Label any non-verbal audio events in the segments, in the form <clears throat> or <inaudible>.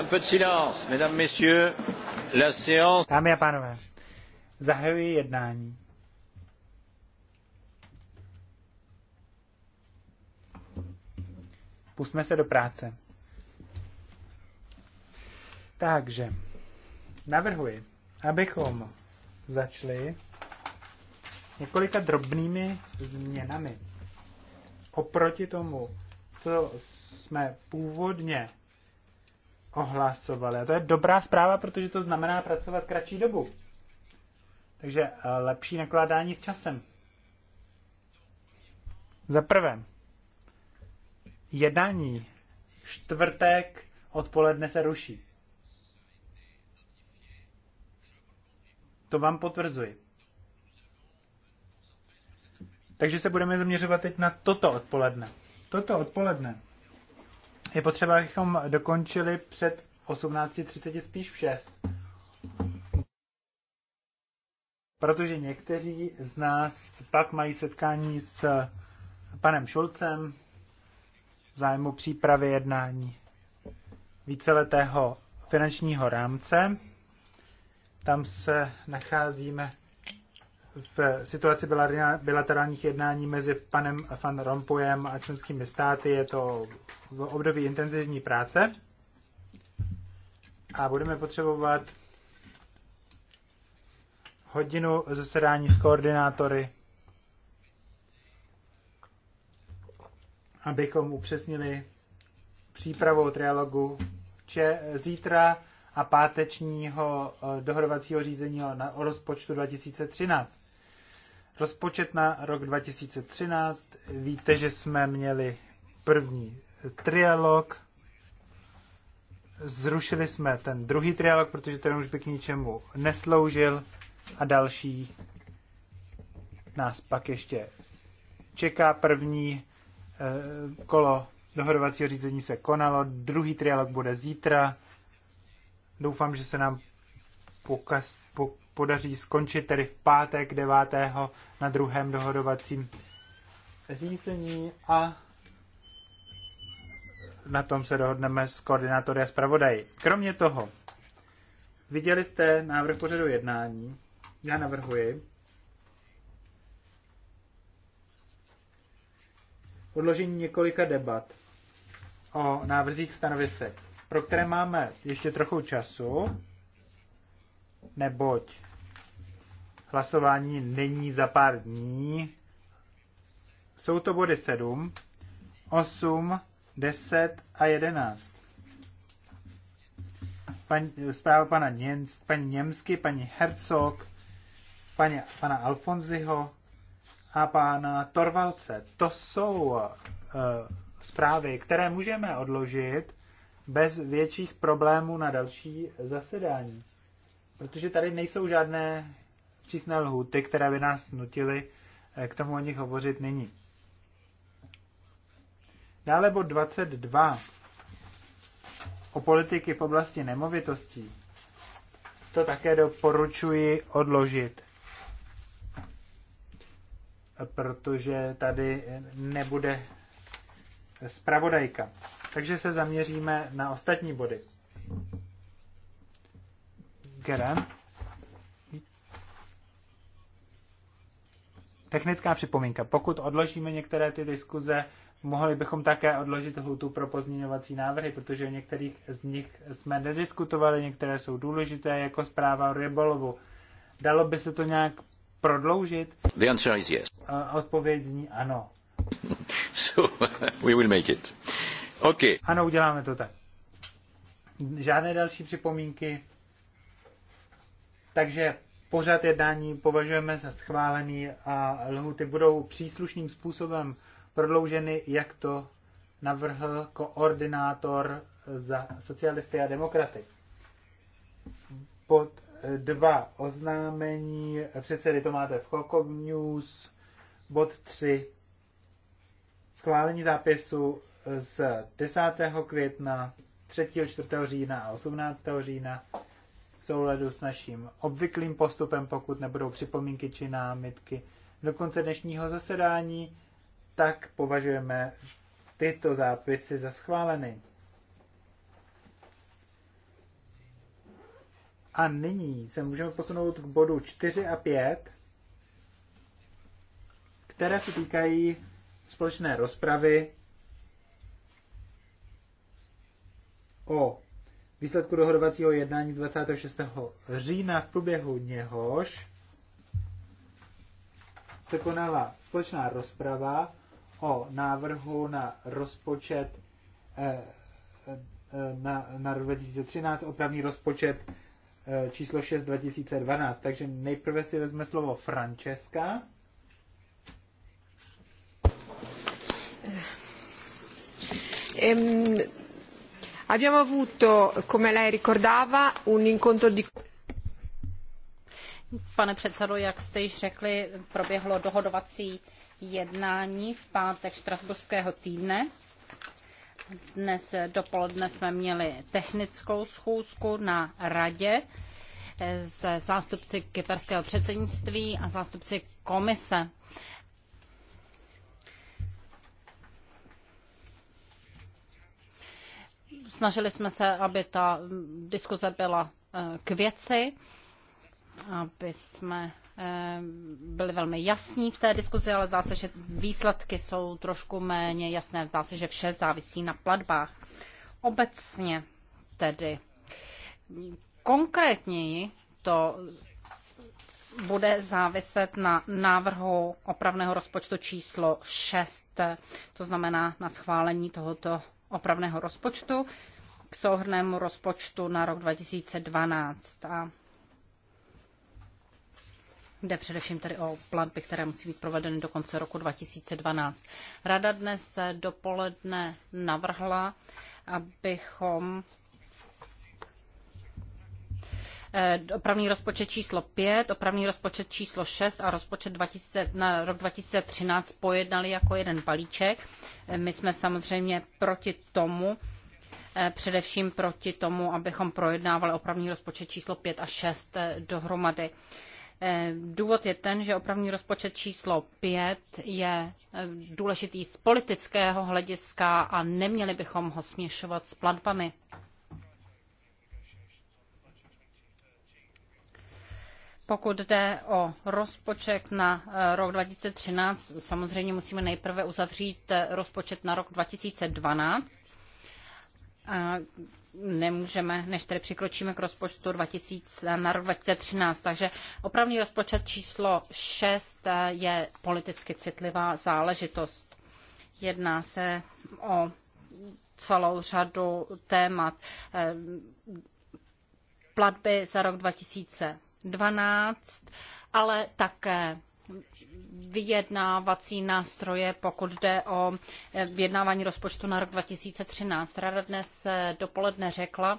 Un peu de silence, mesdames, messieurs. La séance... Dámy a pánové, zahajuji jednání. Pustme se do práce. Takže, navrhuji, abychom začali několika drobnými změnami. Oproti tomu, co jsme původně ohlasovali. A to je dobrá zpráva, protože to znamená pracovat kratší dobu. Takže eh, lepší nakládání s časem. Za prvé, jednání čtvrtek odpoledne se ruší. To vám potvrzuji. Takže se budeme zaměřovat teď na toto odpoledne. Toto odpoledne je potřeba, abychom dokončili před 18.30 spíš v 6. Protože někteří z nás pak mají setkání s panem Šulcem v zájmu přípravy jednání víceletého finančního rámce. Tam se nacházíme v situaci bilaterálních jednání mezi panem Van Rompuyem a členskými státy je to v období intenzivní práce a budeme potřebovat hodinu zasedání s koordinátory, abychom upřesnili přípravou trialogu če zítra a pátečního eh, dohodovacího řízení o rozpočtu 2013. Rozpočet na rok 2013. Víte, že jsme měli první trialog. Zrušili jsme ten druhý trialog, protože ten už by k ničemu nesloužil. A další nás pak ještě čeká. První eh, kolo dohodovacího řízení se konalo, druhý trialog bude zítra. Doufám, že se nám pokaz, po, podaří skončit tedy v pátek 9. na druhém dohodovacím řízení a na tom se dohodneme s koordinátory a zpravodaji. Kromě toho, viděli jste návrh pořadu jednání, já navrhuji, odložení několika debat o návrzích stanovisek, pro které máme ještě trochu času, neboť hlasování není za pár dní. Jsou to body 7, 8, 10 a 11. Pan, zpráva pana Něms, paní Němsky, paní Herzog, paní, pana Alfonziho a pana Torvalce. To jsou uh, zprávy, které můžeme odložit bez větších problémů na další zasedání protože tady nejsou žádné přísné lhuty, které by nás nutily eh, k tomu o nich hovořit nyní. Dále bod 22 o politiky v oblasti nemovitostí. To také doporučuji odložit, protože tady nebude zpravodajka. Takže se zaměříme na ostatní body. Gerem. Technická připomínka. Pokud odložíme některé ty diskuze, mohli bychom také odložit hlutu pro pozměňovací návrhy, protože o některých z nich jsme nediskutovali, některé jsou důležité, jako zpráva o rybolovu. Dalo by se to nějak prodloužit? The answer is yes. Odpověď zní ano. <laughs> So, we will make it. Okay. Ano, uděláme to tak. Žádné další připomínky. Takže pořad jednání považujeme za schválený a lhuty budou příslušným způsobem prodlouženy, jak to navrhl koordinátor za socialisty a demokraty. Pod eh, dva oznámení předsedy to máte v Chocob News, bod 3 schválení zápisu eh, z 10. května, 3. 4. října a 18. října souladu s naším obvyklým postupem, pokud nebudou připomínky či námitky do konce dnešního zasedání, tak považujeme tyto zápisy za schváleny. A nyní se můžeme posunout k bodu 4 a 5, které se týkají společné rozpravy o výsledku dohodovacího jednání z 26. října, v průběhu něhož se konala společná rozprava o návrhu na rozpočet eh, eh, na, na rok 2013, opravný rozpočet eh, číslo 6 2012. Takže nejprve si vezme slovo Francesca. Um, Abbiamo avuto, come lei ricordava, un incontro di... Pane předsedo, jak jste již řekli, proběhlo dohodovací jednání v pátek Štrasburského týdne. Dnes dopoledne jsme měli technickou schůzku na radě eh, se zástupci kyperského předsednictví a zástupci komise. Snažili jsme se, aby ta diskuze byla eh, k věci, aby jsme eh, byli velmi jasní v té diskuzi, ale zdá se, že výsledky jsou trošku méně jasné. Zdá se, že vše závisí na platbách. Obecně tedy konkrétněji to bude záviset na návrhu opravného rozpočtu číslo 6, to znamená na schválení tohoto opravného rozpočtu k souhrnému rozpočtu na rok 2012. A Jde především tedy o platby, které musí být provedeny do konce roku 2012. Rada dnes dopoledne navrhla, abychom Eh, opravný rozpočet číslo 5, opravný rozpočet číslo 6 a rozpočet 2000, na rok 2013 pojednali jako jeden balíček. Eh, my jsme samozřejmě proti tomu, eh, především proti tomu, abychom projednávali opravný rozpočet číslo 5 a 6 dohromady. Důvod je ten, že opravní rozpočet číslo 5 je důležitý z politického hlediska a neměli bychom ho směšovat s platbami. Pokud jde o rozpočet na eh, rok 2013, samozřejmě musíme nejprve uzavřít eh, rozpočet na rok 2012. A nemůžeme, než tedy přikročíme k rozpočtu 2000, eh, na rok 2013. Takže opravný rozpočet číslo 6 je politicky citlivá záležitost. Jedná se o celou řadu témat. Platby za rok 2000 12, ale také vyjednávací nástroje, pokud jde o eh, vyjednávání rozpočtu na rok 2013. Rada dnes eh, dopoledne řekla,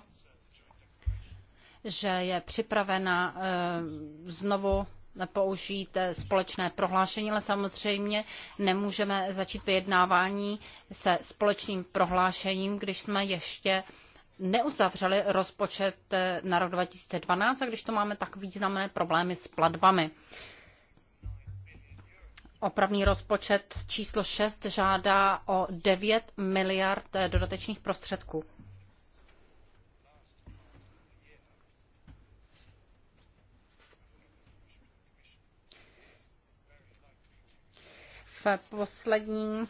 že je připravena eh, znovu použít společné prohlášení, ale samozřejmě nemůžeme začít vyjednávání se společným prohlášením, když jsme ještě neuzavřeli rozpočet eh, na rok 2012 a když to máme tak významné problémy s platbami. Opravný rozpočet číslo 6 žádá o 9 miliard eh, dodatečných prostředků. V posledním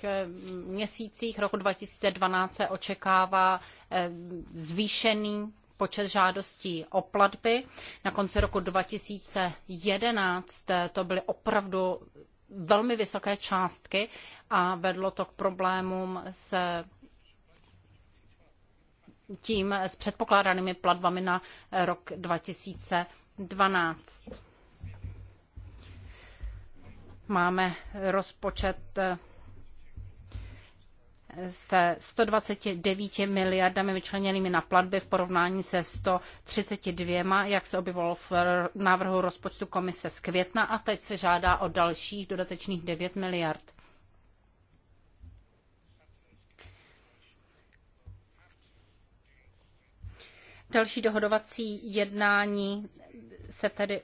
prvních eh, měsících roku 2012 se očekává eh, zvýšený počet žádostí o platby. Na konci roku 2011 eh, to byly opravdu velmi vysoké částky a vedlo to k problémům s tím s předpokládanými platbami na rok 2012. Máme rozpočet se 129 miliardami vyčleněnými na platby v porovnání se 132, jak se objevilo v návrhu rozpočtu komise z května a teď se žádá o dalších dodatečných 9 miliard. Další dohodovací jednání se tedy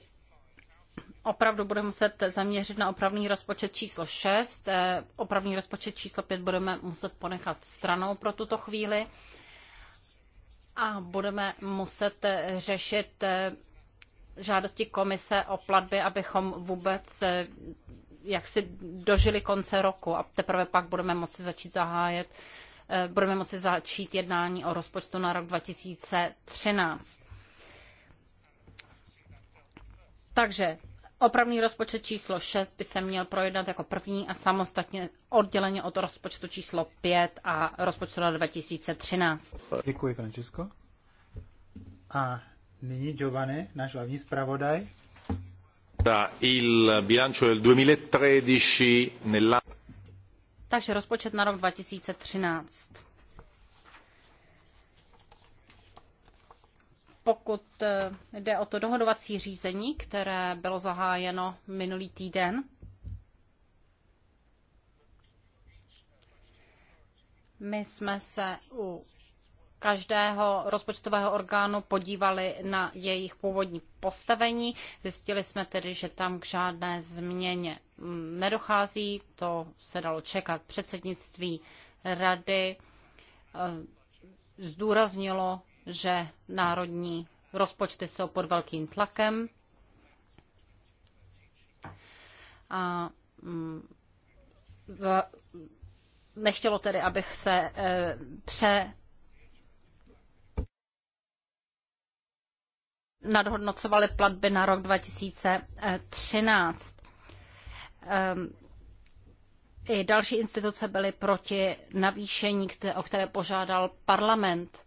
opravdu budeme muset zaměřit na opravný rozpočet číslo 6. Eh, opravný rozpočet číslo 5 budeme muset ponechat stranou pro tuto chvíli a budeme muset eh, řešit eh, žádosti komise o platby, abychom vůbec jak si dožili konce roku a teprve pak budeme moci začít zahájet, budeme moci začít jednání o rozpočtu na rok 2013. Takže Opravný rozpočet číslo 6 by se měl projednat jako první a samostatně odděleně od rozpočtu číslo 5 a rozpočtu na 2013. Děkuji, Francisco. A nyní Giovanni, náš hlavní zpravodaj. Il bilancio del 2013 nella... Takže rozpočet na rok 2013. pokud eh, jde o to dohodovací řízení, které bylo zahájeno minulý týden, my jsme se u každého rozpočtového orgánu podívali na jejich původní postavení. Zjistili jsme tedy, že tam k žádné změně mm, nedochází. To se dalo čekat. Předsednictví rady eh, zdůraznilo že národní rozpočty jsou pod velkým tlakem a mm, nechtělo tedy, abych se e, pře nadhodnocovaly platby na rok 2013. Ehm, I další instituce byly proti navýšení, o které požádal parlament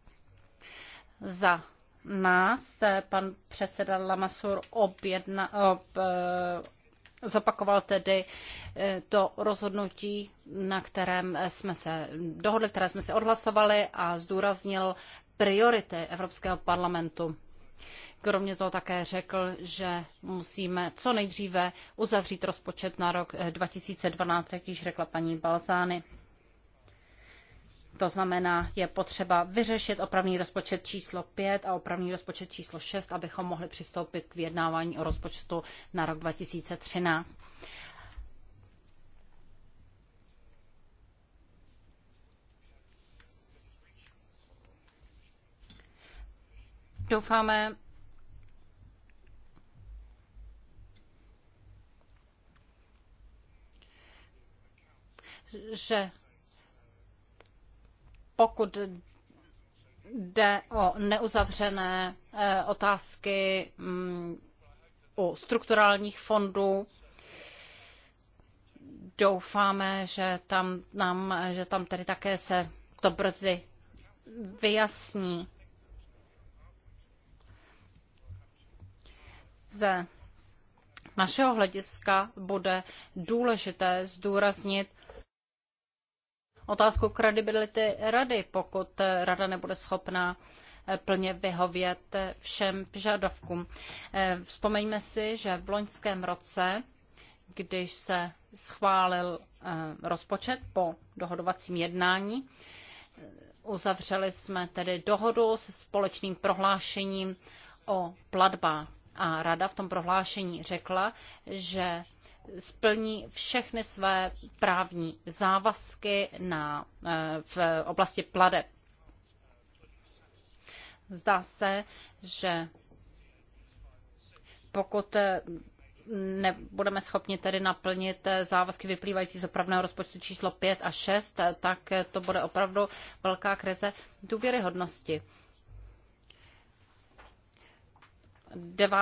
za nás eh, pan předseda Lamasur objedna, ob, eh, zopakoval tedy eh, to rozhodnutí, na kterém jsme se dohodli, které jsme se odhlasovali a zdůraznil priority Evropského parlamentu. Kromě toho také řekl, že musíme co nejdříve uzavřít rozpočet na rok 2012, jak již řekla paní Balzány. To znamená, je potřeba vyřešit opravný rozpočet číslo 5 a opravný rozpočet číslo 6, abychom mohli přistoupit k vyjednávání o rozpočtu na rok 2013. Doufáme, že pokud jde o neuzavřené eh, otázky mm, u strukturálních fondů, doufáme, že tam, nám, že tam tedy také se to brzy vyjasní. Ze našeho hlediska bude důležité zdůraznit otázku kredibility rady, pokud rada nebude schopná eh, plně vyhovět eh, všem požadavkům. Eh, vzpomeňme si, že v loňském roce, když se schválil rozpočet po dohodovacím jednání, uzavřeli jsme tedy dohodu se společným prohlášením o platbách. A rada v tom prohlášení řekla, že splní všechny své právní závazky na, eh, v oblasti pladeb. Zdá se, že pokud eh, nebudeme schopni tedy naplnit eh, závazky vyplývající z opravného rozpočtu číslo 5 a 6, tak to bude opravdu velká krize důvěryhodnosti. 9.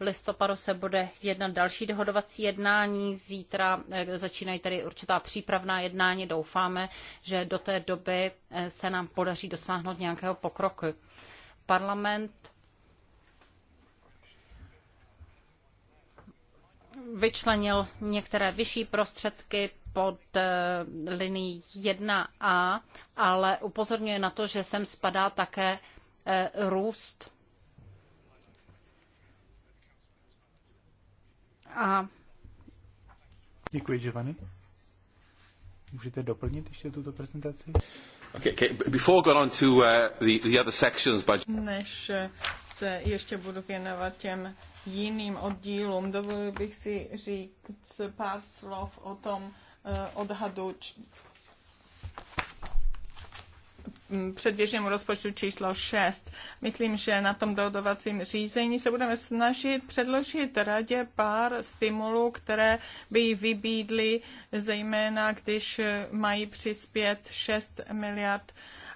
listopadu se bude jednat další dohodovací jednání. Zítra eh, začínají tedy určitá přípravná jednání. Doufáme, že do té doby eh, se nám podaří dosáhnout nějakého pokroku. Parlament vyčlenil některé vyšší prostředky pod eh, linii 1a, ale upozorňuje na to, že sem spadá také růst A Děkuji, Giovanni. Můžete doplnit ještě tuto prezentaci? Okay, okay. Before going on to uh, the, the other sections, but... Než eh, se ještě budu věnovat těm jiným oddílům, dovolil bych si říct pár slov o tom uh, odhadu Mm, předběžnému rozpočtu číslo 6. Myslím, že na tom dohodovacím řízení se budeme snažit předložit radě pár stimulů, které by ji vybídly, zejména když eh, mají přispět 6 miliard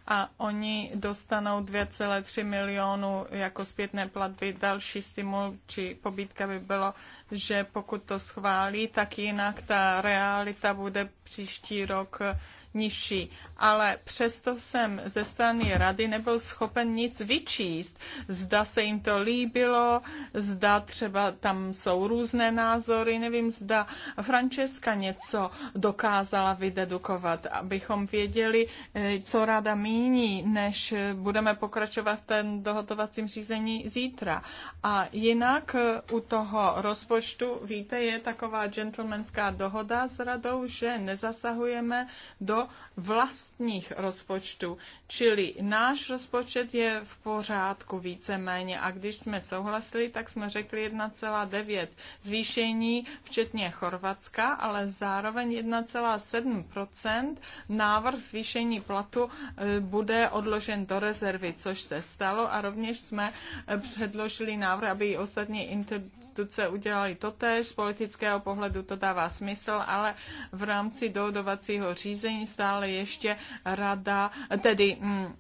a oni dostanou 2,3 milionu jako zpětné platby. Další stimul či pobídka by bylo, že pokud to schválí, tak jinak ta realita bude příští rok eh, nižší, ale přesto jsem ze strany rady nebyl schopen nic vyčíst. Zda se jim to líbilo, zda třeba tam jsou různé názory, nevím, zda Francesca něco dokázala vydedukovat, abychom věděli, eh, co rada míní, než budeme pokračovat v ten dohotovacím řízení zítra. A jinak eh, u toho rozpočtu, víte, je taková gentlemanská dohoda s radou, že nezasahujeme do vlastních rozpočtů. Čili náš rozpočet je v pořádku víceméně a když jsme souhlasili, tak jsme řekli 1,9 zvýšení včetně Chorvatska, ale zároveň 1,7 návrh zvýšení platu eh, bude odložen do rezervy, což se stalo a rovněž jsme eh, předložili návrh, aby i ostatní instituce udělali totéž. Z politického pohledu to dává smysl, ale v rámci dohodovacího řízení stále ještě rada, tedy mm,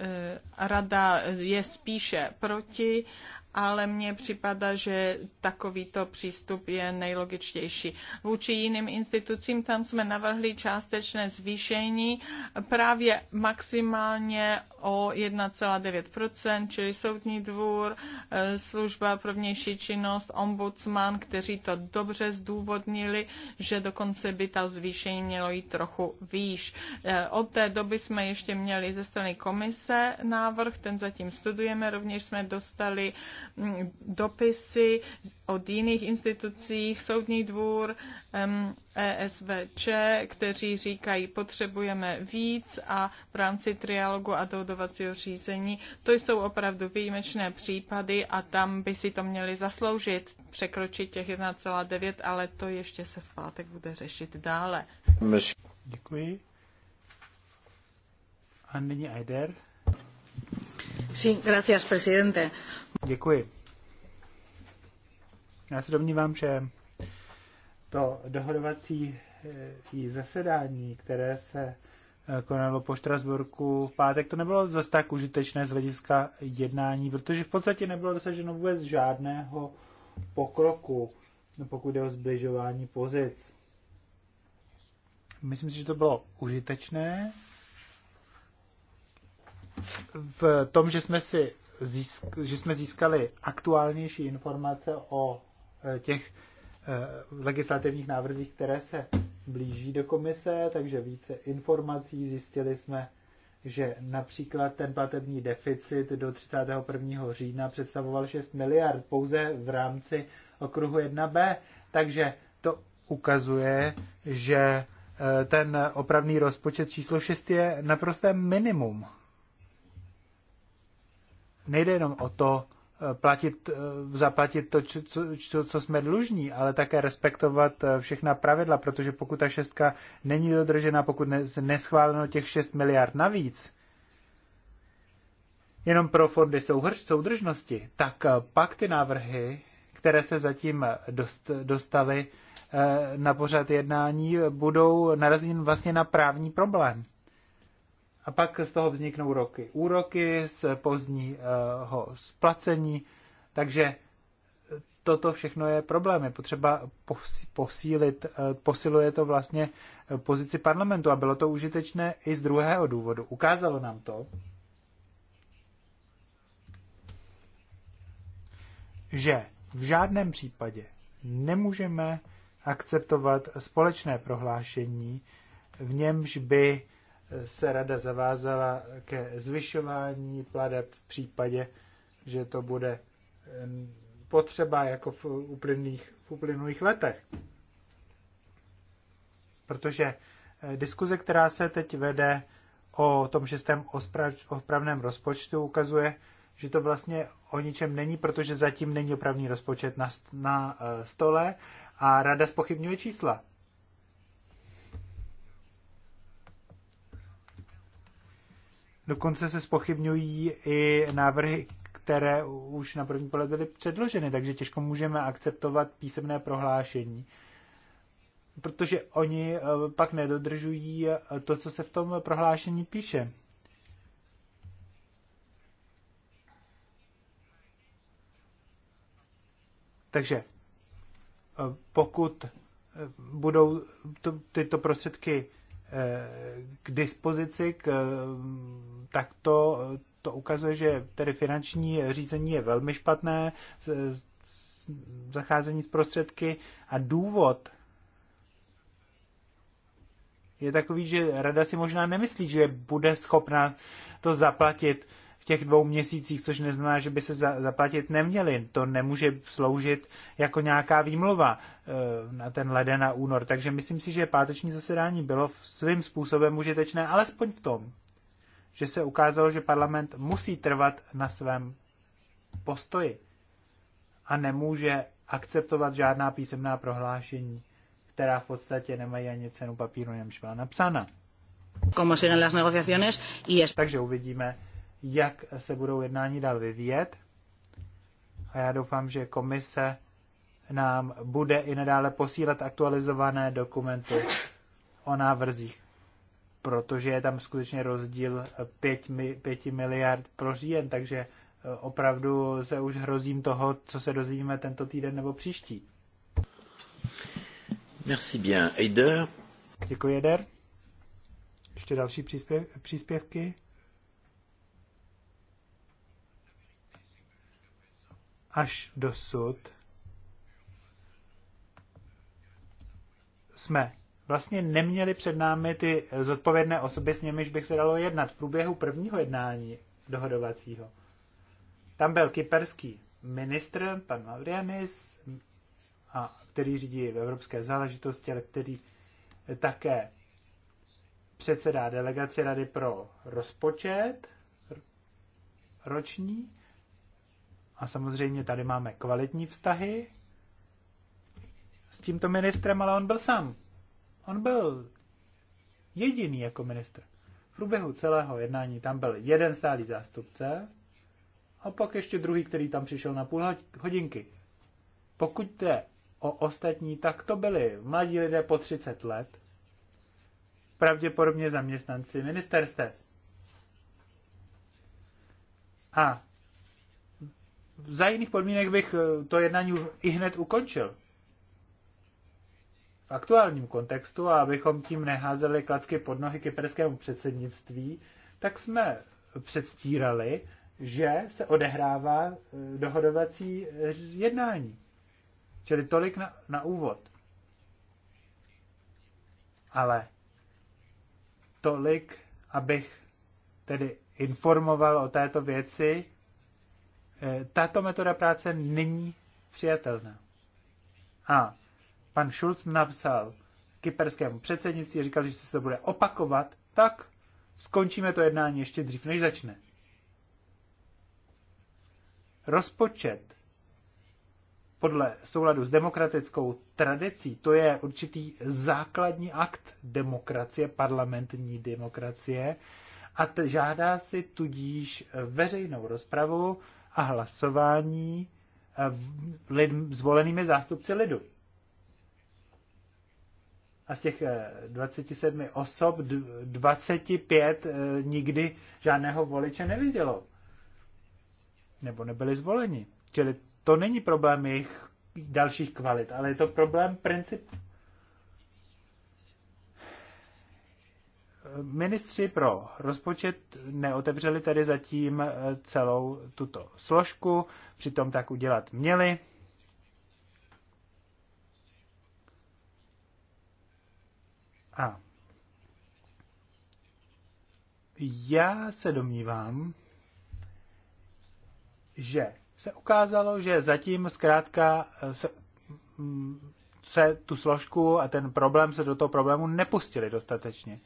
eh, Rada je spíše proti ale mně připadá, že takovýto přístup je nejlogičtější. Vůči jiným institucím tam jsme navrhli částečné zvýšení právě maximálně o 1,9%, čili Soudní dvůr, e, služba pro vnější činnost, ombudsman, kteří to dobře zdůvodnili, že dokonce by ta zvýšení mělo jít trochu výš. E, od té doby jsme ještě měli ze strany komise návrh, ten zatím studujeme, rovněž jsme dostali Mm, dopisy od jiných institucí, Soudní dvůr, ESVČ, e kteří říkají, potřebujeme víc a v rámci trialogu a dohodovacího řízení. To jsou opravdu výjimečné případy a tam by si to měli zasloužit, překročit těch 1,9, ale to ještě se v pátek bude řešit dále. Děkuji. A nyní Aider. Sí, gracias, presidente. Děkuji. Já se domnívám, že to dohodovací eh, zasedání, které se eh, konalo po Štrasburku v pátek, to nebylo zase tak užitečné z hlediska jednání, protože v podstatě nebylo dosaženo vůbec žádného pokroku, pokud jde o zbližování pozic. Myslím si, že to bylo užitečné v tom, že jsme si získ, že jsme získali aktuálnější informace o e, těch e, legislativních návrzích, které se blíží do komise, takže více informací. Zjistili jsme, že například ten platební deficit do 31. října představoval 6 miliard pouze v rámci okruhu 1b, takže to ukazuje, že e, ten opravný rozpočet číslo 6 je naprosté minimum nejde jenom o to eh, platit, eh, zaplatit to, co, co jsme dlužní, ale také respektovat eh, všechna pravidla, protože pokud ta šestka není dodržena, pokud neschváleno těch 6 miliard navíc, jenom pro fondy soudržnosti, tak pak ty návrhy, které se zatím dost, dostaly na pořad jednání, budou narazit vlastně na právní problém. A pak z toho vzniknou roky. Úroky z pozdního splacení. Takže toto všechno je problém. Je potřeba posílit, eh, posiluje to vlastně eh, pozici parlamentu a bylo to užitečné i z druhého důvodu. Ukázalo nám to, že v žádném případě nemůžeme akceptovat společné prohlášení, v němž by se rada zavázala ke zvyšování pladeb v případě, že to bude potřeba jako v uplynulých, v uplynulých letech. Protože eh, diskuze, která se teď vede o tom šestém opravném rozpočtu, ukazuje, že to vlastně o ničem není, protože zatím není opravný rozpočet na, na eh, stole a rada spochybňuje čísla. Dokonce se spochybňují i návrhy, které už na první pohled byly předloženy, takže těžko můžeme akceptovat písemné prohlášení, protože oni eh, pak nedodržují eh, to, co se v tom prohlášení píše. Takže eh, pokud budou to, tyto prostředky k dispozici, k, tak to, to ukazuje, že tedy finanční řízení je velmi špatné, zacházení s prostředky a důvod je takový, že rada si možná nemyslí, že bude schopna to zaplatit v těch dvou měsících, což neznamená, že by se za, zaplatit neměli. To nemůže sloužit jako nějaká výmluva eh, na ten leden a únor. Takže myslím si, že páteční zasedání bylo svým způsobem užitečné, alespoň v tom, že se ukázalo, že parlament musí trvat na svém postoji a nemůže akceptovat žádná písemná prohlášení, která v podstatě nemají ani cenu papíru, němž byla napsána. Como siguen las negociaciones y es... Takže uvidíme, jak se budou jednání dál vyvíjet. A já doufám, že komise nám bude i nadále posílat aktualizované dokumenty o návrzích, protože je tam skutečně rozdíl 5, 5 miliard pro říjen, takže eh, opravdu se už hrozím toho, co se dozvíme tento týden nebo příští. Merci bien. Eider. Děkuji, Eder. Ještě další příspěv, příspěvky. až dosud jsme vlastně neměli před námi ty zodpovědné osoby, s nimiž bych se dalo jednat v průběhu prvního jednání dohodovacího. Tam byl kyperský ministr, pan Mavrianis, a který řídí v evropské záležitosti, ale který také předsedá delegaci Rady pro rozpočet roční a samozřejmě tady máme kvalitní vztahy s tímto ministrem, ale on byl sám. On byl jediný jako ministr. V průběhu celého jednání tam byl jeden stálý zástupce a pak ještě druhý, který tam přišel na půl hodinky. Pokud jde o ostatní, tak to byli mladí lidé po 30 let, pravděpodobně zaměstnanci ministerstev. A za jiných podmínek bych eh, to jednání i hned ukončil. V aktuálním kontextu, a abychom tím neházeli klacky pod nohy kyperskému předsednictví, tak jsme předstírali, že se odehrává eh, dohodovací eh, jednání. Čili tolik na, na úvod. Ale tolik, abych tedy informoval o této věci Eh, tato metoda práce není přijatelná. A pan Schulz napsal kyperskému předsednictví, říkal, že se to bude opakovat, tak skončíme to jednání ještě dřív, než začne. Rozpočet podle souladu s demokratickou tradicí, to je určitý základní akt demokracie, parlamentní demokracie, a t- žádá si tudíž veřejnou rozpravu a hlasování eh, lid, zvolenými zástupci lidu. A z těch 27 eh, osob 25 eh, nikdy žádného voliče nevidělo. Nebo nebyli zvoleni. Čili to není problém jejich dalších kvalit, ale je to problém princip, Ministři pro rozpočet neotevřeli tedy zatím eh, celou tuto složku, přitom tak udělat měli. A já se domnívám, že se ukázalo, že zatím zkrátka eh, se, mm, se tu složku a ten problém se do toho problému nepustili dostatečně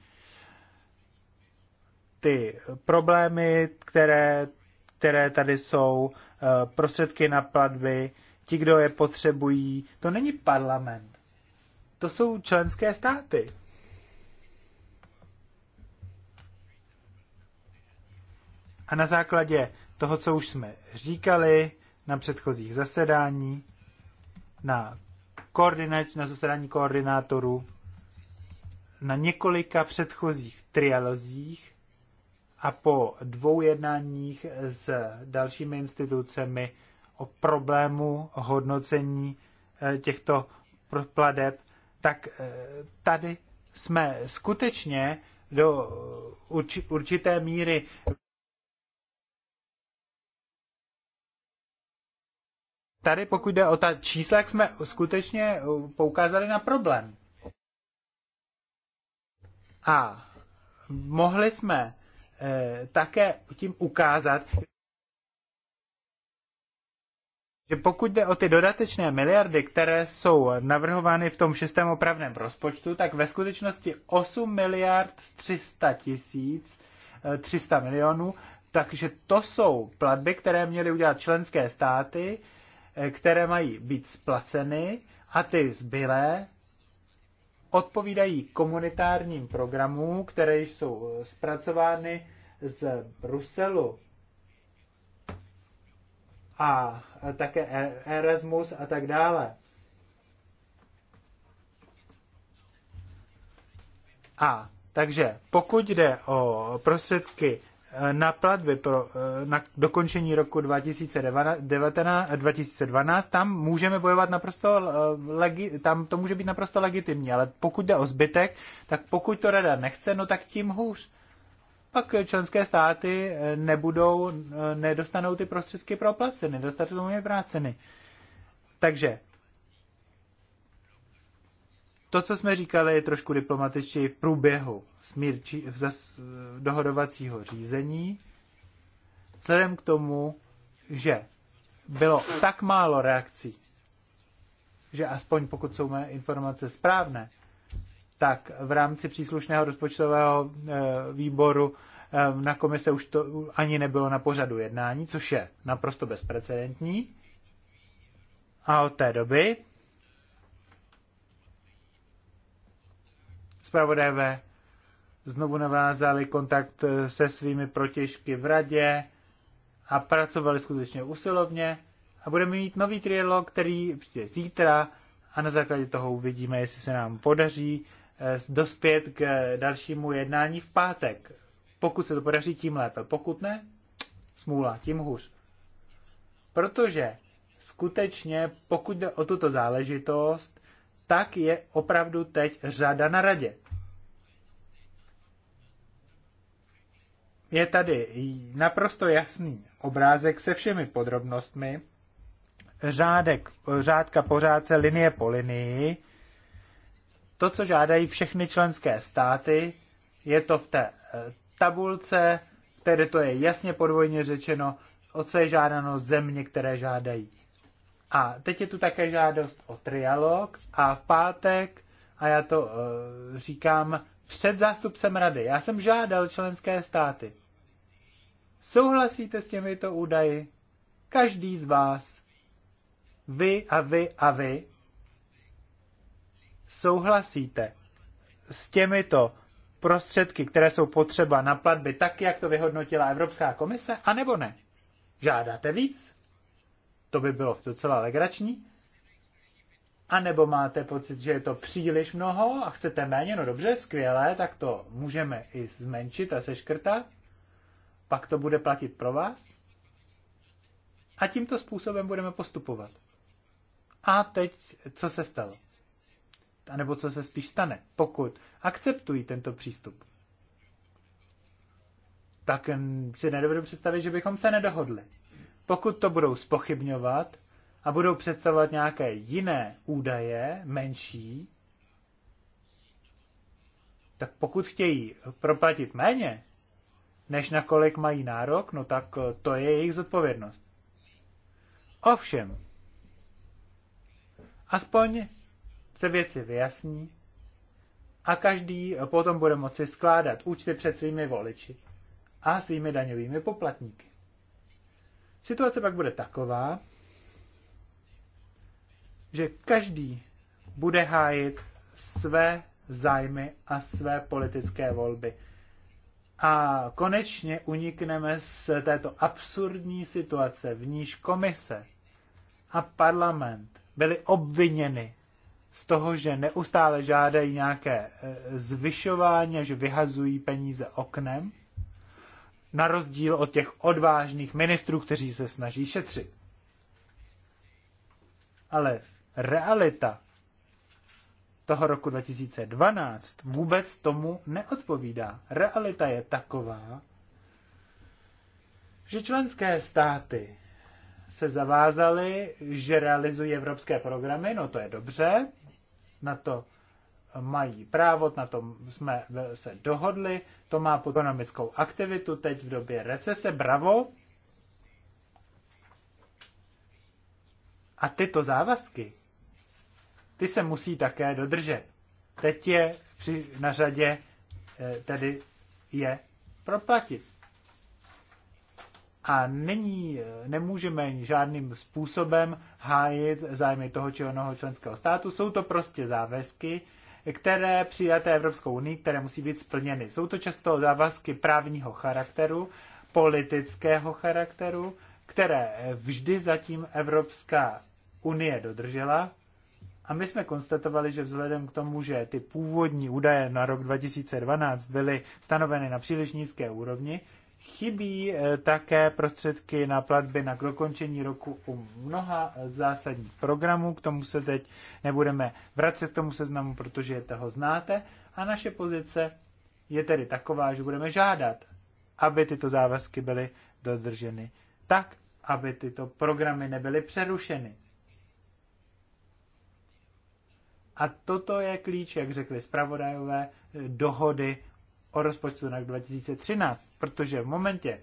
ty problémy, které, které tady jsou, eh, prostředky na platby, ti, kdo je potřebují, to není parlament. To jsou členské státy. A na základě toho, co už jsme říkali na předchozích zasedání, na, koordinač, na zasedání koordinátorů, na několika předchozích trialozích, a po dvou jednáních s dalšími institucemi o problému hodnocení eh, těchto pladeb, tak eh, tady jsme skutečně do určité míry Tady pokud jde o ta čísla, jak jsme skutečně eh, poukázali na problém. A mohli jsme Eh, také tím ukázat, že pokud jde o ty dodatečné miliardy, které jsou navrhovány v tom šestém opravném rozpočtu, tak ve skutečnosti 8 miliard 300 tisíc, 300 eh, milionů, takže to jsou platby, které měly udělat členské státy, eh, které mají být splaceny a ty zbylé odpovídají komunitárním programům, které jsou eh, zpracovány z Bruselu a také e, Erasmus a tak dále. A takže pokud jde o prostředky na platby pro eh, na dokončení roku 2019, 2012, tam můžeme bojovat naprosto, eh, legi, tam to může být naprosto legitimní, ale pokud jde o zbytek, tak pokud to rada nechce, no tak tím hůř. Pak členské státy eh, nebudou, nedostanou ty prostředky pro placeny, nedostanou je práceny. Takže to, co jsme říkali, je trošku diplomatičtěji v průběhu smírčí, v zas, dohodovacího řízení, vzhledem k tomu, že bylo tak málo reakcí, že aspoň pokud jsou mé informace správné, tak v rámci příslušného rozpočtového e, výboru e, na komise už to ani nebylo na pořadu jednání, což je naprosto bezprecedentní. A od té doby zpravodajové znovu navázali kontakt eh, se svými protěžky v radě a pracovali skutečně usilovně. A budeme mít nový trialog, který přijde zítra a na základě toho uvidíme, jestli se nám podaří eh, dospět k eh, dalšímu jednání v pátek. Pokud se to podaří, tím lépe. Pokud ne, smůla, tím hůř. Protože skutečně, pokud jde o tuto záležitost, tak je opravdu teď řada na radě. Je tady naprosto jasný obrázek se všemi podrobnostmi, řádek, řádka pořádce linie po linii. To, co žádají všechny členské státy, je to v té eh, tabulce, které to je jasně podvojně řečeno, o co je žádáno země, které žádají. A teď je tu také žádost o trialog a v pátek, a já to e, říkám před zástupcem rady, já jsem žádal členské státy. Souhlasíte s těmito údaji? Každý z vás, vy a vy a vy, souhlasíte s těmito prostředky, které jsou potřeba na platby, tak, jak to vyhodnotila Evropská komise, anebo ne? Žádáte víc? to by bylo docela legrační. A nebo máte pocit, že je to příliš mnoho a chcete méně, no dobře, skvělé, tak to můžeme i zmenšit a seškrtat. Pak to bude platit pro vás. A tímto způsobem budeme postupovat. A teď, co se stalo? A nebo co se spíš stane, pokud akceptují tento přístup? Tak si nedovedu představit, že bychom se nedohodli. Pokud to budou spochybňovat a budou představovat nějaké jiné údaje, menší, tak pokud chtějí proplatit méně, než na kolik mají nárok, no tak eh, to je jejich zodpovědnost. Ovšem, aspoň se věci vyjasní a každý eh, potom bude moci skládat účty před svými voliči a svými daňovými poplatníky. Situace pak bude taková, že každý bude hájit své zájmy a své politické volby. A konečně unikneme z této absurdní situace, v níž komise a parlament byli obviněni z toho, že neustále žádají nějaké e, zvyšování že vyhazují peníze oknem na rozdíl od těch odvážných ministrů, kteří se snaží šetřit. Ale realita toho roku 2012 vůbec tomu neodpovídá. Realita je taková, že členské státy se zavázaly, že realizují evropské programy, no to je dobře, na to mají právo, na tom jsme se dohodli, to má ekonomickou aktivitu teď v době recese, bravo. A tyto závazky, ty se musí také dodržet. Teď je při, na řadě eh, tedy je proplatit. A není, eh, nemůžeme žádným způsobem hájit zájmy toho či onoho členského státu. Jsou to prostě závazky, které přijaté Evropskou unii, které musí být splněny. Jsou to často závazky právního charakteru, politického charakteru, které vždy zatím Evropská unie dodržela. A my jsme konstatovali, že vzhledem k tomu, že ty původní údaje na rok 2012 byly stanoveny na příliš nízké úrovni, Chybí eh, také prostředky na platby na dokončení roku u mnoha eh, zásadních programů. K tomu se teď nebudeme vracet k tomu seznamu, protože toho znáte. A naše pozice je tedy taková, že budeme žádat, aby tyto závazky byly dodrženy tak, aby tyto programy nebyly přerušeny. A toto je klíč, jak řekli zpravodajové, eh, dohody o rozpočtu na 2013, protože v momentě,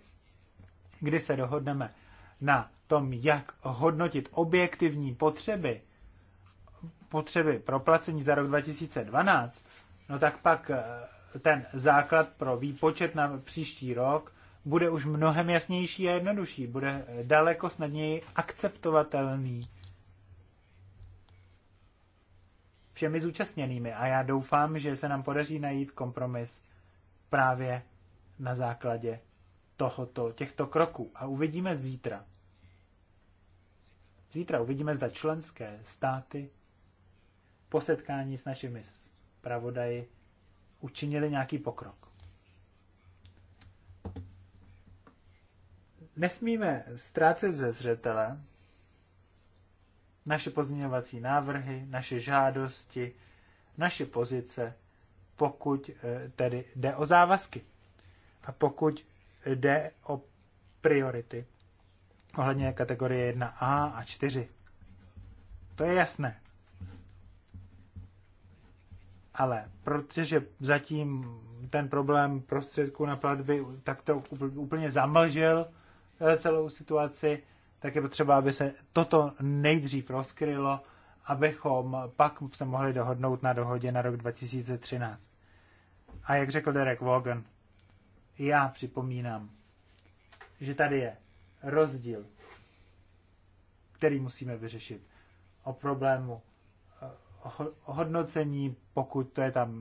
kdy se dohodneme na tom, jak hodnotit objektivní potřeby, potřeby pro placení za rok 2012, no tak pak eh, ten základ pro výpočet na příští rok bude už mnohem jasnější a jednodušší, bude eh, daleko snadněji akceptovatelný všemi zúčastněnými. A já doufám, že se nám podaří najít kompromis právě na základě tohoto, těchto kroků. A uvidíme zítra. Zítra uvidíme, zda členské státy po setkání s našimi zpravodaji učinili nějaký pokrok. Nesmíme ztrácet ze zřetele naše pozměňovací návrhy, naše žádosti, naše pozice pokud eh, tedy jde o závazky a pokud jde o priority ohledně kategorie 1A a 4. To je jasné. Ale protože zatím ten problém prostředků na platby tak to úplně zamlžil eh, celou situaci, tak je potřeba, aby se toto nejdřív rozkrylo abychom pak se mohli dohodnout na dohodě na rok 2013. A jak řekl Derek Wogan, já připomínám, že tady je rozdíl, který musíme vyřešit o problému eh, hodnocení, pokud to je tam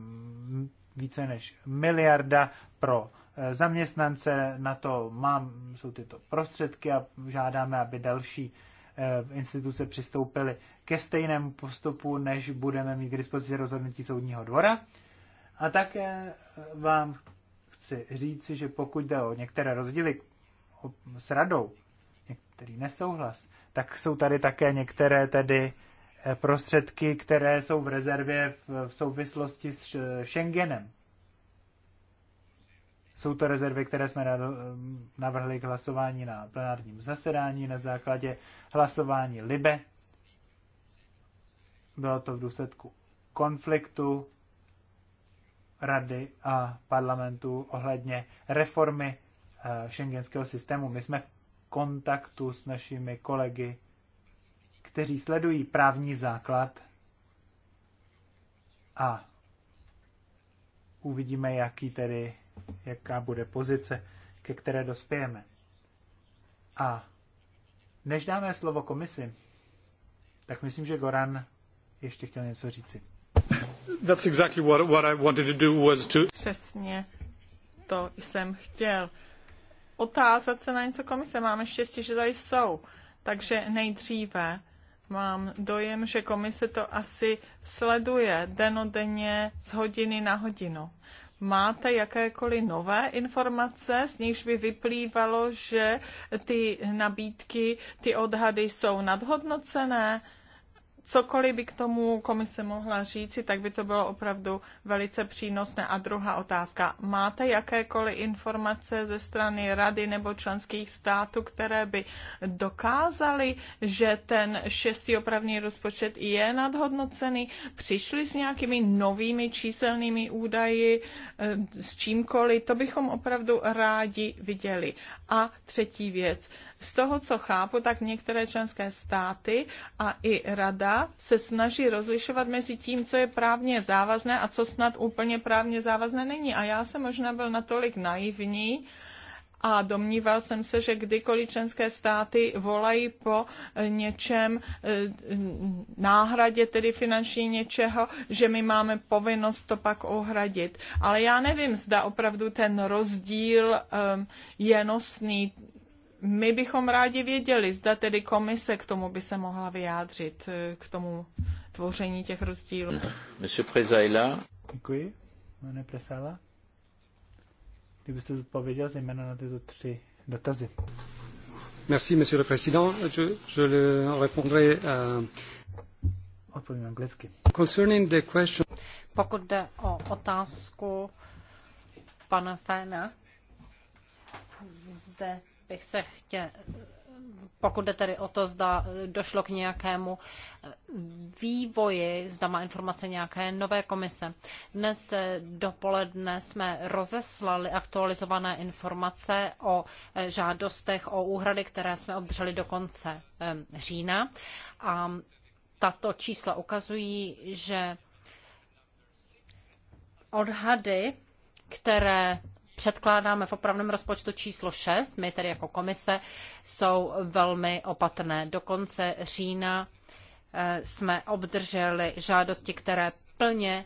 více než miliarda pro eh, zaměstnance, na to mám, jsou tyto prostředky a žádáme, aby další Eh, instituce přistoupily ke stejnému postupu, než budeme mít k dispozici rozhodnutí soudního dvora. A také eh, vám chci říct, že pokud jde o některé rozdíly s radou, některý nesouhlas, tak jsou tady také některé tedy eh, prostředky, které jsou v rezervě v souvislosti s Schengenem. Jsou to rezervy, které jsme eh, navrhli k hlasování na plenárním zasedání na základě hlasování LIBE. Bylo to v důsledku konfliktu rady a parlamentu ohledně reformy šengenského eh, systému. My jsme v kontaktu s našimi kolegy, kteří sledují právní základ a uvidíme, jaký tedy jaká bude pozice, ke které dospějeme. A než dáme slovo komisi, tak myslím, že Goran ještě chtěl něco říci. That's exactly what, what I wanted to do was to... Přesně to jsem chtěl. Otázat se na něco komise. Máme štěstí, že tady jsou. Takže nejdříve mám dojem, že komise to asi sleduje denodenně z hodiny na hodinu máte jakékoliv nové informace, z nichž by vyplývalo, že ty nabídky, ty odhady jsou nadhodnocené? cokoliv by k tomu komise mohla říci, tak by to bylo opravdu velice přínosné. A druhá otázka. Máte jakékoliv informace ze strany rady nebo členských států, které by dokázaly, že ten šestý opravný rozpočet je nadhodnocený? Přišli s nějakými novými číselnými údaji, eh, s čímkoliv? To bychom opravdu rádi viděli. A třetí věc. Z toho, co chápu, tak některé členské státy a i rada se snaží rozlišovat mezi tím, co je právně závazné a co snad úplně právně závazné není. A já jsem možná byl natolik naivní, a domníval jsem se, že kdykoliv členské státy volají po eh, něčem, eh, náhradě tedy finanční něčeho, že my máme povinnost to pak ohradit. Ale já nevím, zda opravdu ten rozdíl eh, je nosný my bychom rádi věděli, zda tedy komise k tomu by se mohla vyjádřit, eh, k tomu tvoření těch rozdílů. Monsieur Prezaila. Děkuji, pane Presala. Kdybyste zodpověděl zejména na tyto tři dotazy. Merci, monsieur le président. Je, je le répondrai à... Euh, Odpovím anglicky. Concerning the question... Pokud jde o otázku pana Féna, zde bych se chtěl, pokud jde tedy o to, zda došlo k nějakému vývoji, zda má informace nějaké nové komise. Dnes dopoledne jsme rozeslali aktualizované informace o žádostech o úhrady, které jsme obdrželi do konce října. A tato čísla ukazují, že odhady, které předkládáme v opravném rozpočtu číslo 6, my tedy jako komise, jsou velmi opatrné. Do konce října eh, jsme obdrželi žádosti, které plně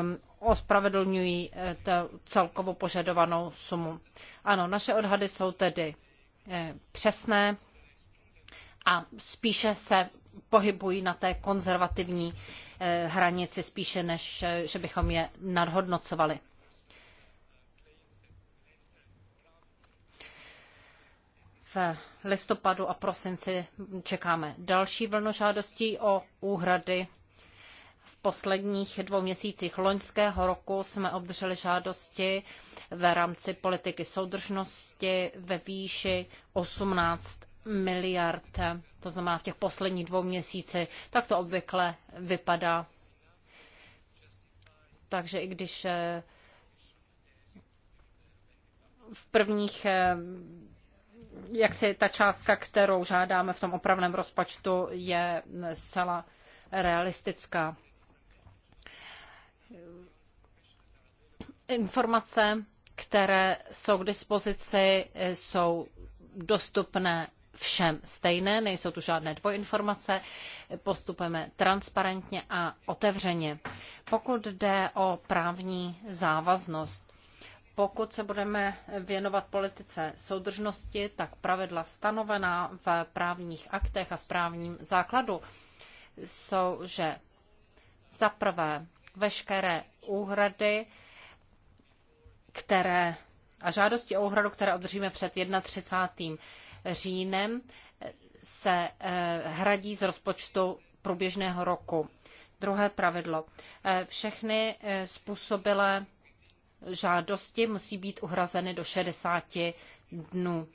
um, ospravedlňují eh, celkovou požadovanou sumu. Ano, naše odhady jsou tedy eh, přesné a spíše se pohybují na té konzervativní hranici, spíše než že bychom je nadhodnocovali. listopadu a prosinci čekáme další vlnu žádostí o úhrady. V posledních dvou měsících loňského roku jsme obdrželi žádosti v rámci politiky soudržnosti ve výši 18 miliard, to znamená v těch posledních dvou měsících, tak to obvykle vypadá. Takže i když eh, v prvních eh, jak si ta částka, kterou žádáme v tom opravném rozpočtu, je zcela realistická. Informace, které jsou k dispozici, jsou dostupné všem stejné, nejsou tu žádné dvojinformace, postupujeme transparentně a otevřeně. Pokud jde o právní závaznost, pokud se budeme věnovat politice soudržnosti, tak pravidla stanovená v právních aktech a v právním základu jsou, že za prvé veškeré úhrady, které a žádosti o úhradu, které obdržíme před 31. říjnem, se eh, hradí z rozpočtu průběžného roku. Druhé pravidlo. Eh, všechny eh, způsobilé žádosti musí být uhrazeny do 60 dnů.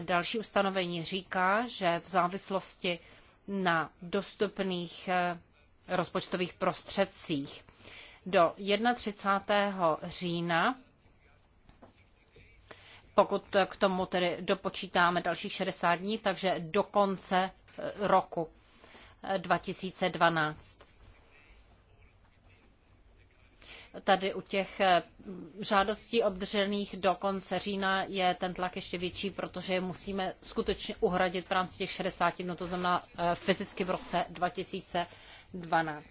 Další ustanovení říká, že v závislosti na dostupných eh, rozpočtových prostředcích do 31. října, pokud k tomu tedy dopočítáme dalších 60 dní, takže do konce eh, roku 2012. Eh, Tady u těch eh, žádostí obdržených do konce října je ten tlak ještě větší, protože je musíme skutečně uhradit v rámci těch 60 dnů, no to znamená eh, fyzicky v roce 2012.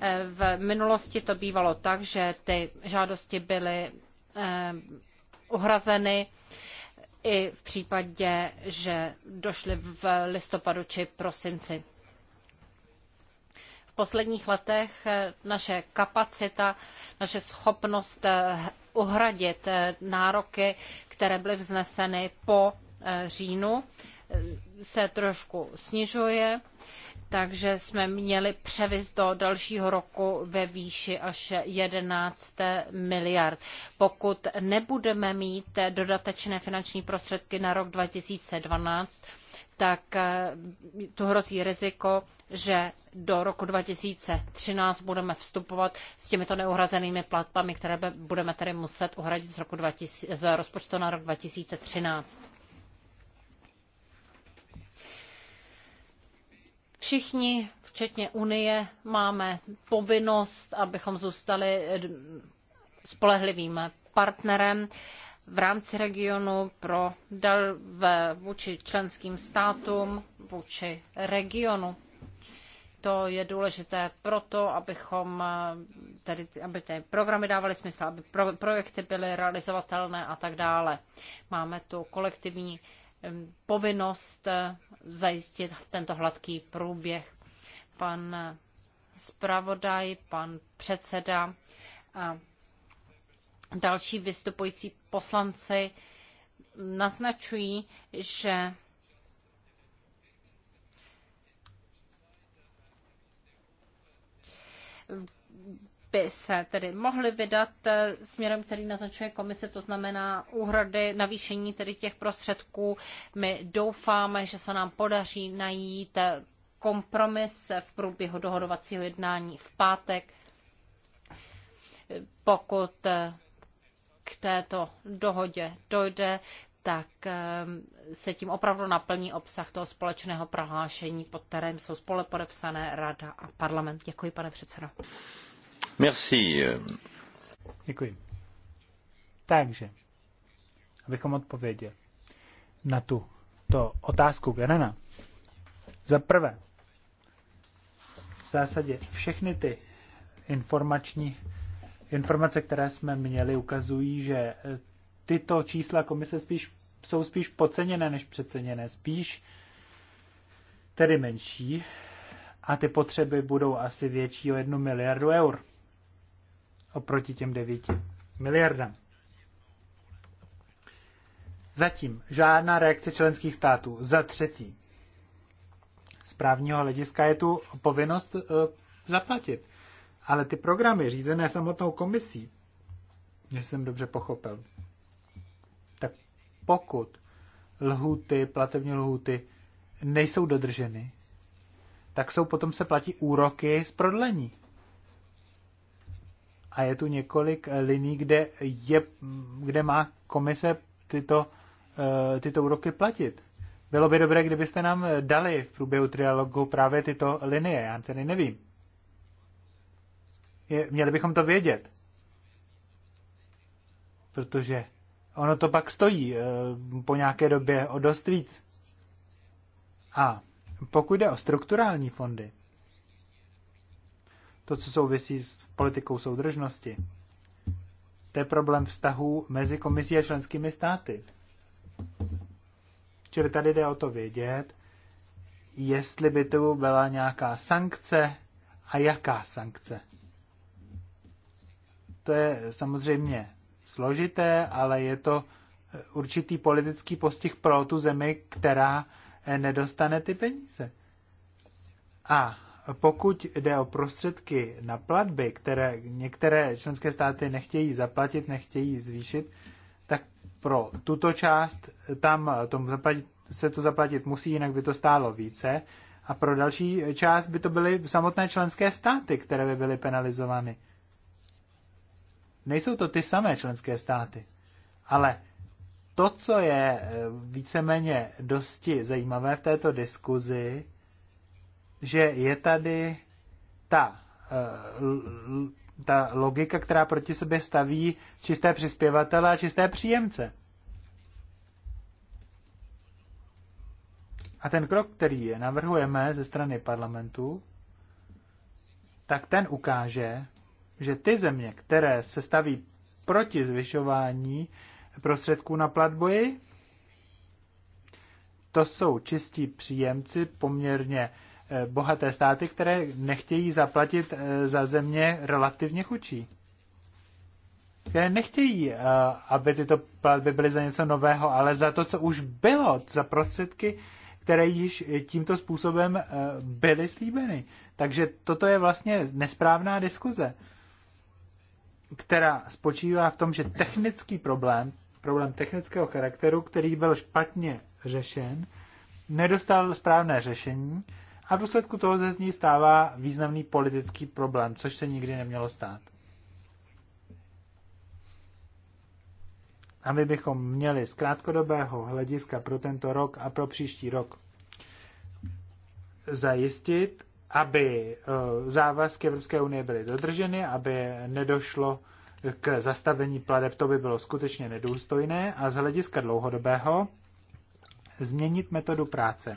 Eh, v minulosti to bývalo tak, že ty žádosti byly uhrazeny i v případě, že došly v listopadu či prosinci v posledních letech eh, naše kapacita, naše schopnost eh, uhradit eh, nároky, které byly vzneseny po říjnu, se trošku snižuje, takže jsme měli převis do dalšího roku ve výši až 11 miliard. Pokud nebudeme mít dodatečné finanční prostředky na rok 2012, tak eh, tu hrozí riziko, že do roku 2013 budeme vstupovat s těmito neuhrazenými platbami, které budeme tedy muset uhradit z, roku 2000, z rozpočtu na rok 2013. Všichni, včetně Unie, máme povinnost, abychom zůstali spolehlivým partnerem v rámci regionu pro dal v, vůči členským státům, vůči regionu. To je důležité proto, abychom eh, tedy, aby ty programy dávaly smysl, aby pro, projekty byly realizovatelné a tak dále. Máme tu kolektivní povinnost eh, zajistit tento hladký průběh. Pan eh, zpravodaj, pan předseda další vystupující poslanci naznačují, že by se tedy mohly vydat eh, směrem, který naznačuje komise, to znamená úhrady, navýšení tedy těch prostředků. My doufáme, že se nám podaří najít eh, kompromis v průběhu dohodovacího jednání v pátek. Pokud eh, k této dohodě dojde, tak ehm, se tím opravdu naplní obsah toho společného prohlášení, pod kterým jsou spolepodepsané Rada a parlament. Děkuji, pane předsedo. Merci. Děkuji. Takže, abychom odpověděli na tu to otázku Gerena. Za prvé, v zásadě všechny ty informační Informace, které jsme měli, ukazují, že eh, tyto čísla komise spíš, jsou spíš podceněné než přeceněné, spíš tedy menší a ty potřeby budou asi větší o jednu miliardu eur oproti těm 9 miliardám. Zatím žádná reakce členských států. Za třetí, z právního hlediska je tu povinnost eh, zaplatit. Ale ty programy řízené samotnou komisí, že jsem dobře pochopil, tak pokud lhuty, platební lhuty nejsou dodrženy, tak jsou potom se platí úroky z prodlení. A je tu několik eh, liní, kde, je, kde má komise tyto, eh, tyto úroky platit. Bylo by dobré, kdybyste nám eh, dali v průběhu trialogu právě tyto linie, já tedy nevím je, měli bychom to vědět. Protože ono to pak stojí eh, po nějaké době o dost víc. A pokud jde o strukturální fondy, to, co souvisí s politikou soudržnosti, to je problém vztahů mezi komisí a členskými státy. Čili tady jde o to vědět, jestli by to byla nějaká sankce a jaká sankce. To je samozřejmě složité, ale je to eh, určitý politický postih pro tu zemi, která eh, nedostane ty peníze. A pokud jde o prostředky na platby, které některé členské státy nechtějí zaplatit, nechtějí zvýšit, tak pro tuto část tam tomu zaplatit, se to zaplatit musí, jinak by to stálo více. A pro další část by to byly samotné členské státy, které by byly penalizovány. Nejsou to ty samé členské státy, ale to, co je eh, víceméně dosti zajímavé v této diskuzi, že je tady ta, eh, ta logika, která proti sobě staví čisté přispěvatele a čisté příjemce. A ten krok, který navrhujeme ze strany parlamentu, tak ten ukáže, že ty země, které se staví proti zvyšování prostředků na platboji, to jsou čistí příjemci, poměrně eh, bohaté státy, které nechtějí zaplatit eh, za země relativně chudší. Které nechtějí, eh, aby tyto platby byly za něco nového, ale za to, co už bylo, za prostředky, které již tímto způsobem byly slíbeny. Takže toto je vlastně nesprávná diskuze která spočívá v tom, že technický problém, problém technického charakteru, který byl špatně řešen, nedostal správné řešení a v důsledku toho se z ní stává významný politický problém, což se nikdy nemělo stát. A my bychom měli z krátkodobého hlediska pro tento rok a pro příští rok zajistit, aby eh, závazky Evropské unie byly dodrženy, aby nedošlo k zastavení pladeb, to by bylo skutečně nedůstojné a z hlediska dlouhodobého změnit metodu práce.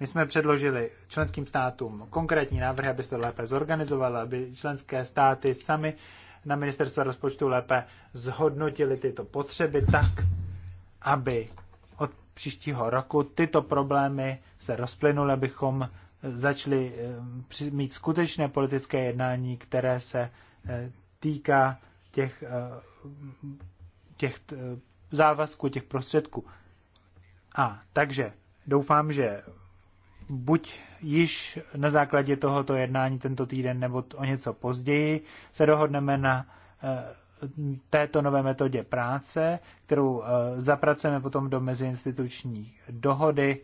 My jsme předložili členským státům konkrétní návrhy, aby se to lépe zorganizovalo, aby členské státy sami na ministerstva rozpočtu lépe zhodnotili tyto potřeby tak, aby od příštího roku tyto problémy se rozplynuly, abychom začali eh, mít skutečné politické jednání, které se eh, týká těch, eh, těch závazků, těch prostředků. A takže doufám, že buď již na základě tohoto jednání tento týden nebo o něco později se dohodneme na této nové metodě práce, kterou zapracujeme potom do meziinstituční dohody,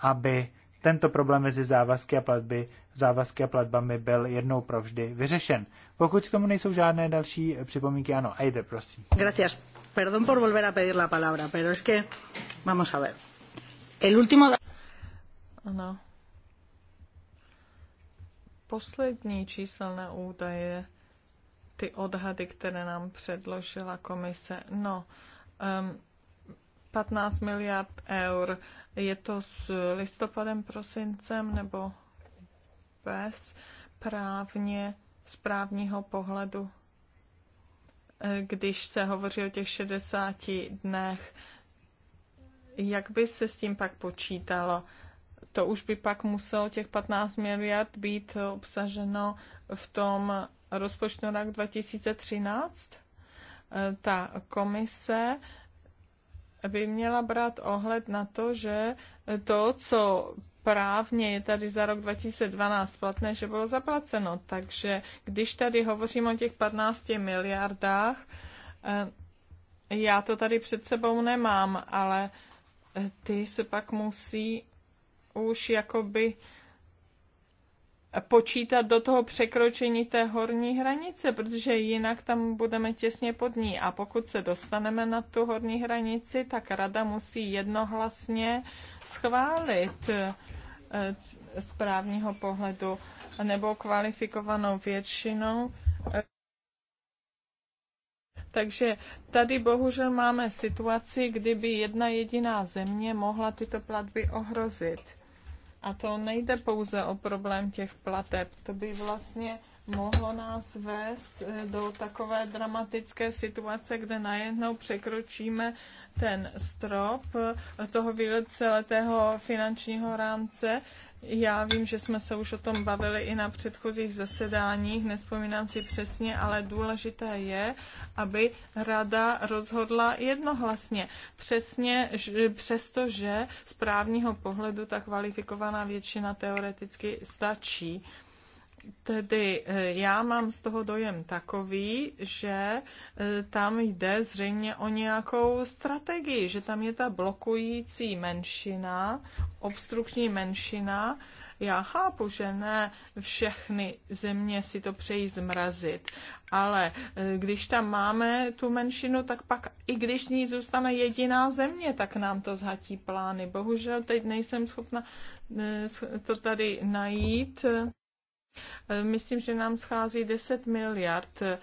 aby tento problém mezi závazky a, platby, závazky a platbami byl jednou provždy vyřešen. Pokud k tomu nejsou žádné další připomínky, ano, ajde, prosím. Gracias. Perdón por volver a pedir la palabra, pero es que vamos a ver. El último... Ano. Poslední číselné údaje, ty odhady, které nám předložila komise, no, um, 15 miliard eur. Je to s listopadem, prosincem nebo bez právně z právního pohledu, eh, když se hovoří o těch 60 dnech, jak by se s tím pak počítalo? To už by pak muselo těch 15 miliard být obsaženo v tom rozpočtu na rok 2013? Eh, ta komise by měla brát ohled na to, že to, co právně je tady za rok 2012 platné, že bylo zaplaceno. Takže když tady hovořím o těch 15 miliardách, eh, já to tady před sebou nemám, ale eh, ty se pak musí už jakoby počítat do toho překročení té horní hranice, protože jinak tam budeme těsně pod ní. A pokud se dostaneme na tu horní hranici, tak rada musí jednohlasně schválit eh, z právního pohledu nebo kvalifikovanou většinou. Takže tady bohužel máme situaci, kdyby jedna jediná země mohla tyto platby ohrozit. A to nejde pouze o problém těch plateb. To by vlastně mohlo nás vést eh, do takové dramatické situace, kde najednou překročíme ten strop eh, toho víceletého finančního rámce já vím, že jsme se už o tom bavili i na předchozích zasedáních, nespomínám si přesně, ale důležité je, aby rada rozhodla jednohlasně. Přesně, přestože z právního pohledu ta kvalifikovaná většina teoreticky stačí. Tedy eh, já mám z toho dojem takový, že eh, tam jde zřejmě o nějakou strategii, že tam je ta blokující menšina, obstrukční menšina. Já chápu, že ne všechny země si to přejí zmrazit, ale eh, když tam máme tu menšinu, tak pak i když z ní zůstane jediná země, tak nám to zhatí plány. Bohužel teď nejsem schopna to tady najít. Eh, myslím, že nám schází 10 miliard eh,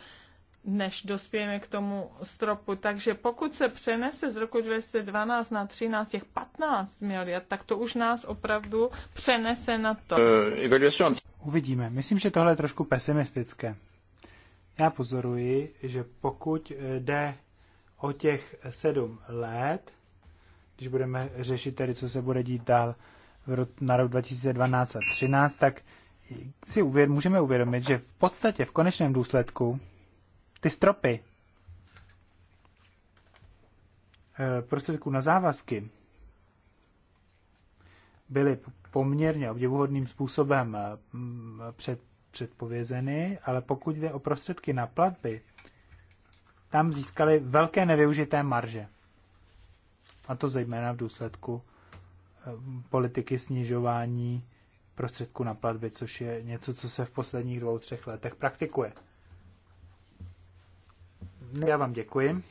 než dospějeme k tomu stropu. Takže pokud se přenese z roku 2012 na 13 těch 15 miliard, tak to už nás opravdu přenese na to. Eh, Uvidíme. Myslím, že tohle je trošku pesimistické. Já pozoruji, že pokud jde o těch sedm let, když budeme řešit tedy, co se bude dít dál na rok 2012 a 2013, tak si uvěd, můžeme uvědomit, že v podstatě v konečném důsledku ty stropy eh, prostředků na závazky byly poměrně obdivuhodným způsobem eh, před, předpovězeny, ale pokud jde o prostředky na platby, tam získali velké nevyužité marže. A to zejména v důsledku eh, politiky snižování prostředků na platby, což je něco, co se v posledních dvou, třech letech praktikuje. No, já vám děkuji.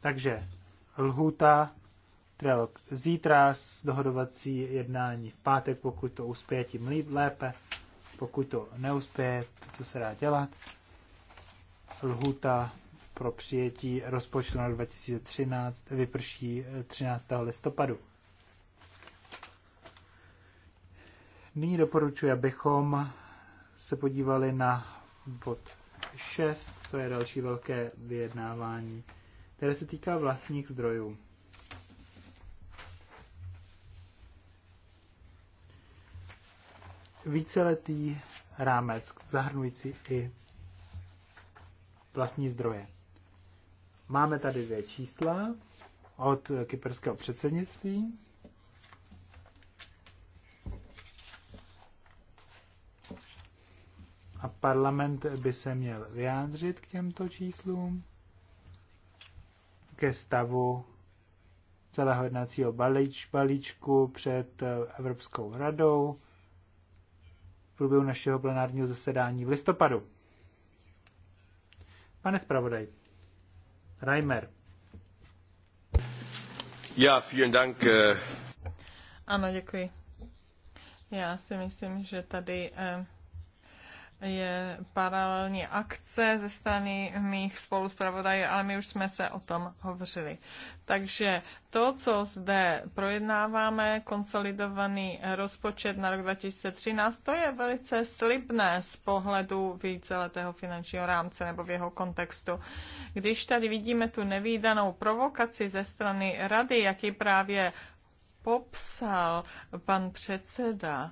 Takže lhůta, trelok zítra, dohodovací jednání v pátek, pokud to uspěje, tím lépe. Pokud to neuspěje, to, co se dá dělat. Lhůta pro přijetí rozpočtu na 2013 vyprší eh, 13. listopadu. Nyní doporučuji, abychom se podívali na bod 6, to je další velké vyjednávání, které se týká vlastních zdrojů. Víceletý rámec zahrnující i vlastní zdroje. Máme tady dvě čísla od kyperského předsednictví. a parlament by se měl vyjádřit k těmto číslům, ke stavu celého jednacího balíč, balíčku před eh, Evropskou radou v průběhu našeho plenárního zasedání v listopadu. Pane zpravodaj, Reimer. Ja, vielen Dank. Eh. Ano, děkuji. Já si myslím, že tady eh, je paralelní akce ze strany mých spoluzpravodajů, ale my už jsme se o tom hovořili. Takže to, co zde projednáváme, konsolidovaný rozpočet na rok 2013, to je velice slibné z pohledu víceletého finančního rámce nebo v jeho kontextu. Když tady vidíme tu nevýdanou provokaci ze strany rady, jaký právě popsal pan předseda,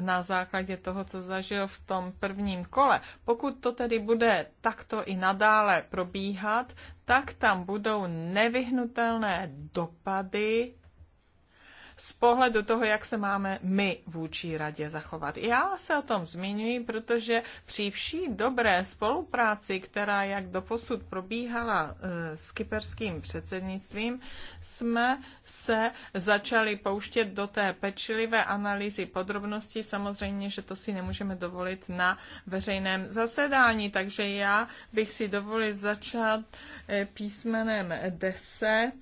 na základě toho, co zažil v tom prvním kole. Pokud to tedy bude takto i nadále probíhat, tak tam budou nevyhnutelné dopady z pohledu toho, jak se máme my vůči radě zachovat. Já se o tom zmiňuji, protože při vší dobré spolupráci, která jak doposud probíhala eh, s kyperským předsednictvím, jsme se začali pouštět do té pečlivé analýzy podrobností. Samozřejmě, že to si nemůžeme dovolit na veřejném zasedání, takže já bych si dovolil začat eh, písmenem 10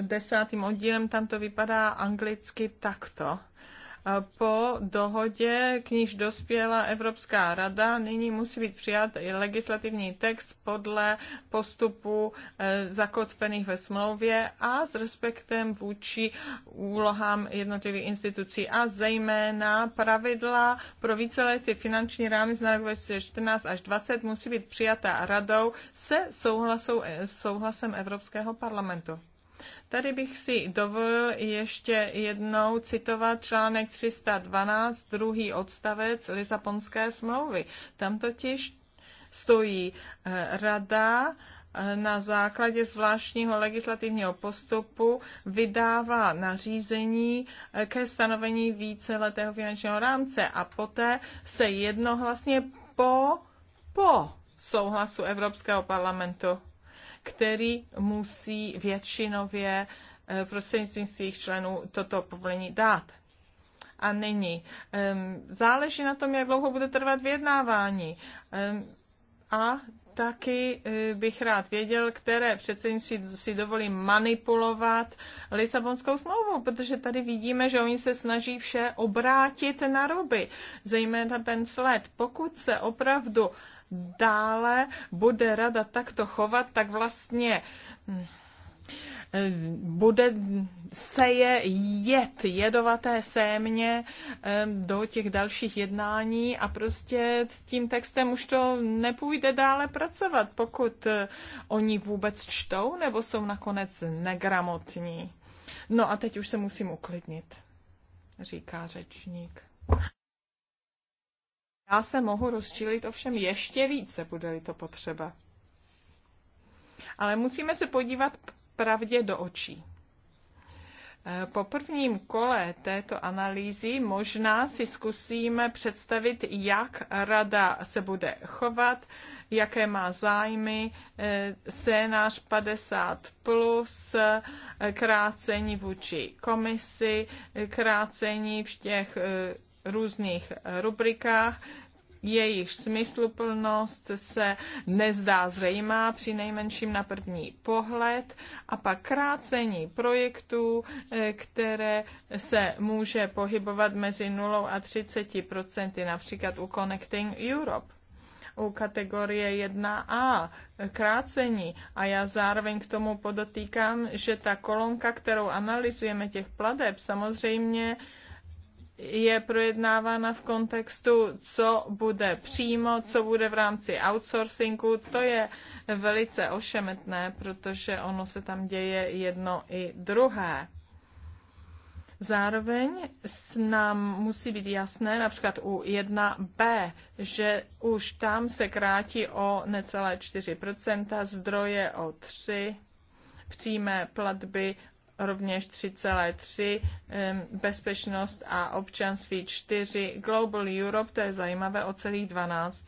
desátým oddílem, tam to vypadá anglicky takto. E, po dohodě, k níž dospěla Evropská rada, nyní musí být přijat legislativní text podle postupu e, zakotvených ve smlouvě a s respektem vůči úlohám jednotlivých institucí a zejména pravidla pro víceletý finanční rámec z roku 2014 až 2020 musí být přijata radou se souhlasou, e, souhlasem Evropského parlamentu. Tady bych si dovolil ještě jednou citovat článek 312, druhý odstavec Lisabonské smlouvy. Tam totiž stojí eh, rada eh, na základě zvláštního legislativního postupu vydává nařízení eh, ke stanovení víceletého finančního rámce a poté se jednohlasně po, po souhlasu Evropského parlamentu který musí většinově eh, prostřednictvím svých členů toto povolení dát. A nyní. Ehm, záleží na tom, jak dlouho bude trvat vyjednávání. Ehm, a taky eh, bych rád věděl, které předsednictví si dovolí manipulovat Lisabonskou smlouvou, protože tady vidíme, že oni se snaží vše obrátit na ruby, zejména ten sled. Pokud se opravdu dále bude rada takto chovat, tak vlastně hm, eh, bude seje jet jedovaté sémě do těch dalších jednání a prostě s tím textem už to nepůjde dále pracovat, pokud eh, oni vůbec čtou nebo jsou nakonec negramotní. No a teď už se musím uklidnit, říká řečník. Já se mohu rozčílit ovšem ještě více, bude-li to potřeba. Ale musíme se podívat pravdě do očí. E, po prvním kole této analýzy možná si zkusíme představit, jak rada se bude chovat, jaké má zájmy, e, scénář 50 plus, e, krácení vůči komisi, krácení v těch různých rubrikách, jejich smysluplnost se nezdá zřejmá, při nejmenším na první pohled, a pak krácení projektů, eh, které se může pohybovat mezi 0 a 30 například u Connecting Europe u kategorie 1A krácení. A já zároveň k tomu podotýkám, že ta kolonka, kterou analyzujeme těch pladeb, samozřejmě je projednávána v kontextu, co bude přímo, co bude v rámci outsourcingu. To je velice ošemetné, protože ono se tam děje jedno i druhé. Zároveň s nám musí být jasné, například u 1b, že už tam se krátí o necelé 4 zdroje o 3 přímé platby rovněž 3,3, bezpečnost a občanství 4, Global Europe, to je zajímavé, o celých 12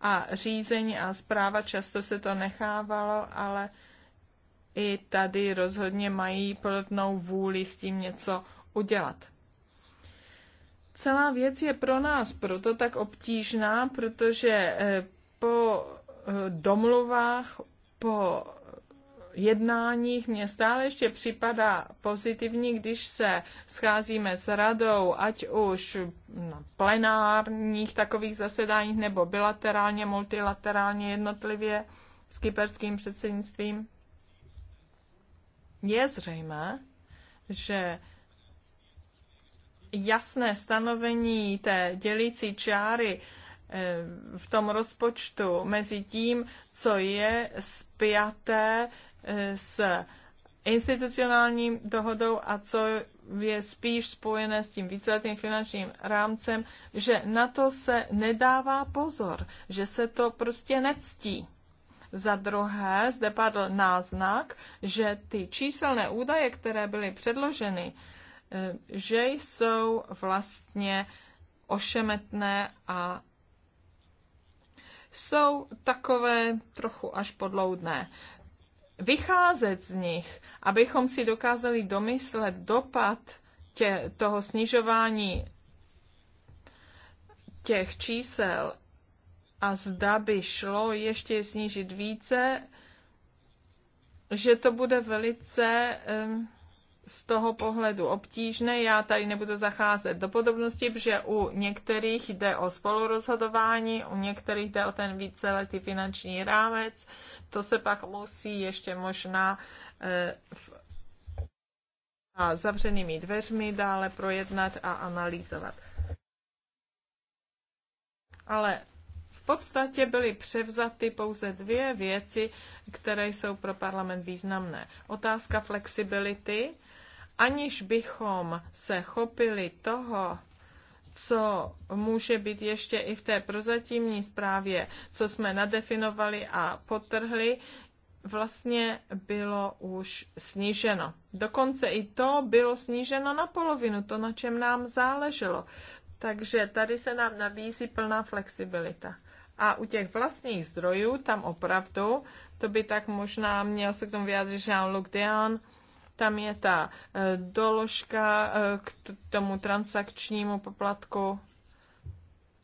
a řízení a zpráva, často se to nechávalo, ale i tady rozhodně mají plnou vůli s tím něco udělat. Celá věc je pro nás proto tak obtížná, protože eh, po eh, domluvách, po jednáních mě stále ještě připadá pozitivní, když se scházíme s radou, ať už na plenárních takových zasedáních nebo bilaterálně, multilaterálně, jednotlivě s kyperským předsednictvím. Je zřejmé, že jasné stanovení té dělící čáry eh, v tom rozpočtu mezi tím, co je spjaté s institucionální dohodou a co je spíš spojené s tím víceletým finančním rámcem, že na to se nedává pozor, že se to prostě nectí. Za druhé, zde padl náznak, že ty číselné údaje, které byly předloženy, eh, že jsou vlastně ošemetné a jsou takové trochu až podloudné vycházet z nich, abychom si dokázali domyslet dopad tě, toho snižování těch čísel a zda by šlo ještě snížit více, že to bude velice um, z toho pohledu obtížné. Já tady nebudu zacházet do podobnosti, protože u některých jde o spolurozhodování, u některých jde o ten víceletý finanční rámec. To se pak musí ještě možná eh, v, a zavřenými dveřmi dále projednat a analyzovat. Ale v podstatě byly převzaty pouze dvě věci, které jsou pro parlament významné. Otázka flexibility, aniž bychom se chopili toho, co může být ještě i v té prozatímní zprávě, co jsme nadefinovali a potrhli, vlastně bylo už sníženo. Dokonce i to bylo sníženo na polovinu, to, na čem nám záleželo. Takže tady se nám nabízí plná flexibilita. A u těch vlastních zdrojů, tam opravdu, to by tak možná měl se k tomu vyjádřit Jean-Luc Dion, tam je ta e, doložka e, k tomu transakčnímu poplatku,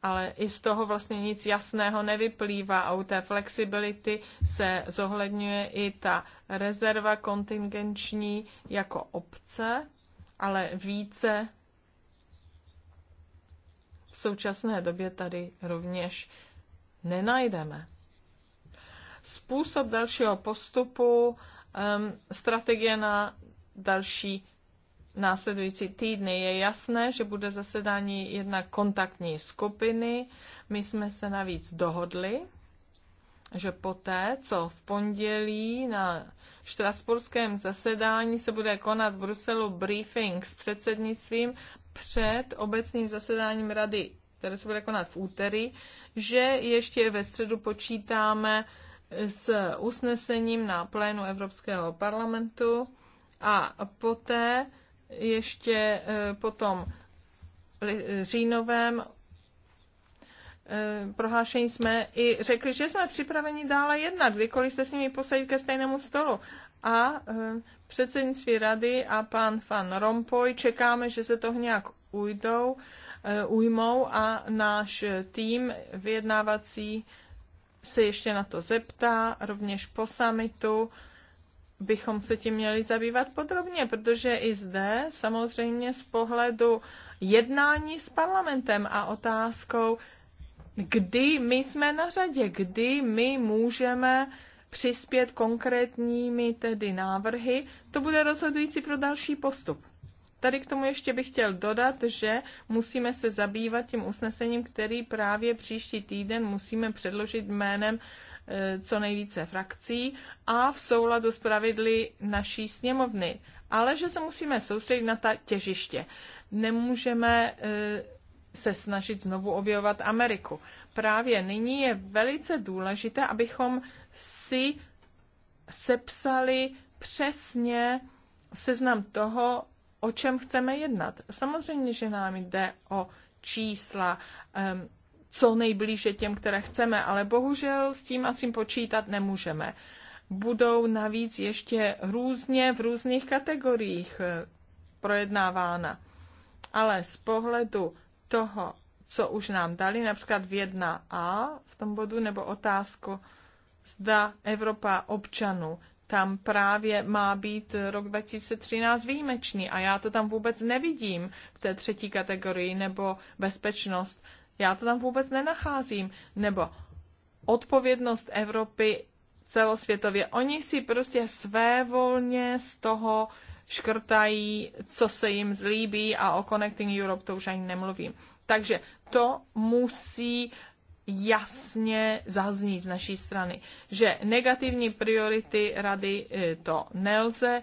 ale i z toho vlastně nic jasného nevyplývá a u té flexibility se zohledňuje i ta rezerva kontingenční jako obce, ale více v současné době tady rovněž nenajdeme. Způsob dalšího postupu, strategie na další následující týdny. Je jasné, že bude zasedání jedna kontaktní skupiny. My jsme se navíc dohodli, že poté, co v pondělí na štrasburském zasedání se bude konat v Bruselu briefing s předsednictvím před obecním zasedáním rady, které se bude konat v úterý, že ještě ve středu počítáme s usnesením na plénu Evropského parlamentu a poté ještě eh, potom říjnovém eh, prohlášení jsme i řekli, že jsme připraveni dále jednat, kdykoliv se s nimi posadit ke stejnému stolu. A eh, předsednictví rady a pan Van Rompuy čekáme, že se to nějak ujdou, ujmou a náš tým vyjednávací se ještě na to zeptá, rovněž po samitu bychom se tím měli zabývat podrobně, protože i zde samozřejmě z pohledu jednání s parlamentem a otázkou, kdy my jsme na řadě, kdy my můžeme přispět konkrétními tedy návrhy, to bude rozhodující pro další postup. Tady k tomu ještě bych chtěl dodat, že musíme se zabývat tím usnesením, který právě příští týden musíme předložit jménem co nejvíce frakcí a v souladu s pravidly naší sněmovny. Ale že se musíme soustředit na ta těžiště. Nemůžeme e, se snažit znovu objevovat Ameriku. Právě nyní je velice důležité, abychom si sepsali přesně seznam toho, o čem chceme jednat. Samozřejmě, že nám jde o čísla, co nejblíže těm, které chceme, ale bohužel s tím asi počítat nemůžeme. Budou navíc ještě různě v různých kategoriích eh, projednávána. Ale z pohledu toho, co už nám dali, například v 1a v tom bodu, nebo otázku, zda Evropa občanů, tam právě má být eh, rok 2013 výjimečný a já to tam vůbec nevidím v té třetí kategorii, nebo bezpečnost já to tam vůbec nenacházím. Nebo odpovědnost Evropy celosvětově. Oni si prostě svévolně z toho škrtají, co se jim zlíbí a o Connecting Europe to už ani nemluvím. Takže to musí jasně zaznít z naší strany, že negativní priority rady eh, to nelze,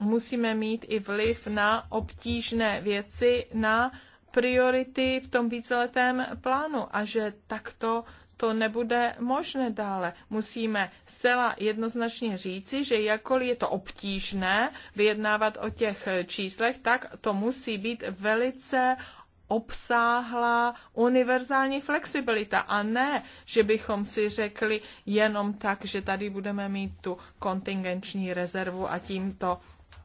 musíme mít i vliv na obtížné věci, na priority v tom víceletém plánu a že takto to nebude možné dále. Musíme zcela jednoznačně říci, že jakkoliv je to obtížné vyjednávat o těch číslech, tak to musí být velice obsáhlá univerzální flexibilita a ne, že bychom si řekli jenom tak, že tady budeme mít tu kontingenční rezervu a tím to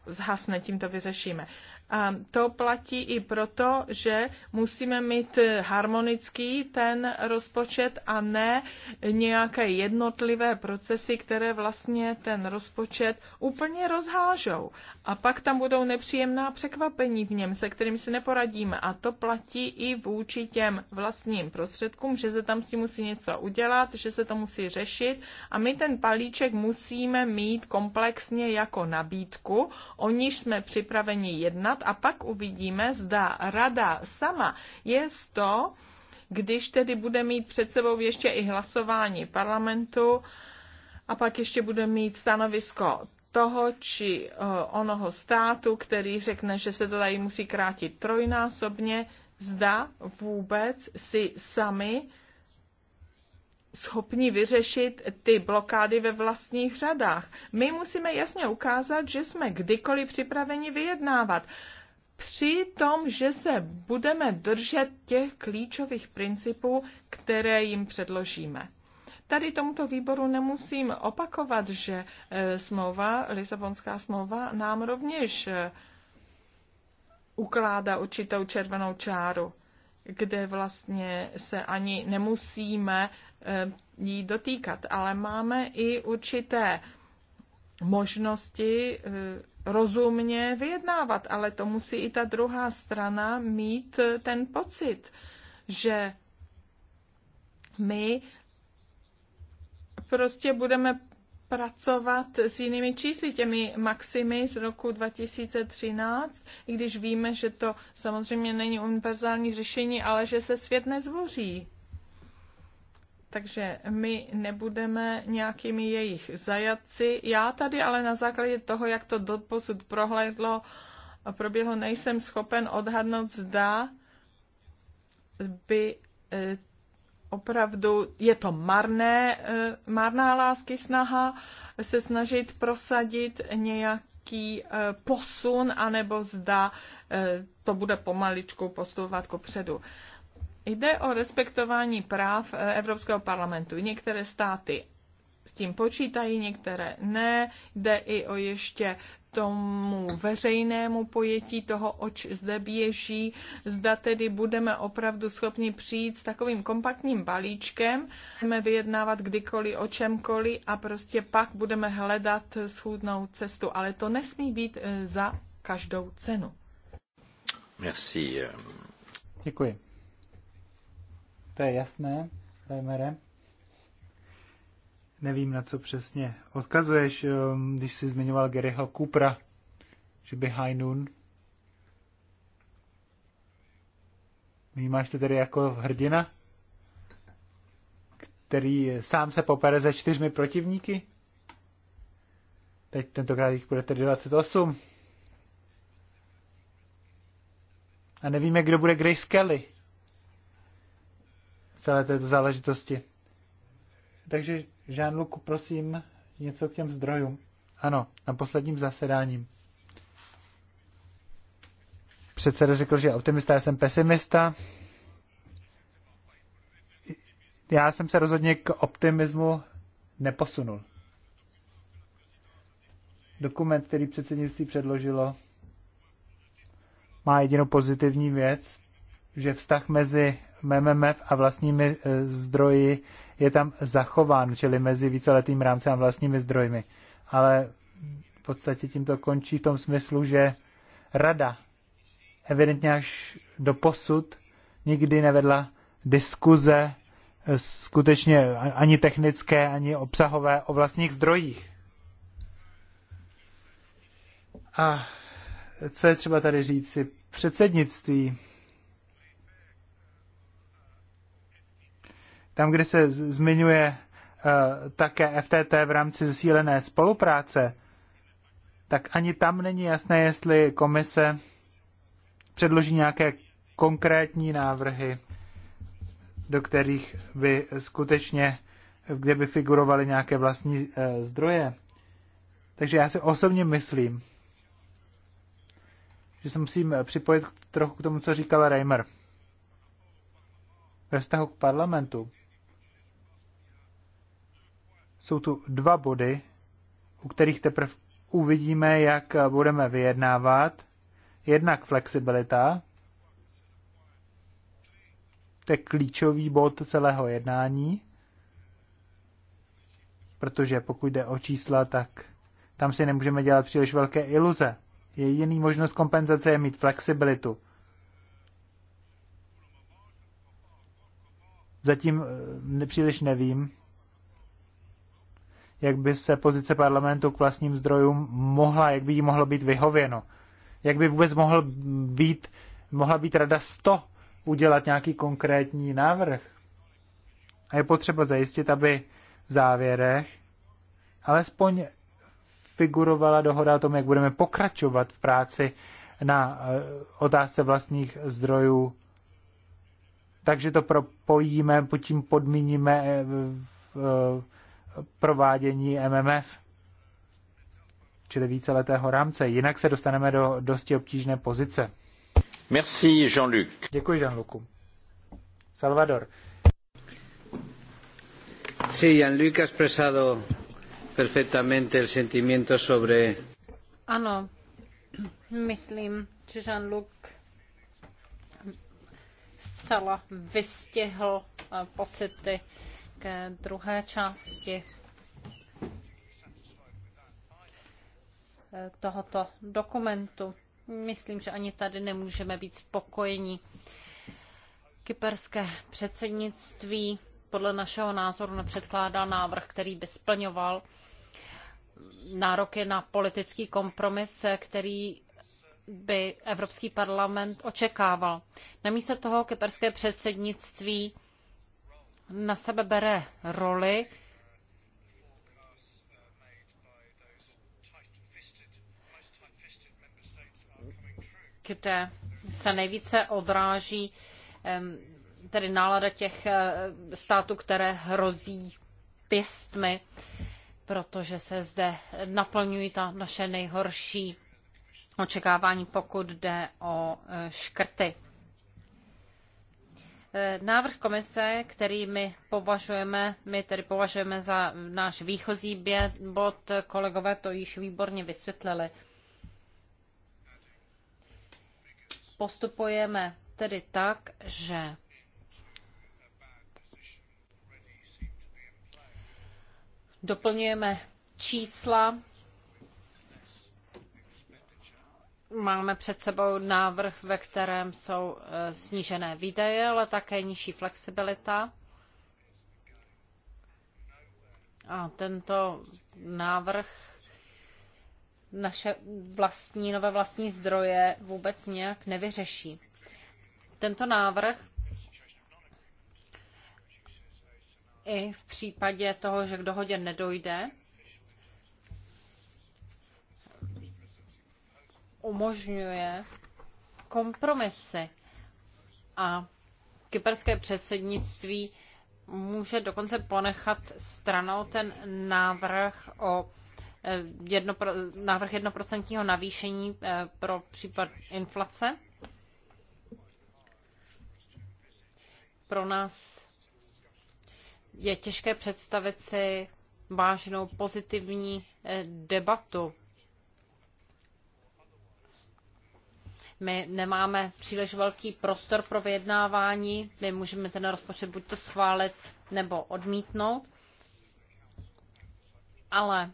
zhasne, tím to vyřešíme. A to platí i proto, že musíme mít harmonický ten rozpočet a ne nějaké jednotlivé procesy, které vlastně ten rozpočet úplně rozhážou. A pak tam budou nepříjemná překvapení v něm, se kterým si neporadíme. A to platí i vůči těm vlastním prostředkům, že se tam si musí něco udělat, že se to musí řešit. A my ten palíček musíme mít komplexně jako nabídku, o níž jsme připraveni jednat dělat a pak uvidíme, zda rada sama je z to, když tedy bude mít před sebou ještě i hlasování parlamentu a pak ještě bude mít stanovisko toho či eh, onoho státu, který řekne, že se to tady musí krátit trojnásobně, zda vůbec si sami schopni vyřešit ty blokády ve vlastních řadách. My musíme jasně ukázat, že jsme kdykoliv připraveni vyjednávat. Při tom, že se budeme držet těch klíčových principů, které jim předložíme. Tady tomuto výboru nemusím opakovat, že e, smlouva, Lisabonská smlouva nám rovněž e, ukládá určitou červenou čáru, kde vlastně se ani nemusíme Eh, jí dotýkat, ale máme i určité možnosti eh, rozumně vyjednávat, ale to musí i ta druhá strana mít eh, ten pocit, že my prostě budeme pracovat s jinými čísly, těmi maximy z roku 2013, i když víme, že to samozřejmě není univerzální řešení, ale že se svět nezvoří. Takže my nebudeme nějakými jejich zajatci. Já tady ale na základě toho, jak to doposud prohlédlo, proběhlo, nejsem schopen odhadnout, zda by eh, opravdu je to marné, eh, marná lásky snaha se snažit prosadit nějaký eh, posun, anebo zda to bude pomaličku postupovat ku předu. Jde o respektování práv eh, Evropského parlamentu. Některé státy s tím počítají, některé ne. Jde i o ještě tomu veřejnému pojetí toho, oč zde běží, zda tedy budeme opravdu schopni přijít s takovým kompaktním balíčkem, budeme vyjednávat kdykoliv o čemkoliv a prostě pak budeme hledat schůdnou cestu, ale to nesmí být eh, za každou cenu. Merci. Eh. Děkuji. To je jasné, Remere. Nevím, na co přesně odkazuješ, um, když jsi zmiňoval Garyho Kupra, že by High Noon. Vnímáš se tedy jako hrdina, který sám se popere ze čtyřmi protivníky? Teď tentokrát jich bude tedy 28. A nevíme, kdo bude Grace Kelly celé této záležitosti. Takže, jean luku prosím něco k těm zdrojům. Ano, na posledním zasedáním. Předseda řekl, že optimista, já jsem pesimista. Já jsem se rozhodně k optimismu neposunul. Dokument, který předsednictví předložilo, má jedinou pozitivní věc, že vztah mezi MMF a vlastními e, zdroji je tam zachován, čili mezi víceletým rámcem a vlastními zdrojmi. Ale v podstatě tím to končí v tom smyslu, že rada evidentně až do posud nikdy nevedla diskuze e, skutečně ani technické, ani obsahové o vlastních zdrojích. A co je třeba tady říct si? Předsednictví tam, kde se zmiňuje eh, také FTT v rámci zesílené spolupráce, tak ani tam není jasné, jestli komise předloží nějaké konkrétní návrhy, do kterých by skutečně, kde by figurovaly nějaké vlastní eh, zdroje. Takže já si osobně myslím, že se musím eh, připojit trochu k tomu, co říkal Reimer. Ve vztahu k parlamentu jsou tu dva body, u kterých teprve uvidíme, jak budeme vyjednávat. Jednak flexibilita, to je klíčový bod celého jednání, protože pokud jde o čísla, tak tam si nemůžeme dělat příliš velké iluze. Jediný možnost kompenzace je mít flexibilitu. Zatím eh, příliš nevím, jak by se pozice parlamentu k vlastním zdrojům mohla, jak by jí mohlo být vyhověno. Jak by vůbec mohl být, mohla být rada 100 udělat nějaký konkrétní návrh. A je potřeba zajistit, aby v závěrech alespoň figurovala dohoda o tom, jak budeme pokračovat v práci na eh, otázce vlastních zdrojů. Takže to propojíme, potím podmíníme eh, eh, provádění MMF, čili víceletého rámce. Jinak se dostaneme do dosti obtížné pozice. Merci, Jean-Luc. Děkuji, Jean-Lucu. Salvador. Sí, Jean-Luc ha expresado perfectamente el sentimiento sobre... Ano, myslím, že Jean-Luc zcela vystihl eh, pocity ke druhé části tohoto dokumentu. Myslím, že ani tady nemůžeme být spokojení. Kyperské předsednictví podle našeho názoru nepředkládá návrh, který by splňoval nároky na politický kompromis, který by Evropský parlament očekával. Namísto toho kyperské předsednictví na sebe bere roli kde se nejvíce odráží tedy nálada těch eh, států, které hrozí pěstmi, protože se zde naplňují ta naše nejhorší očekávání, pokud jde o eh, škrty. Eh, návrh komise, který my považujeme, my tedy považujeme za náš výchozí bod, kolegové to již výborně vysvětlili. Postupujeme tedy tak, že doplňujeme čísla, Máme před sebou návrh, ve kterém jsou eh, snížené výdaje, ale také nižší flexibilita. A tento návrh naše vlastní, nové vlastní zdroje vůbec nějak nevyřeší. Tento návrh i v případě toho, že k dohodě nedojde, umožňuje kompromisy. A kyperské předsednictví může dokonce ponechat stranou ten návrh o eh, jedno, návrh jednoprocentního navýšení eh, pro případ inflace. Pro nás je těžké představit si vážnou pozitivní eh, debatu My nemáme příliš velký prostor pro vyjednávání, my můžeme ten rozpočet buď to schválit nebo odmítnout. Ale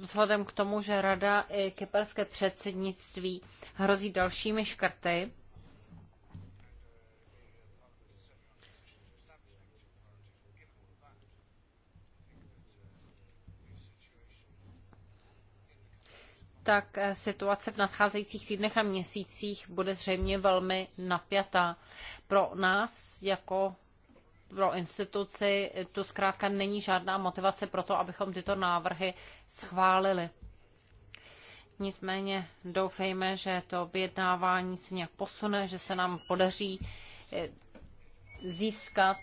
vzhledem k tomu, že Rada i kyperské předsednictví hrozí dalšími škrty, tak eh, situace v nadcházejících týdnech a měsících bude zřejmě velmi napjatá. Pro nás jako pro instituci to zkrátka není žádná motivace pro to, abychom tyto návrhy schválili. Nicméně doufejme, že to vyjednávání se nějak posune, že se nám podaří eh, získat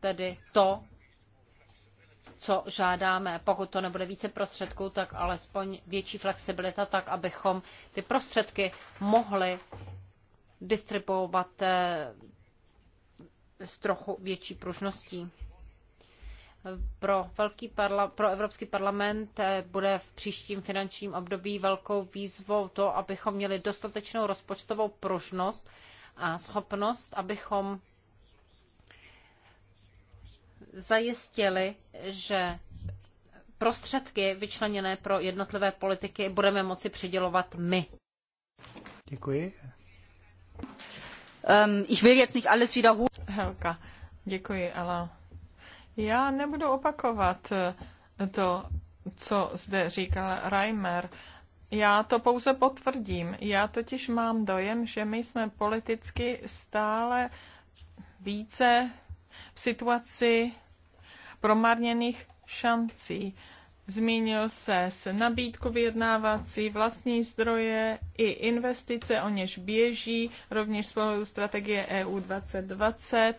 tedy to, co žádáme. Pokud to nebude více prostředků, tak alespoň větší flexibilita, tak abychom ty prostředky mohli distribuovat eh, s trochu větší pružností. Pro, velký parla- pro Evropský parlament eh, bude v příštím finančním období velkou výzvou to, abychom měli dostatečnou rozpočtovou pružnost a schopnost, abychom zajistili, že prostředky vyčleněné pro jednotlivé politiky budeme moci přidělovat my. Děkuji. Um, ich will jetzt nicht alles wiederholen. Helka, děkuji, ale já nebudu opakovat eh, to, co zde říkal Reimer. Já to pouze potvrdím. Já totiž mám dojem, že my jsme politicky stále více v situaci promarněných šancí. Zmínil se s nabídku vyjednávací, vlastní zdroje i investice, o něž běží, rovněž spolu strategie EU 2020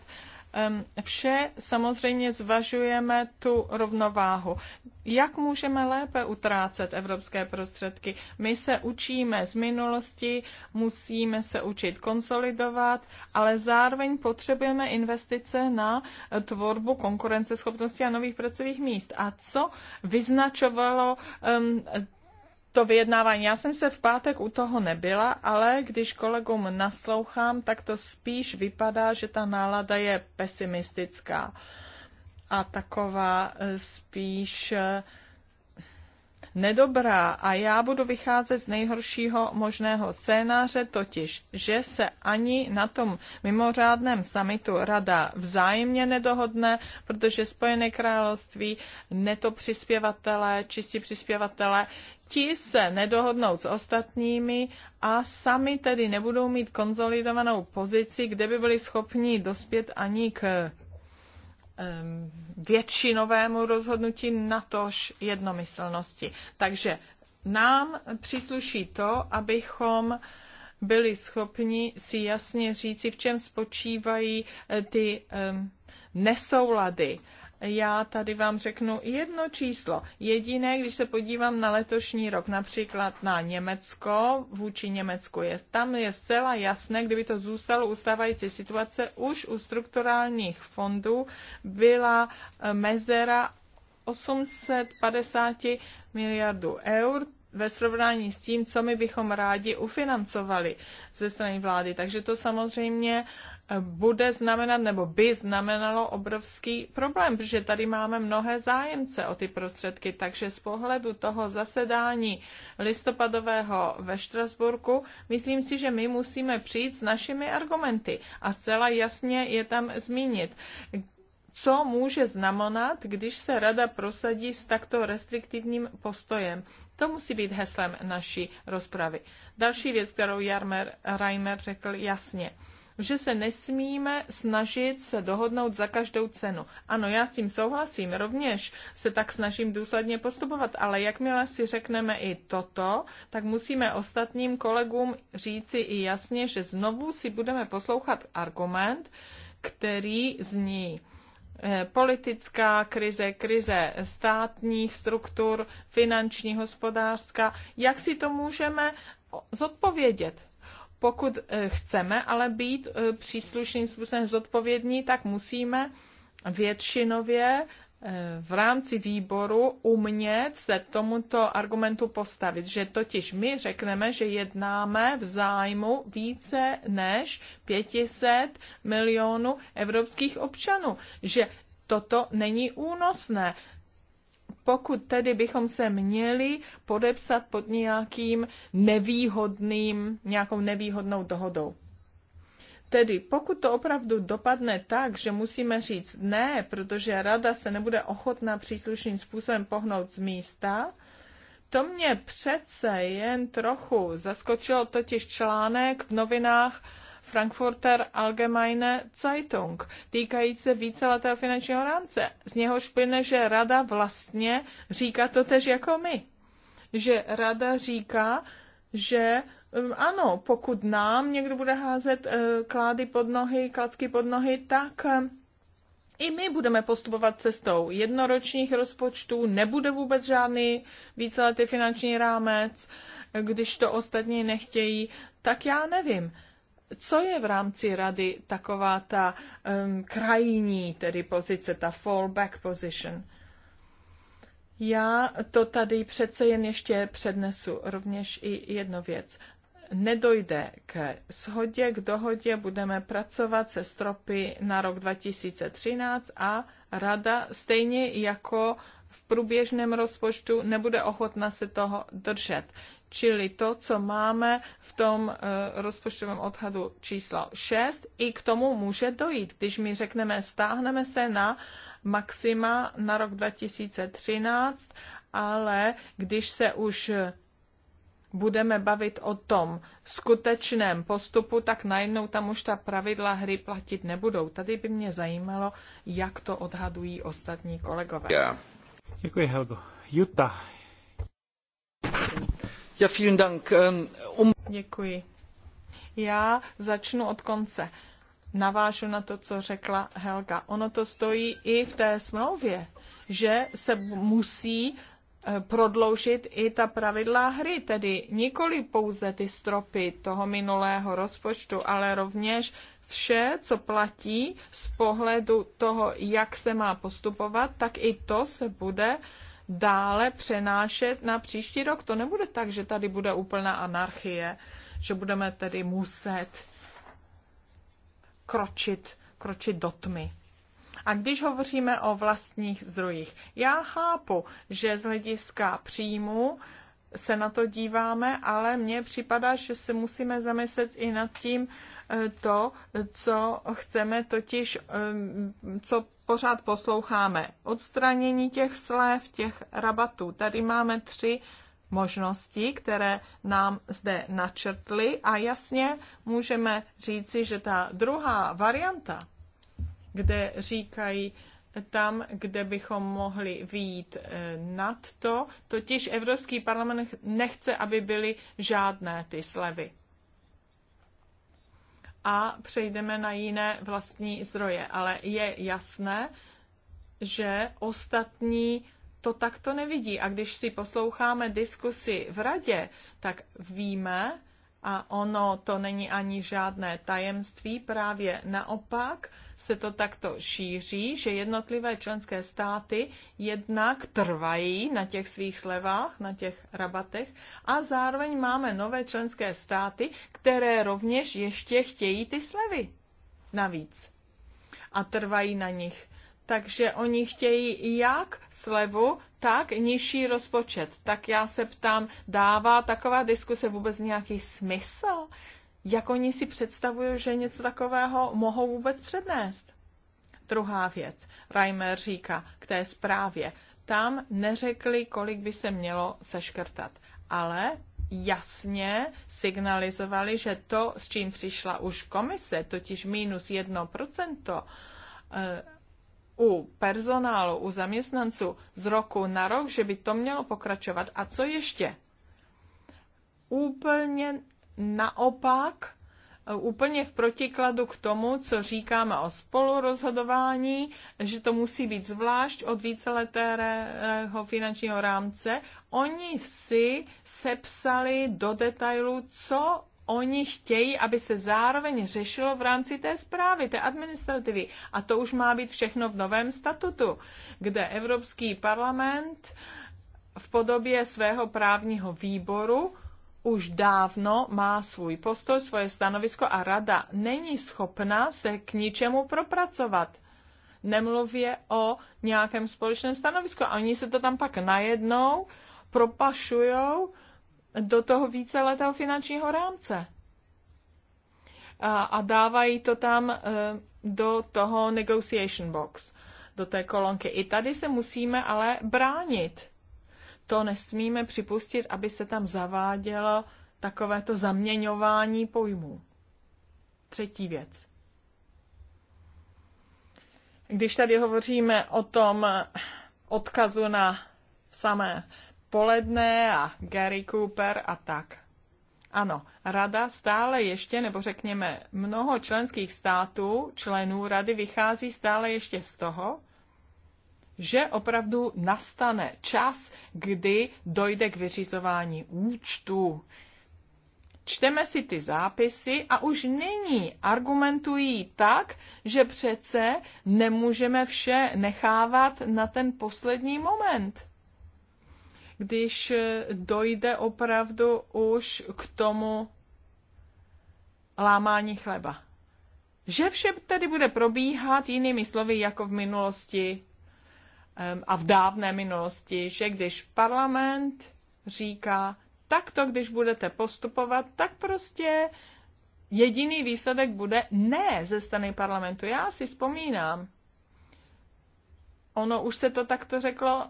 vše samozřejmě zvažujeme tu rovnováhu. Jak můžeme lépe utrácet evropské prostředky? My se učíme z minulosti, musíme se učit konsolidovat, ale zároveň potřebujeme investice na tvorbu konkurenceschopnosti a nových pracovních míst. A co vyznačovalo um, to vyjednávání. Já jsem se v pátek u toho nebyla, ale když kolegům naslouchám, tak to spíš vypadá, že ta nálada je pesimistická a taková eh, spíš eh, nedobrá a já budu vycházet z nejhoršího možného scénáře, totiž, že se ani na tom mimořádném samitu rada vzájemně nedohodne, protože Spojené království, neto přispěvatele, čistí přispěvatele, ti se nedohodnou s ostatními a sami tedy nebudou mít konzolidovanou pozici, kde by byli schopni dospět ani k většinovému rozhodnutí, natož jednomyslnosti. Takže nám přísluší to, abychom byli schopni si jasně říci, v čem spočívají eh, ty nesoulady já tady vám řeknu jedno číslo. Jediné, když se podívám na letošní rok, například na Německo, vůči Německu, je, tam je zcela jasné, kdyby to zůstalo ustávající situace, už u strukturálních fondů byla eh, mezera 850 miliardů eur, ve srovnání s tím, co my bychom rádi ufinancovali ze strany vlády. Takže to samozřejmě bude znamenat nebo by znamenalo obrovský problém, protože tady máme mnohé zájemce o ty prostředky, takže z pohledu toho zasedání listopadového ve Štrasburku, myslím si, že my musíme přijít s našimi argumenty a zcela jasně je tam zmínit co může znamenat, když se rada prosadí s takto restriktivním postojem. To musí být heslem naší rozpravy. Další věc, kterou Jarmer Reimer řekl jasně že se nesmíme snažit se dohodnout za každou cenu. Ano, já s tím souhlasím, rovněž se tak snažím důsledně postupovat, ale jakmile si řekneme i toto, tak musíme ostatním kolegům říci i jasně, že znovu si budeme poslouchat argument, který zní eh, politická krize, krize státních struktur, finanční, hospodářská, jak si to můžeme zodpovědět pokud eh, chceme ale být eh, příslušným způsobem zodpovědní, tak musíme většinově eh, v rámci výboru umět se tomuto argumentu postavit, že totiž my řekneme, že jednáme v zájmu více než 500 milionů evropských občanů, že toto není únosné pokud tedy bychom se měli podepsat pod nějakým nevýhodným, nějakou nevýhodnou dohodou. Tedy pokud to opravdu dopadne tak, že musíme říct ne, protože rada se nebude ochotná příslušným způsobem pohnout z místa, to mě přece jen trochu zaskočilo totiž článek v novinách Frankfurter Allgemeine Zeitung, týkající se víceletého finančního rámce. Z něhož plyne, že rada vlastně říká to tež jako my. Že rada říká, že um, ano, pokud nám někdo bude házet eh, klády pod nohy, klacky pod nohy, tak eh, i my budeme postupovat cestou jednoročních rozpočtů, nebude vůbec žádný víceletý finanční rámec, eh, když to ostatní nechtějí, tak já nevím co je v rámci rady taková ta um, krajní tedy pozice, ta fallback position? Já to tady přece jen ještě přednesu rovněž i jednu věc. Nedojde k shodě, k dohodě, budeme pracovat se stropy na rok 2013 a rada stejně jako v průběžném rozpočtu nebude ochotna se toho držet čili to, co máme v tom eh, rozpočtovém odhadu číslo 6. I k tomu může dojít, když my řekneme, stáhneme se na maxima na rok 2013, ale když se už budeme bavit o tom skutečném postupu, tak najednou tam už ta pravidla hry platit nebudou. Tady by mě zajímalo, jak to odhadují ostatní kolegové. Yeah. Děkuji, Helgo. Juta Ähm, um- Děkuji. Já začnu od konce. Navážu na to, co řekla Helga. Ono to stojí i v té smlouvě, že se musí eh, prodloužit i ta pravidla hry, tedy nikoli pouze ty stropy toho minulého rozpočtu, ale rovněž vše, co platí z pohledu toho, jak se má postupovat, tak i to se bude uh, dále přenášet na příští rok. To nebude tak, že tady bude úplná anarchie, že budeme tedy muset kročit, kročit do tmy. A když hovoříme o vlastních zdrojích, já chápu, že z hlediska příjmu se na to díváme, ale mně připadá, že se musíme zamyslet i nad tím, to, co chceme, totiž co pořád posloucháme. Odstranění těch slev, těch rabatů. Tady máme tři možnosti, které nám zde načrtly a jasně můžeme říci, že ta druhá varianta, kde říkají, tam, kde bychom mohli výjít eh, nad to. Totiž Evropský parlament nechce, aby byly žádné ty slevy a přejdeme na jiné vlastní zdroje. Ale je jasné, že ostatní to takto nevidí. A když si posloucháme diskusy v radě, tak víme, a ono to není ani žádné tajemství, právě naopak, se to takto šíří, že jednotlivé členské státy jednak trvají na těch svých slevách, na těch rabatech a zároveň máme nové členské státy, které rovněž ještě chtějí ty slevy navíc a trvají na nich. Takže oni chtějí jak slevu, tak nižší rozpočet. Tak já se ptám, dává taková diskuse vůbec nějaký smysl? jak oni si představují, že něco takového mohou vůbec přednést. Druhá věc, Reimer říká k té zprávě, tam neřekli, kolik by se mělo seškrtat, ale jasně signalizovali, že to, s čím přišla už komise, totiž minus 1%, eh, u personálu, u zaměstnanců z roku na rok, že by to mělo pokračovat. A co ještě? Úplně naopak e, úplně v protikladu k tomu, co říkáme o spolurozhodování, že to musí být zvlášť od víceletého finančního rámce. Oni si sepsali do detailu, co oni chtějí, aby se zároveň řešilo v rámci té zprávy, té administrativy. A to už má být všechno v novém statutu, kde Evropský parlament v podobě svého právního výboru už dávno má svůj postoj, svoje stanovisko a rada není schopna se k ničemu propracovat. Nemluvě o nějakém společném stanovisku. A oni se to tam pak najednou propašují do toho víceletého finančního rámce. A, a dávají to tam e, do toho negotiation box, do té kolonky. I tady se musíme ale bránit to nesmíme připustit, aby se tam zavádělo takovéto zaměňování pojmů. Třetí věc. Když tady hovoříme o tom odkazu na samé poledne a Gary Cooper a tak. Ano, rada stále ještě, nebo řekněme, mnoho členských států, členů rady vychází stále ještě z toho, že opravdu nastane čas, kdy dojde k vyřizování účtu. Čteme si ty zápisy a už nyní argumentují tak, že přece nemůžeme vše nechávat na ten poslední moment když dojde opravdu už k tomu lámání chleba. Že vše tedy bude probíhat jinými slovy jako v minulosti a v dávné minulosti, že když parlament říká, tak to, když budete postupovat, tak prostě jediný výsledek bude ne ze strany parlamentu. Já si vzpomínám, ono už se to takto řeklo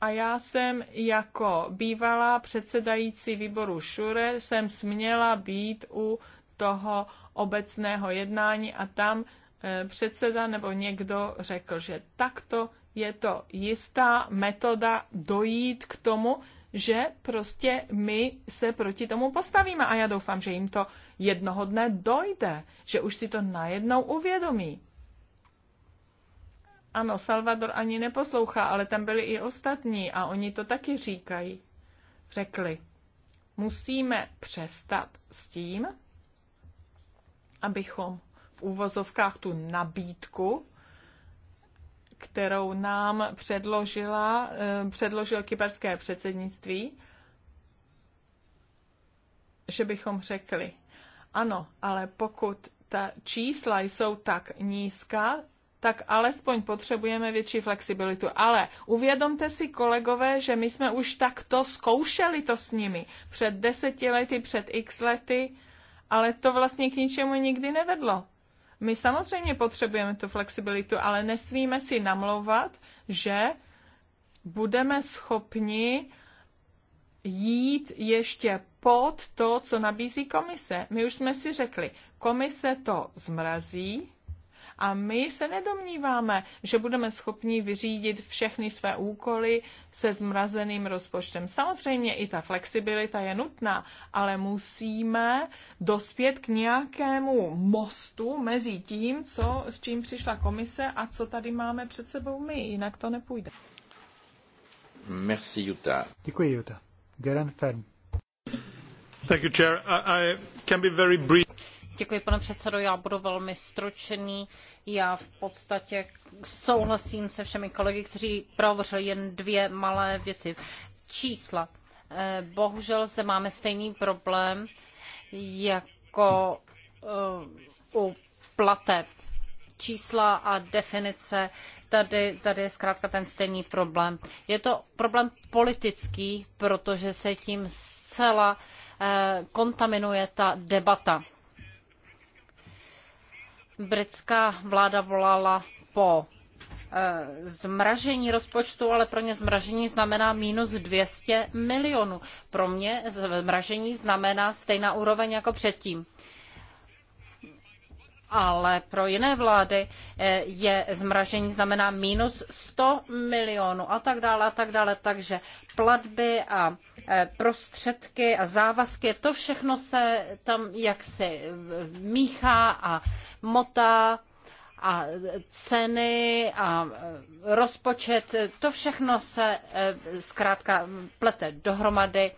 a já jsem jako bývalá předsedající výboru Šure jsem směla být u toho obecného jednání a tam Eh, předseda nebo někdo řekl, že takto je to jistá metoda dojít k tomu, že prostě my se proti tomu postavíme. A já doufám, že jim to jednoho dne dojde, že už si to najednou uvědomí. Ano, Salvador ani neposlouchá, ale tam byli i ostatní a oni to taky říkají. Řekli, musíme přestat s tím, abychom uvozovkách úvozovkách tu nabídku, kterou nám předložila, eh, předložil kyperské předsednictví, že bychom řekli, ano, ale pokud ta čísla jsou tak nízká, tak alespoň potřebujeme větší flexibilitu. Ale uvědomte si, kolegové, že my jsme už takto zkoušeli to s nimi před deseti lety, před x lety, ale to vlastně k ničemu nikdy nevedlo. My samozřejmě potřebujeme tu flexibilitu, ale nesmíme si namlouvat, že budeme schopni jít ještě pod to, co nabízí komise. My už jsme si řekli, komise to zmrazí, a my se nedomníváme, že budeme schopni vyřídit všechny své úkoly se zmrazeným rozpočtem. Samozřejmě i ta flexibilita je nutná, ale musíme dospět k nějakému mostu mezi tím, co, s čím přišla komise a co tady máme před sebou my, jinak to nepůjde. Merci, Jutta. Děkuji, Jutta. Geran Fern. Thank you, Chair. I, I can be very brief. Děkuji, pane předsedo. Já budu velmi stručný. Já v podstatě souhlasím se všemi kolegy, kteří prohovořili jen dvě malé věci. Čísla. Eh, bohužel zde máme stejný problém jako eh, u plateb. Čísla a definice, tady, tady je zkrátka ten stejný problém. Je to problém politický, protože se tím zcela eh, kontaminuje ta debata britská vláda volala po eh, zmražení rozpočtu, ale pro ně zmražení znamená minus 200 milionů. Pro mě zmražení znamená stejná úroveň jako předtím ale pro jiné vlády eh, je zmražení znamená minus 100 milionů a tak dále a tak dále. Takže platby a eh, prostředky a závazky, to všechno se tam jaksi míchá a motá a ceny a eh, rozpočet, to všechno se zkrátka plete dohromady.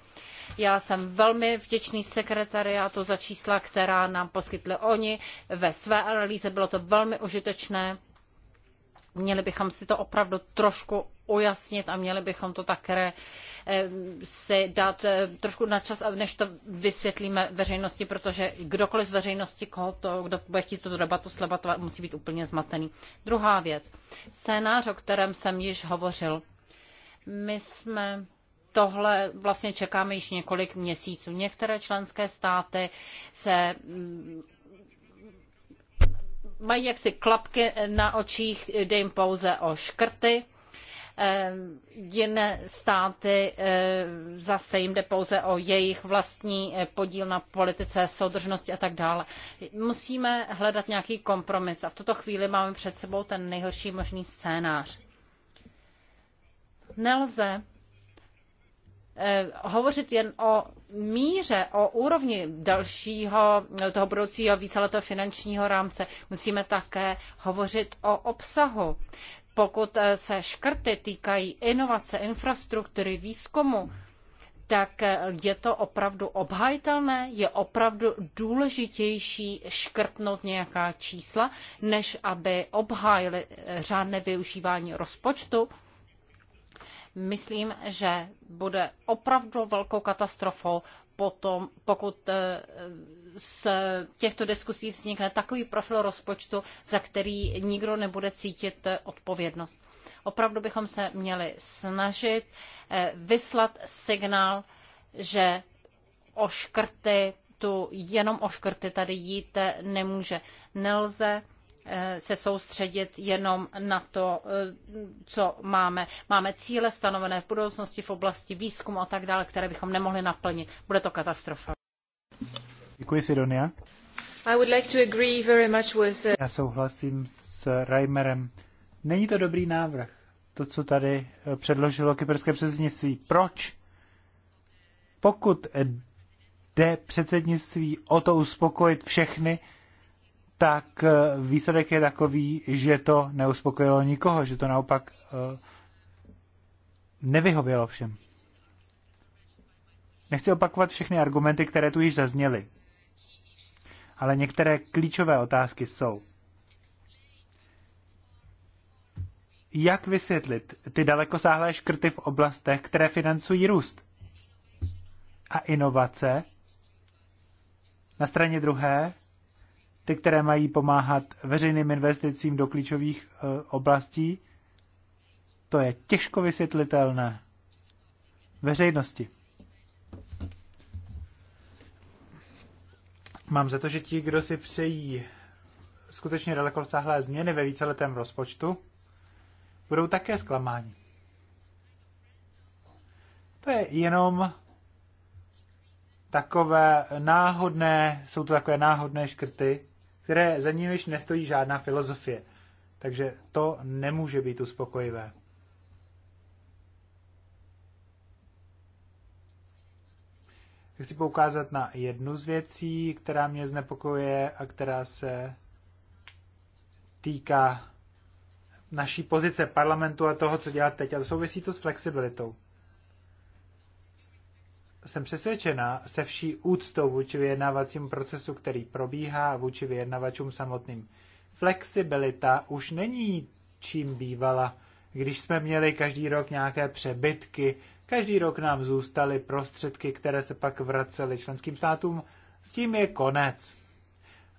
Já jsem velmi vděčný sekretariátu za čísla, která nám poskytli oni. Ve své analýze bylo to velmi užitečné. Měli bychom si to opravdu trošku ujasnit a měli bychom to také eh, si dát eh, trošku na čas, než to vysvětlíme veřejnosti, protože kdokoliv z veřejnosti, koho to, kdo bude chtít tu debatu slebatovat, musí být úplně zmatený. Druhá věc. Scénář, o kterém jsem již hovořil. My jsme tohle vlastně čekáme již několik měsíců. Některé členské státy se mm, mají jaksi klapky na očích, jde jim pouze o škrty. Eh, jiné státy eh, zase jim jde pouze o jejich vlastní eh, podíl na politice, soudržnosti a tak dále. Musíme hledat nějaký kompromis a v tuto chvíli máme před sebou ten nejhorší možný scénář. Nelze Eh, hovořit jen o míře, o úrovni dalšího toho budoucího víceletého finančního rámce. Musíme také hovořit o obsahu. Pokud eh, se škrty týkají inovace, infrastruktury, výzkumu, tak eh, je to opravdu obhajitelné, je opravdu důležitější škrtnout nějaká čísla, než aby obhájili řádné využívání rozpočtu myslím, že bude opravdu velkou katastrofou potom, pokud eh, z těchto diskusí vznikne takový profil rozpočtu, za který nikdo nebude cítit eh, odpovědnost. Opravdu bychom se měli snažit eh, vyslat signál, že o škrty, tu jenom o škrty tady jít nemůže. Nelze se soustředit jenom na to, co máme. Máme cíle stanovené v budoucnosti v oblasti výzkumu a tak dále, které bychom nemohli naplnit. Bude to katastrofa. Děkuji, Sidonia. I would like to agree very much with... Uh, Já souhlasím s Reimerem. Není to dobrý návrh, to, co tady eh, předložilo kyperské předsednictví. Proč? Pokud eh, jde předsednictví o to uspokojit všechny, tak eh, výsledek je takový, že to neuspokojilo nikoho, že to naopak eh, nevyhovělo všem. Nechci opakovat všechny argumenty, které tu již zazněly, ale některé klíčové otázky jsou. Jak vysvětlit ty dalekosáhlé škrty v oblastech, které financují růst a inovace? Na straně druhé ty, které mají pomáhat veřejným investicím do klíčových eh, oblastí, to je těžko vysvětlitelné veřejnosti. Mám za to, že ti, kdo si přejí skutečně vsáhlé změny ve víceletém rozpočtu, budou také zklamáni. To je jenom takové náhodné, jsou to takové náhodné škrty, které za již nestojí žádná filozofie. Takže to nemůže být uspokojivé. Chci poukázat na jednu z věcí, která mě znepokojuje a která se týká naší pozice parlamentu a toho, co dělat teď. A to souvisí to s flexibilitou jsem přesvědčena se vší úctou vůči vyjednávacímu procesu, který probíhá a vůči vyjednavačům samotným. Flexibilita už není čím bývala, když jsme měli každý rok nějaké přebytky, každý rok nám zůstaly prostředky, které se pak vracely členským státům, s tím je konec.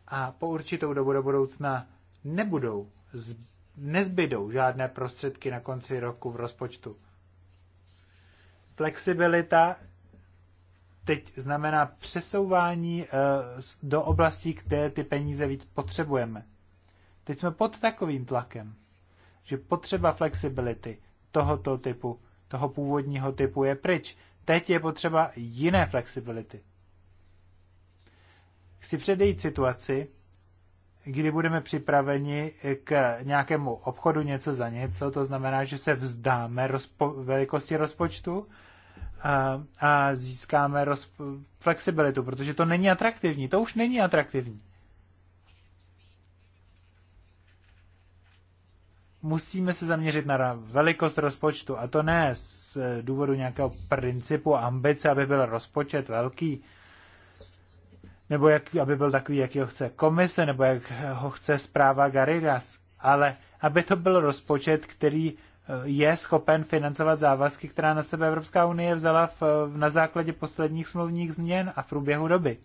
A po určitou dobu do budoucna nebudou, nezbydou žádné prostředky na konci roku v rozpočtu. Flexibilita teď znamená přesouvání eh, do oblastí, kde ty peníze víc potřebujeme. Teď jsme pod takovým tlakem, že potřeba flexibility tohoto typu, toho původního typu je pryč. Teď je potřeba jiné flexibility. Chci předejít situaci, kdy budeme připraveni k nějakému obchodu něco za něco, to znamená, že se vzdáme rozpo- velikosti rozpočtu a, a získáme roz, flexibilitu, protože to není atraktivní. To už není atraktivní. Musíme se zaměřit na velikost rozpočtu a to ne z důvodu nějakého principu ambice, aby byl rozpočet velký, nebo jak, aby byl takový, jaký ho chce komise, nebo jak ho chce zpráva Garigas, ale aby to byl rozpočet, který je schopen financovat závazky, která na sebe Evropská unie vzala v, na základě posledních smluvních změn a v průběhu doby.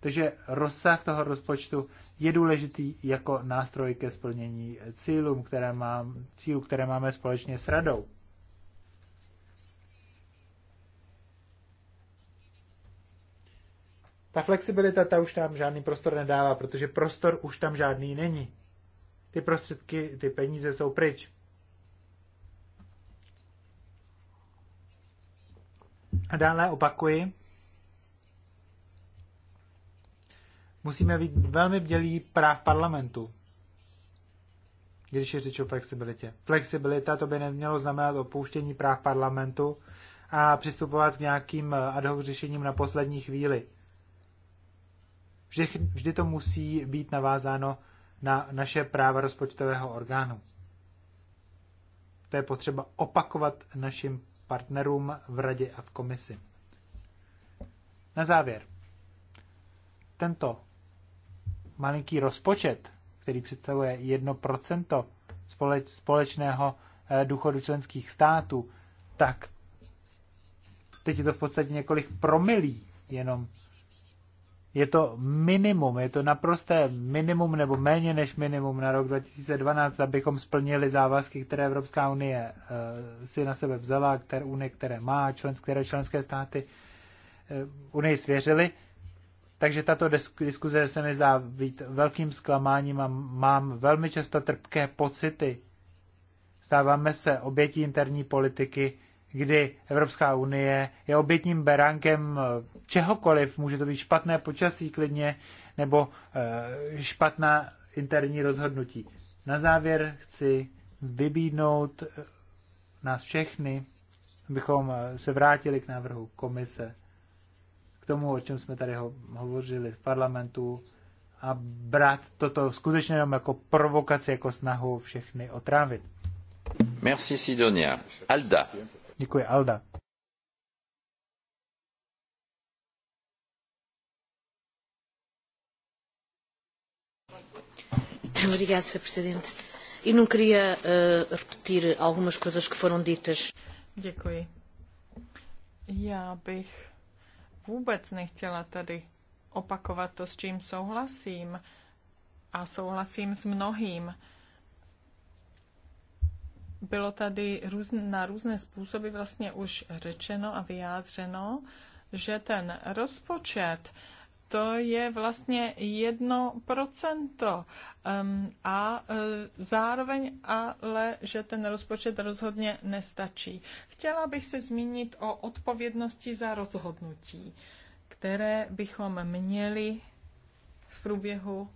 Takže rozsah toho rozpočtu je důležitý jako nástroj ke splnění cílů, které, má, cílů, které máme společně s radou. Ta flexibilita ta už tam žádný prostor nedává, protože prostor už tam žádný není ty prostředky, ty peníze jsou pryč. A dále opakuji, musíme být velmi bdělí práv parlamentu, když je řeč o flexibilitě. Flexibilita to by nemělo znamenat opouštění práv parlamentu a přistupovat k nějakým ad hoc řešením na poslední chvíli. Vždy, vždy to musí být navázáno na naše práva rozpočtového orgánu. To je potřeba opakovat našim partnerům v Radě a v komisi. Na závěr. Tento malinký rozpočet, který představuje 1% společného eh, důchodu členských států, tak teď je to v podstatě několik promilí jenom je to minimum, je to naprosté minimum nebo méně než minimum na rok 2012, abychom splnili závazky, které Evropská unie eh, si na sebe vzala, které unie, které má, člen, které členské státy eh, unii svěřily. Takže tato diskuze se mi zdá být velkým zklamáním a mám velmi často trpké pocity. Stáváme se obětí interní politiky, kdy Evropská unie je obětním beránkem čehokoliv, může to být špatné počasí klidně, nebo eh, špatná interní rozhodnutí. Na závěr chci vybídnout eh, nás všechny, abychom eh, se vrátili k návrhu komise, k tomu, o čem jsme tady ho- hovořili v parlamentu, a brát toto skutečně jenom jako provokaci, jako snahu všechny otrávit. Merci Sidonia. Alda. Děkuji, Alda. <laughs> Obrigada, Sr. Presidente. Eu não queria uh, repetir algumas coisas que foram ditas. Děkuji. Já bych vůbec nechtěla tady opakovat to, s čím souhlasím. A souhlasím s mnohým bylo tady růz, na různé způsoby vlastně už řečeno a vyjádřeno, že ten rozpočet to je vlastně jedno procento um, a e, zároveň ale, že ten rozpočet rozhodně nestačí. Chtěla bych se zmínit o odpovědnosti za rozhodnutí, které bychom měli v průběhu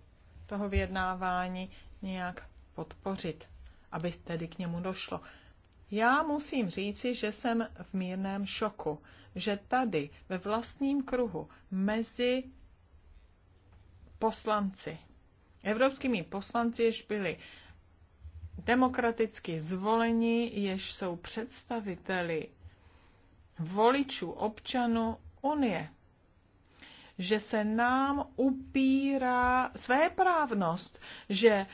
toho vyjednávání nějak podpořit aby tedy k němu došlo. Já musím říci, že jsem v mírném šoku, že tady ve vlastním kruhu mezi poslanci, evropskými poslanci, jež byli demokraticky zvoleni, jež jsou představiteli voličů občanů Unie že se nám upírá své právnost, že e,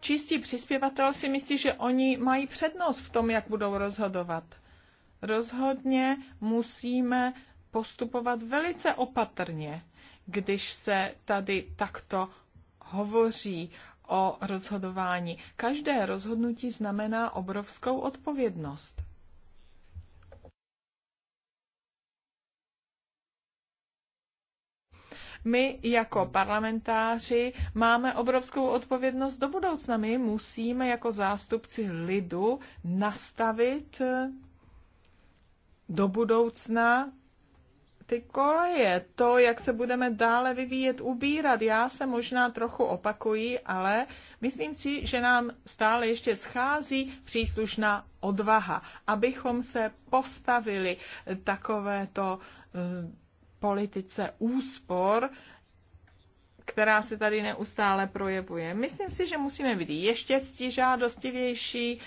čistí přispěvatel si myslí, že oni mají přednost v tom, jak budou rozhodovat. Rozhodně musíme postupovat velice opatrně, když se tady takto hovoří o rozhodování. Každé rozhodnutí znamená obrovskou odpovědnost. My jako parlamentáři máme obrovskou odpovědnost do budoucna. My musíme jako zástupci lidu nastavit eh, do budoucna ty koleje, to, jak se budeme dále vyvíjet, ubírat. Já se možná trochu opakuji, ale myslím si, že nám stále ještě schází příslušná odvaha, abychom se postavili takovéto eh, politice úspor, která se tady neustále projevuje. Myslím si, že musíme být ještě žádostivější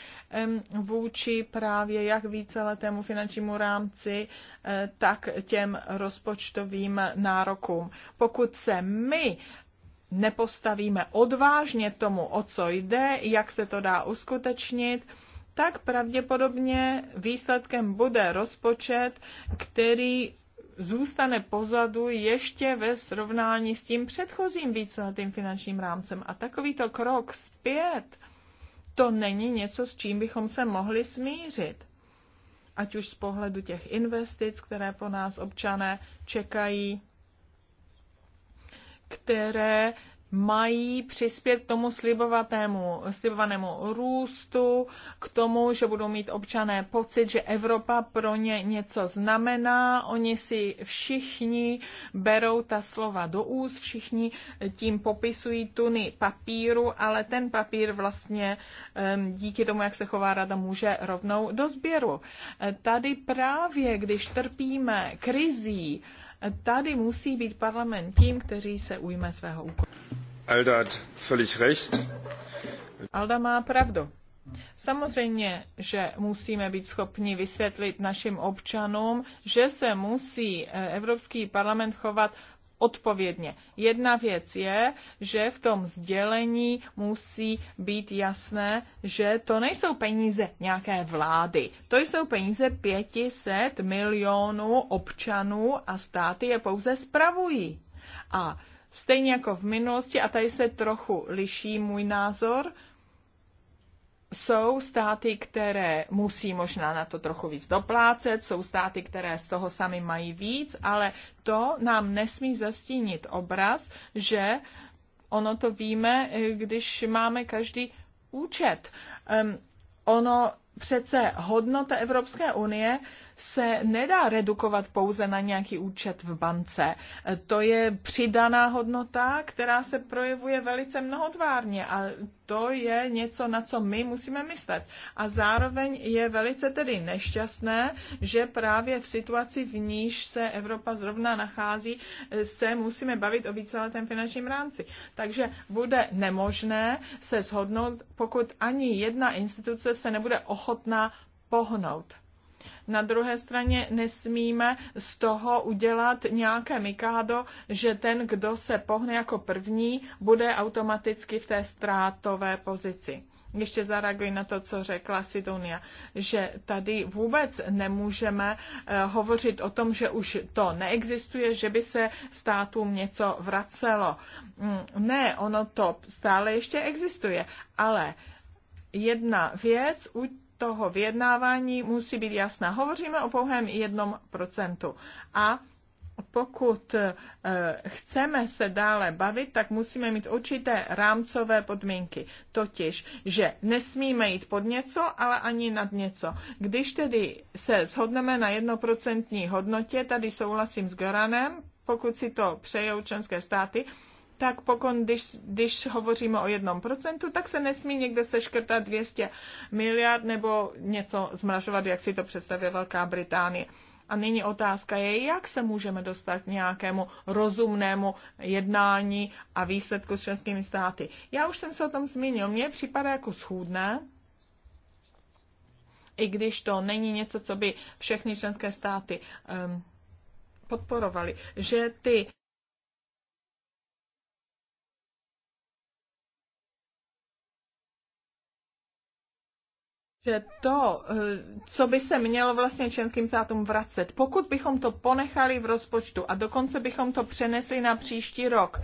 vůči právě jak víceletému finančnímu rámci, eh, tak těm rozpočtovým nárokům. Pokud se my nepostavíme odvážně tomu, o co jde, jak se to dá uskutečnit, tak pravděpodobně výsledkem bude rozpočet, který zůstane pozadu ještě ve srovnání s tím předchozím víceletým finančním rámcem. A takovýto krok zpět, to není něco, s čím bychom se mohli smířit. Ať už z pohledu těch investic, které po nás občané čekají, které mají přispět k tomu slibovatému, slibovanému růstu, k tomu, že budou mít občané pocit, že Evropa pro ně něco znamená. Oni si všichni berou ta slova do úst, všichni tím popisují tuny papíru, ale ten papír vlastně díky tomu, jak se chová rada, může rovnou do sběru. Tady právě, když trpíme krizí, Tady musí být parlament tím, který se ujme svého úkolu. Alda hat völlig recht. Alda má pravdu. Samozřejmě, že musíme být schopni vysvětlit našim občanům, že se musí eh, Evropský parlament chovat odpovědně. Jedna věc je, že v tom sdělení musí být jasné, že to nejsou peníze nějaké vlády. To jsou peníze 500 milionů občanů a státy je pouze spravují. A stejně jako v minulosti, a tady se trochu liší můj názor, jsou státy, které musí možná na to trochu víc doplácet, jsou státy, které z toho sami mají víc, ale to nám nesmí zastínit obraz, že ono to víme, eh, když máme každý účet. ono přece hodnota Evropské unie se nedá redukovat pouze na nějaký účet v bance. To je přidaná hodnota, která se projevuje velice mnohotvárně a to je něco, na co my musíme myslet. A zároveň je velice tedy nešťastné, že právě v situaci, v níž se Evropa zrovna nachází, se musíme bavit o víceletém finančním rámci. Takže bude nemožné se shodnout, pokud ani jedna instituce se nebude ochotná pohnout. Na druhé straně nesmíme z toho udělat nějaké mikádo, že ten, kdo se pohne jako první, bude automaticky v té ztrátové pozici ještě zareaguji na to, co řekla Sidonia, že tady vůbec nemůžeme eh, hovořit o tom, že už to neexistuje, že by se státům něco vracelo. Mm, ne, ono to stále ještě existuje, ale jedna věc u toho vyjednávání musí být jasná. Hovoříme o pouhém jednom procentu. A pokud eh, chceme se dále bavit, tak musíme mít určité rámcové podmínky. Totiž, že nesmíme jít pod něco, ale ani nad něco. Když tedy se shodneme na jednoprocentní hodnotě, tady souhlasím s Goranem, pokud si to přejou členské státy, tak pokud, když, když hovoříme o jednom procentu, tak se nesmí někde seškrtat 200 miliard nebo něco zmražovat, jak si to představuje Velká Británie. A nyní otázka je, jak se můžeme dostat nějakému rozumnému jednání a výsledku s členskými státy. Já už jsem se o tom zmínil. Mně připadá jako schůdné, i když to není něco, co by všechny členské státy um, podporovali, že ty že to, eh, co by se mělo vlastně členským státům vracet, pokud bychom to ponechali v rozpočtu a dokonce bychom to přenesli na příští rok,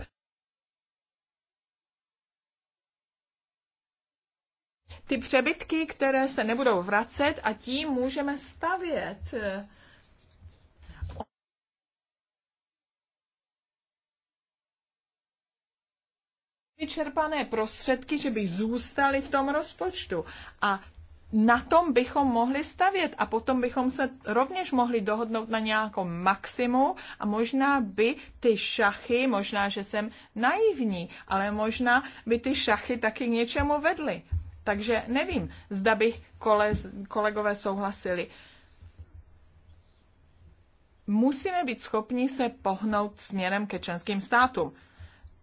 ty přebytky, které se nebudou vracet a tím můžeme stavět vyčerpané prostředky, že by zůstaly v tom rozpočtu. A na tom bychom mohli stavět a potom bychom se rovněž mohli dohodnout na nějakom maximu a možná by ty šachy, možná, že jsem naivní, ale možná by ty šachy taky k něčemu vedly. Takže nevím, zda bych kole, kolegové souhlasili. Musíme být schopni se pohnout směrem ke členským státům.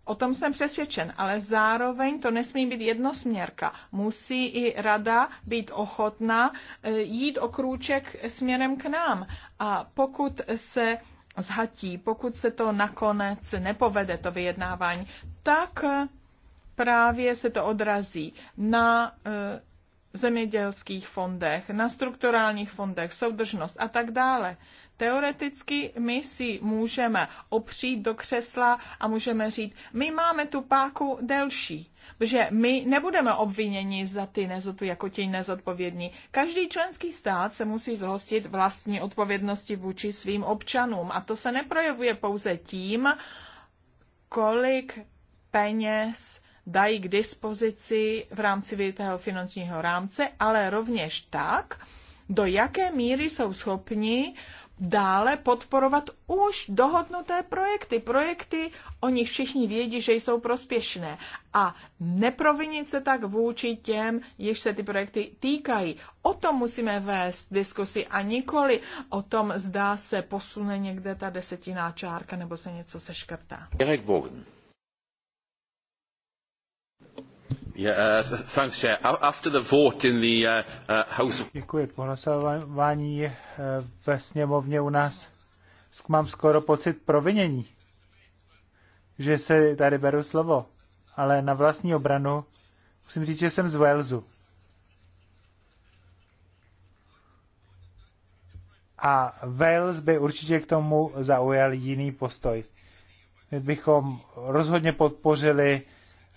O tom jsem přesvědčen, ale zároveň to nesmí být jednosměrka. Musí i rada být ochotná eh, jít o krůček směrem k nám. A pokud se zhatí, pokud se to nakonec nepovede, to vyjednávání, tak eh, právě se to odrazí na eh, zemědělských fondech, na strukturálních fondech, soudržnost a tak dále. Teoreticky my si můžeme opřít do křesla a můžeme říct, my máme tu páku delší, protože my nebudeme obviněni za ty nezotu jako ti nezodpovědní. Každý členský stát se musí zhostit vlastní odpovědnosti vůči svým občanům a to se neprojevuje pouze tím, kolik peněz dají k dispozici v rámci vytého finančního rámce, ale rovněž tak, do jaké míry jsou schopni uh, dále podporovat už dohodnuté projekty. Projekty, o nich všichni vědí, že jsou prospěšné. A neprovinit se tak vůči těm, jež se ty projekty týkají. O tom musíme vést diskusi a nikoli o tom, zdá se posune někde ta desetiná čárka nebo se něco seškrtá. Derek Děkuji. Po hlasování uh, ve sněmovně u nás mám skoro pocit provinění, že se tady beru slovo, ale na vlastní obranu musím říct, že jsem z Walesu. A Wales by určitě k tomu zaujal jiný postoj. My bychom rozhodně podpořili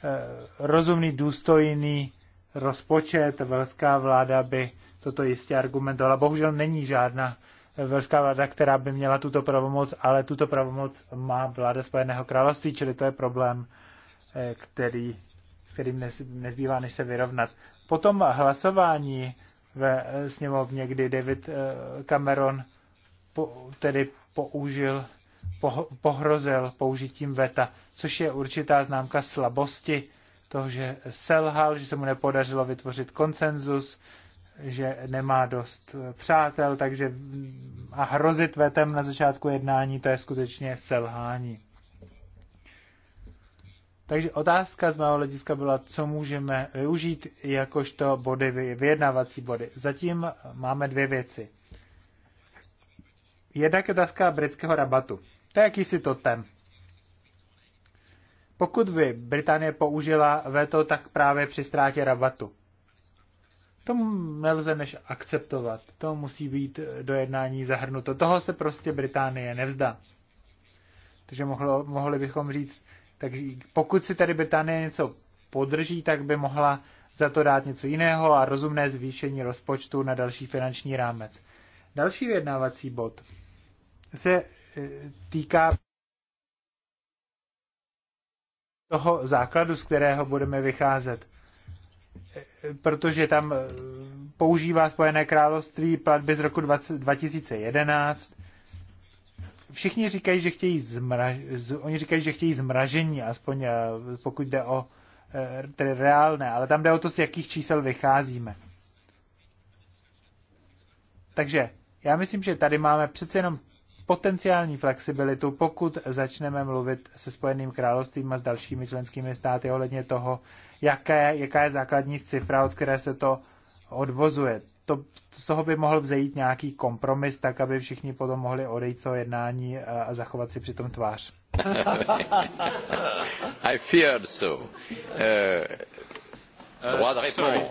Eh, rozumný, důstojný rozpočet. Velská vláda by toto jistě argumentovala. Bohužel není žádná eh, velská vláda, která by měla tuto pravomoc, ale tuto pravomoc má vláda Spojeného království, čili to je problém, eh, který, s kterým nezbývá, než se vyrovnat. Potom hlasování ve sněmovně, kdy David Cameron po, tedy použil pohrozil použitím veta, což je určitá známka slabosti toho, že selhal, že se mu nepodařilo vytvořit konsenzus, že nemá dost eh, přátel, takže mm, a hrozit vetem na začátku jednání, to je skutečně selhání. Takže otázka z mého hlediska byla, co můžeme využít jakožto body, vyjednávací body. Zatím máme dvě věci. Jedna otázka britského rabatu. To je jakýsi totem. Pokud by Británie použila veto, tak právě při ztrátě rabatu. To nelze než akceptovat. To musí být do jednání zahrnuto. Toho se prostě Británie nevzdá. Takže mohlo, mohli bychom říct, tak pokud si tady Británie něco podrží, tak by mohla za to dát něco jiného a rozumné zvýšení rozpočtu na další finanční rámec. Další vyjednávací bod – se e, týká toho základu, z kterého budeme vycházet. E, protože tam e, používá Spojené království platby z roku 20, 2011. Všichni říkají, že chtějí zmraž, oni říkají, že chtějí zmražení, aspoň pokud jde o tedy reálné, ale tam jde o to, z jakých čísel vycházíme. Takže já myslím, že tady máme přece jenom potenciální flexibilitu, pokud začneme mluvit se Spojeným královstvím a s dalšími členskými státy ohledně toho, jaké, jaká je základní cifra, od které se to odvozuje. To, z toho by mohl vzejít nějaký kompromis, tak aby všichni potom mohli odejít z toho jednání a, a zachovat si přitom tvář. <laughs> I feared so. Uh, uh, sorry, uh, uh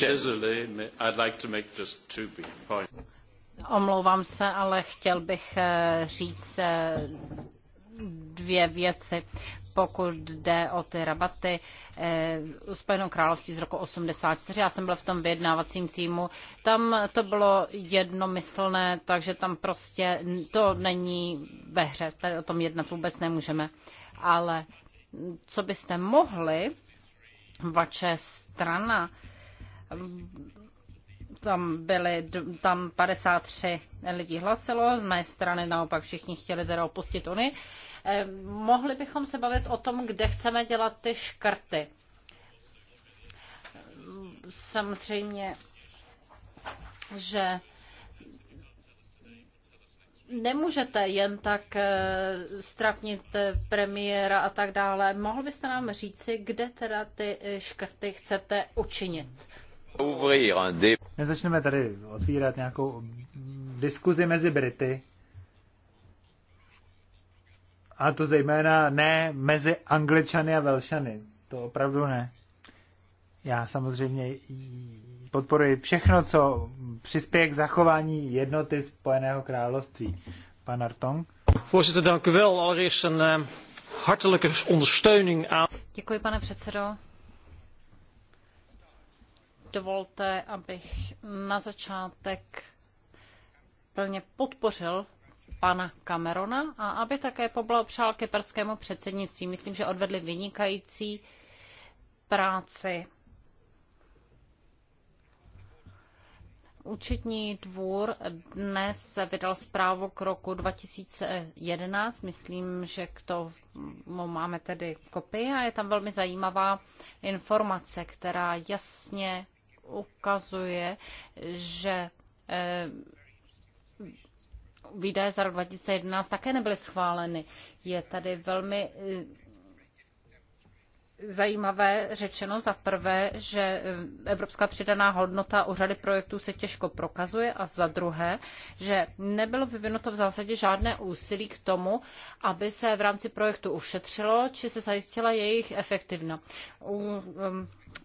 désolé, I'd like to make just two points. Omlouvám se, ale chtěl bych eh, říct eh, dvě věci, pokud jde o ty rabaty eh, u Spojeného království z roku 84. Já jsem byl v tom vyjednávacím týmu. Tam to bylo jednomyslné, takže tam prostě to není ve hře. Tady o tom jednat vůbec nemůžeme. Ale co byste mohli, vaše strana tam byly, tam 53 lidí hlasilo, z mé strany naopak všichni chtěli teda opustit Unii. Eh, mohli bychom se bavit o tom, kde chceme dělat ty škrty. Samozřejmě, že nemůžete jen tak eh, strapnit eh, premiéra a tak dále. Mohl byste nám říci, kde teda ty škrty chcete učinit? Nezačneme tady otvírat nějakou diskuzi mezi Brity. A to zejména ne mezi Angličany a Velšany. To opravdu ne. Já samozřejmě podporuji všechno, co přispěje k zachování jednoty Spojeného království. Pan Artong. Voorzitter, dank u wel. Allereerst een eh, hartelijke ondersteuning aan. Děkuji, pane předsedo dovolte, abych na začátek plně podpořil pana Camerona a aby také poblahopřál kyperskému předsednictví. Myslím, že odvedli vynikající práci. Účetní dvůr dnes vydal zprávu k roku 2011. Myslím, že k tomu máme tedy kopii a je tam velmi zajímavá informace, která jasně ukazuje, že eh, výdaje za rok 2011 také nebyly schváleny. Je tady velmi eh, zajímavé řečeno za prvé, že eh, evropská přidaná hodnota u řady projektů se těžko prokazuje a za druhé, že nebylo vyvinuto v zásadě žádné úsilí k tomu, aby se v rámci projektu ušetřilo, či se zajistila jejich efektivna. U, um,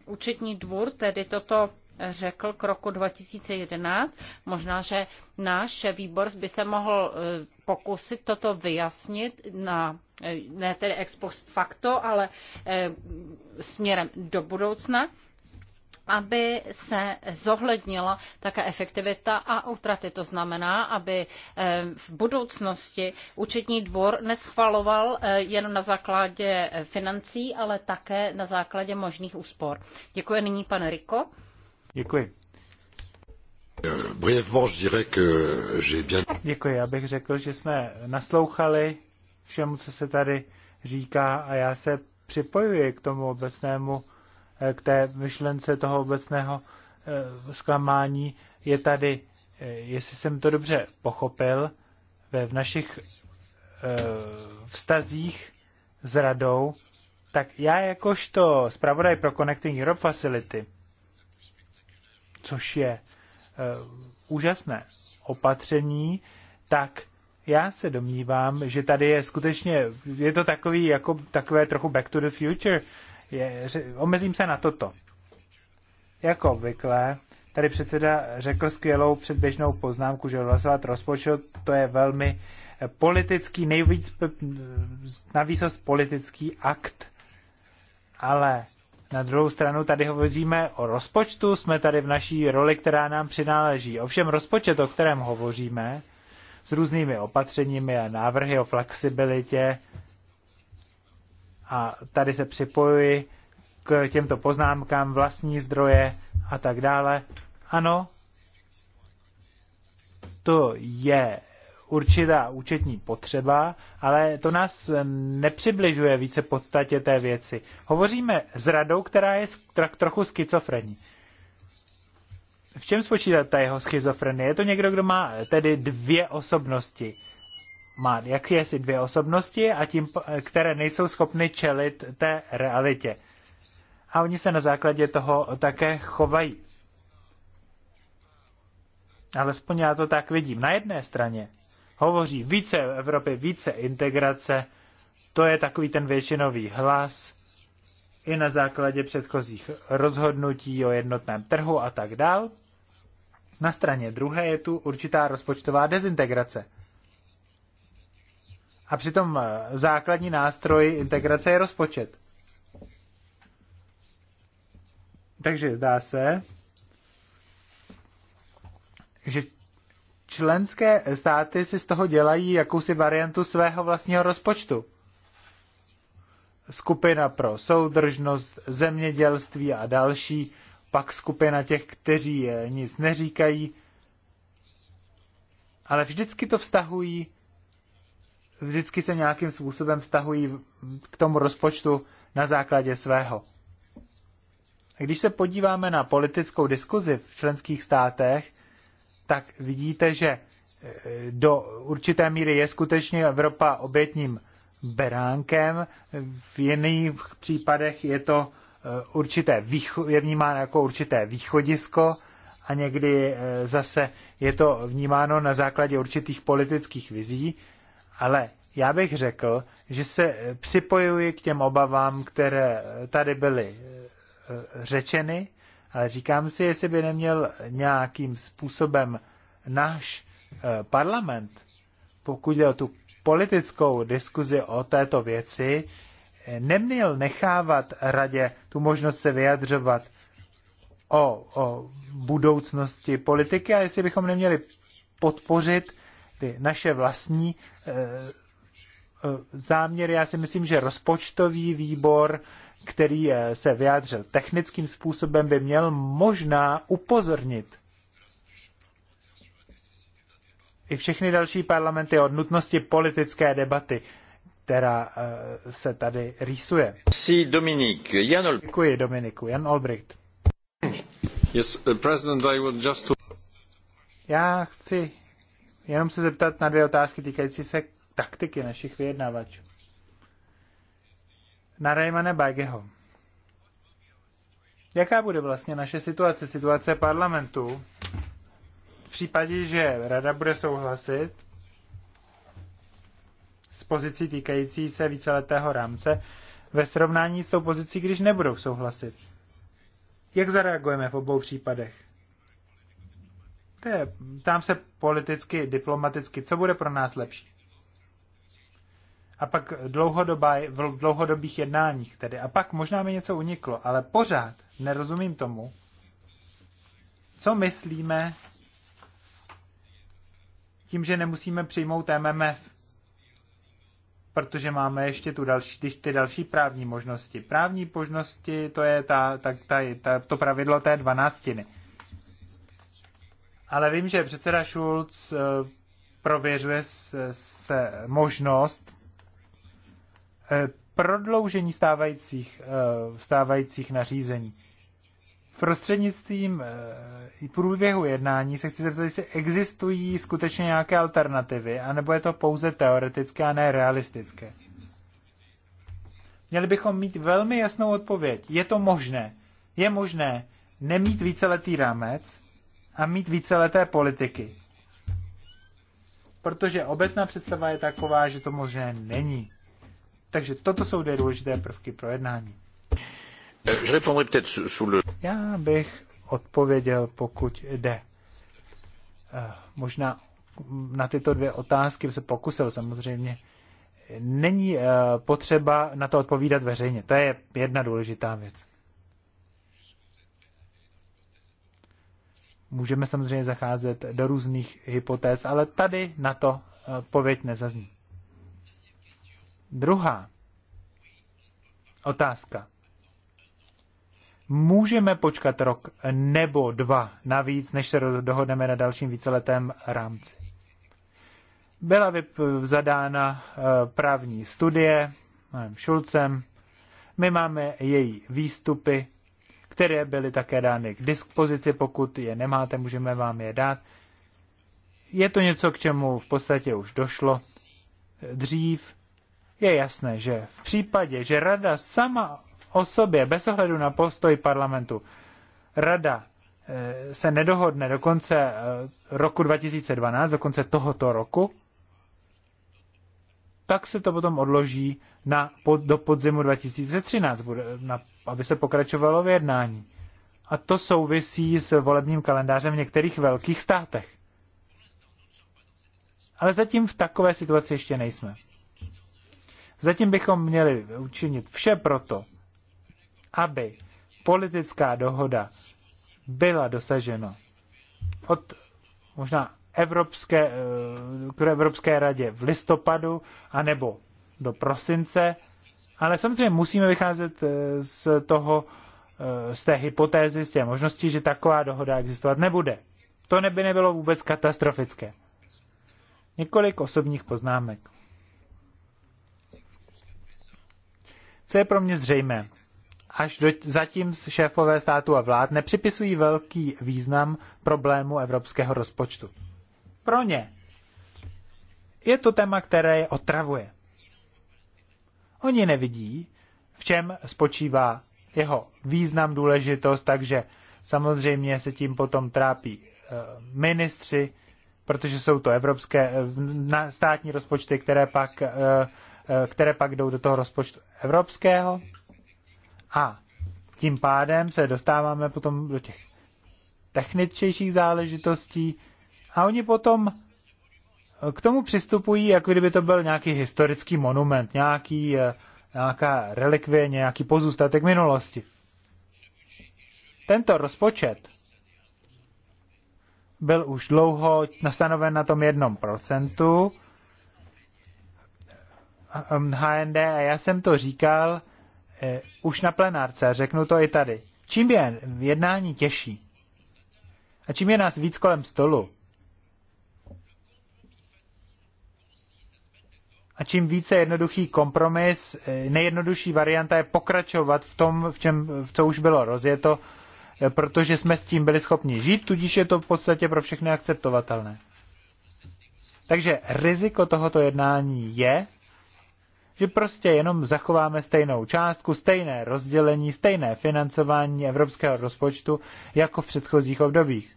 Účetní dvůr tedy toto řekl k roku 2011. Možná, že náš výbor by se mohl e, pokusit toto vyjasnit na e, ne tedy ex post facto, ale e, směrem do budoucna, aby se zohlednila také efektivita a utraty. To znamená, aby eh, v budoucnosti účetní dvor neschvaloval eh, jen na základě financí, ale také na základě možných úspor. Děkuji nyní, pane Riko. Děkuji. Děkuji, já bych řekl, že jsme naslouchali všemu, co se tady říká a já se připojuji k tomu obecnému Eh, k té myšlence toho obecného eh, zklamání je tady, eh, jestli jsem to dobře pochopil, ve v našich vztazích s radou, tak já jakožto zpravodaj pro Connecting Europe Facility, což je úžasné opatření, tak já se domnívám, že tady je skutečně, je to takový, jako takové trochu back to the future, je, omezím se na toto. Jako obvykle, tady předseda řekl skvělou předběžnou poznámku, že odhlasovat rozpočet, to je velmi eh, politický, nejvíc eh, navýsost politický akt. Ale na druhou stranu tady hovoříme o rozpočtu, jsme tady v naší roli, která nám přináleží. Ovšem rozpočet, o kterém hovoříme, s různými opatřeními a návrhy o flexibilitě, a tady se připojuji k těmto poznámkám vlastní zdroje a tak dále. Ano, to je určitá účetní potřeba, ale to nás nepřibližuje více podstatě té věci. Hovoříme s radou, která je trochu schizofrení. V čem spočítá ta jeho schizofrenie? Je to někdo, kdo má tedy dvě osobnosti má jakési dvě osobnosti, a tím, které nejsou schopny čelit té realitě. A oni se na základě toho také chovají. Alespoň já to tak vidím. Na jedné straně hovoří více v Evropě, více integrace, to je takový ten většinový hlas, i na základě předchozích rozhodnutí o jednotném trhu a tak dál. Na straně druhé je tu určitá rozpočtová dezintegrace. A přitom eh, základní nástroj integrace je rozpočet. Takže zdá se, že členské státy si z toho dělají jakousi variantu svého vlastního rozpočtu. Skupina pro soudržnost, zemědělství a další, pak skupina těch, kteří eh, nic neříkají, ale vždycky to vztahují vždycky se nějakým způsobem vztahují k tomu rozpočtu na základě svého. Když se podíváme na politickou diskuzi v členských státech, tak vidíte, že e, do určité míry je skutečně Evropa obětním beránkem, v jiných případech je to e, určité výcho, je vnímáno jako určité východisko a někdy e, zase je to vnímáno na základě určitých politických vizí ale já bych řekl, že se eh, připojuji k těm obavám, které eh, tady byly eh, řečeny, ale říkám si, jestli by neměl nějakým způsobem náš parlament, pokud je o tu politickou diskuzi o této věci, neměl nechávat radě tu možnost se vyjadřovat o, o budoucnosti politiky a jestli bychom neměli podpořit ty naše vlastní eh, eh, záměry. Já si myslím, že rozpočtový výbor, který eh, se vyjádřil technickým způsobem, by měl možná upozornit i všechny další parlamenty od nutnosti politické debaty, která se tady rýsuje. Si Dominik, Jan Ol... Děkuji Dominiku. Jan Olbricht. Yes, president, I would just... Já chci jenom se zeptat na dvě otázky týkající se taktiky našich vyjednavačů. Na Raymane Bageho. Jaká bude vlastně naše situace, situace parlamentu? V případě, že rada bude souhlasit s pozicí týkající se víceletého rámce ve srovnání s tou pozicí, když nebudou souhlasit. Jak zareagujeme v obou případech? To je, tam se politicky, diplomaticky, co bude pro nás lepší. A pak dlouhodobá, v dlouhodobých jednáních tedy. A pak možná mi něco uniklo, ale pořád nerozumím tomu, co myslíme tím, že nemusíme přijmout MMF, protože máme ještě tu další, ty další právní možnosti. Právní možnosti, to je ta, ta, ta, ta, to pravidlo té dvanáctiny ale vím, že předseda Schulz eh, prověřuje se možnost eh, prodloužení stávajících, eh, stávajících nařízení. V prostřednictvím průběhu jednání se chci zeptat, jestli existují skutečně nějaké alternativy, anebo je to pouze teoretické a ne realistické. Měli bychom mít velmi jasnou odpověď. Je to možné. Je možné nemít víceletý rámec, a mít víceleté politiky. Protože obecná představa je taková, že to možné není. Takže toto jsou dvě důležité prvky pro jednání. Já bych odpověděl, pokud jde. Eh, možná na tyto dvě otázky se pokusil samozřejmě. Není eh, potřeba na to odpovídat veřejně. To je jedna důležitá věc. Můžeme samozřejmě zacházet do různých hypotéz, ale tady na to eh, pověď nezazní. Druhá otázka. Můžeme počkat rok nebo dva navíc, než se dohodneme na dalším víceletém rámci. Byla zadána eh, právní studie Šulcem. My máme její výstupy které byly také dány k dispozici. Pokud je nemáte, můžeme vám je dát. Je to něco, k čemu v podstatě už došlo dřív. Je jasné, že v případě, že rada sama o sobě, bez ohledu na postoj parlamentu, rada eh, se nedohodne do konce eh, roku 2012, do konce tohoto roku, tak se to potom odloží na, pod, do podzimu 2013, bude, na, aby se pokračovalo v jednání. A to souvisí s volebním kalendářem v některých velkých státech. Ale zatím v takové situaci ještě nejsme. Zatím bychom měli učinit vše proto, aby politická dohoda byla dosažena od možná Evropské, eh, k Evropské radě v listopadu anebo do prosince, ale samozřejmě musíme vycházet eh, z toho, eh, z té hypotézy, z té možnosti, že taková dohoda existovat nebude. To by nebylo vůbec katastrofické. Několik osobních poznámek. Co je pro mě zřejmé? Až do, zatím šéfové státu a vlád nepřipisují velký význam problému evropského rozpočtu pro ně je to téma, které je otravuje. Oni nevidí, v čem spočívá jeho význam, důležitost, takže samozřejmě se tím potom trápí eh, ministři, protože jsou to evropské eh, státní rozpočty, které pak, eh, které pak jdou do toho rozpočtu evropského. A tím pádem se dostáváme potom do těch techničtějších záležitostí, a oni potom eh, k tomu přistupují, jako kdyby to byl nějaký historický monument, nějaký, eh, nějaká relikvie, nějaký pozůstatek minulosti. Tento rozpočet byl už dlouho nastanoven na tom jednom procentu HND ehm, a já jsem to říkal eh, už na plenárce a řeknu to i tady. Čím je jednání těžší a čím je nás víc kolem stolu, a čím více jednoduchý kompromis, eh, nejjednodušší varianta je pokračovat v tom, v čem, v co už bylo rozjeto, eh, protože jsme s tím byli schopni žít, tudíž je to v podstatě pro všechny akceptovatelné. Takže riziko tohoto jednání je, že prostě jenom zachováme stejnou částku, stejné rozdělení, stejné financování evropského rozpočtu jako v předchozích obdobích.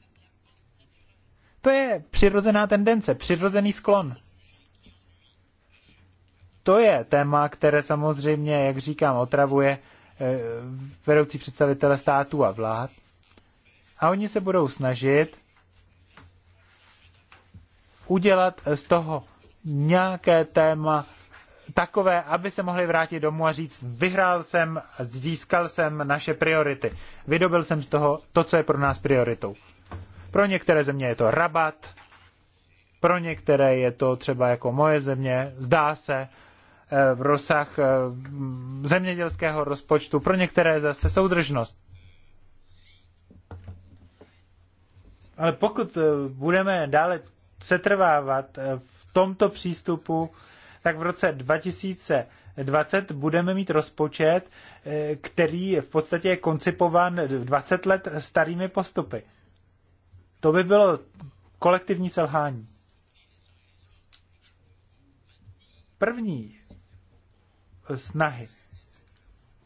To je přirozená tendence, přirozený sklon to je téma, které samozřejmě, jak říkám, otravuje eh, vedoucí představitele států a vlád. A oni se budou snažit udělat z toho nějaké téma takové, aby se mohli vrátit domů a říct, vyhrál jsem, získal jsem naše priority. Vydobil jsem z toho to, co je pro nás prioritou. Pro některé země je to rabat, pro některé je to třeba jako moje země, zdá se, Eh, v rozsah eh, zemědělského rozpočtu, pro některé zase soudržnost. Ale pokud eh, budeme dále setrvávat v tomto přístupu, tak v roce 2020 budeme mít rozpočet, který v podstatě je koncipován 20 let starými postupy. To by bylo kolektivní selhání. První snahy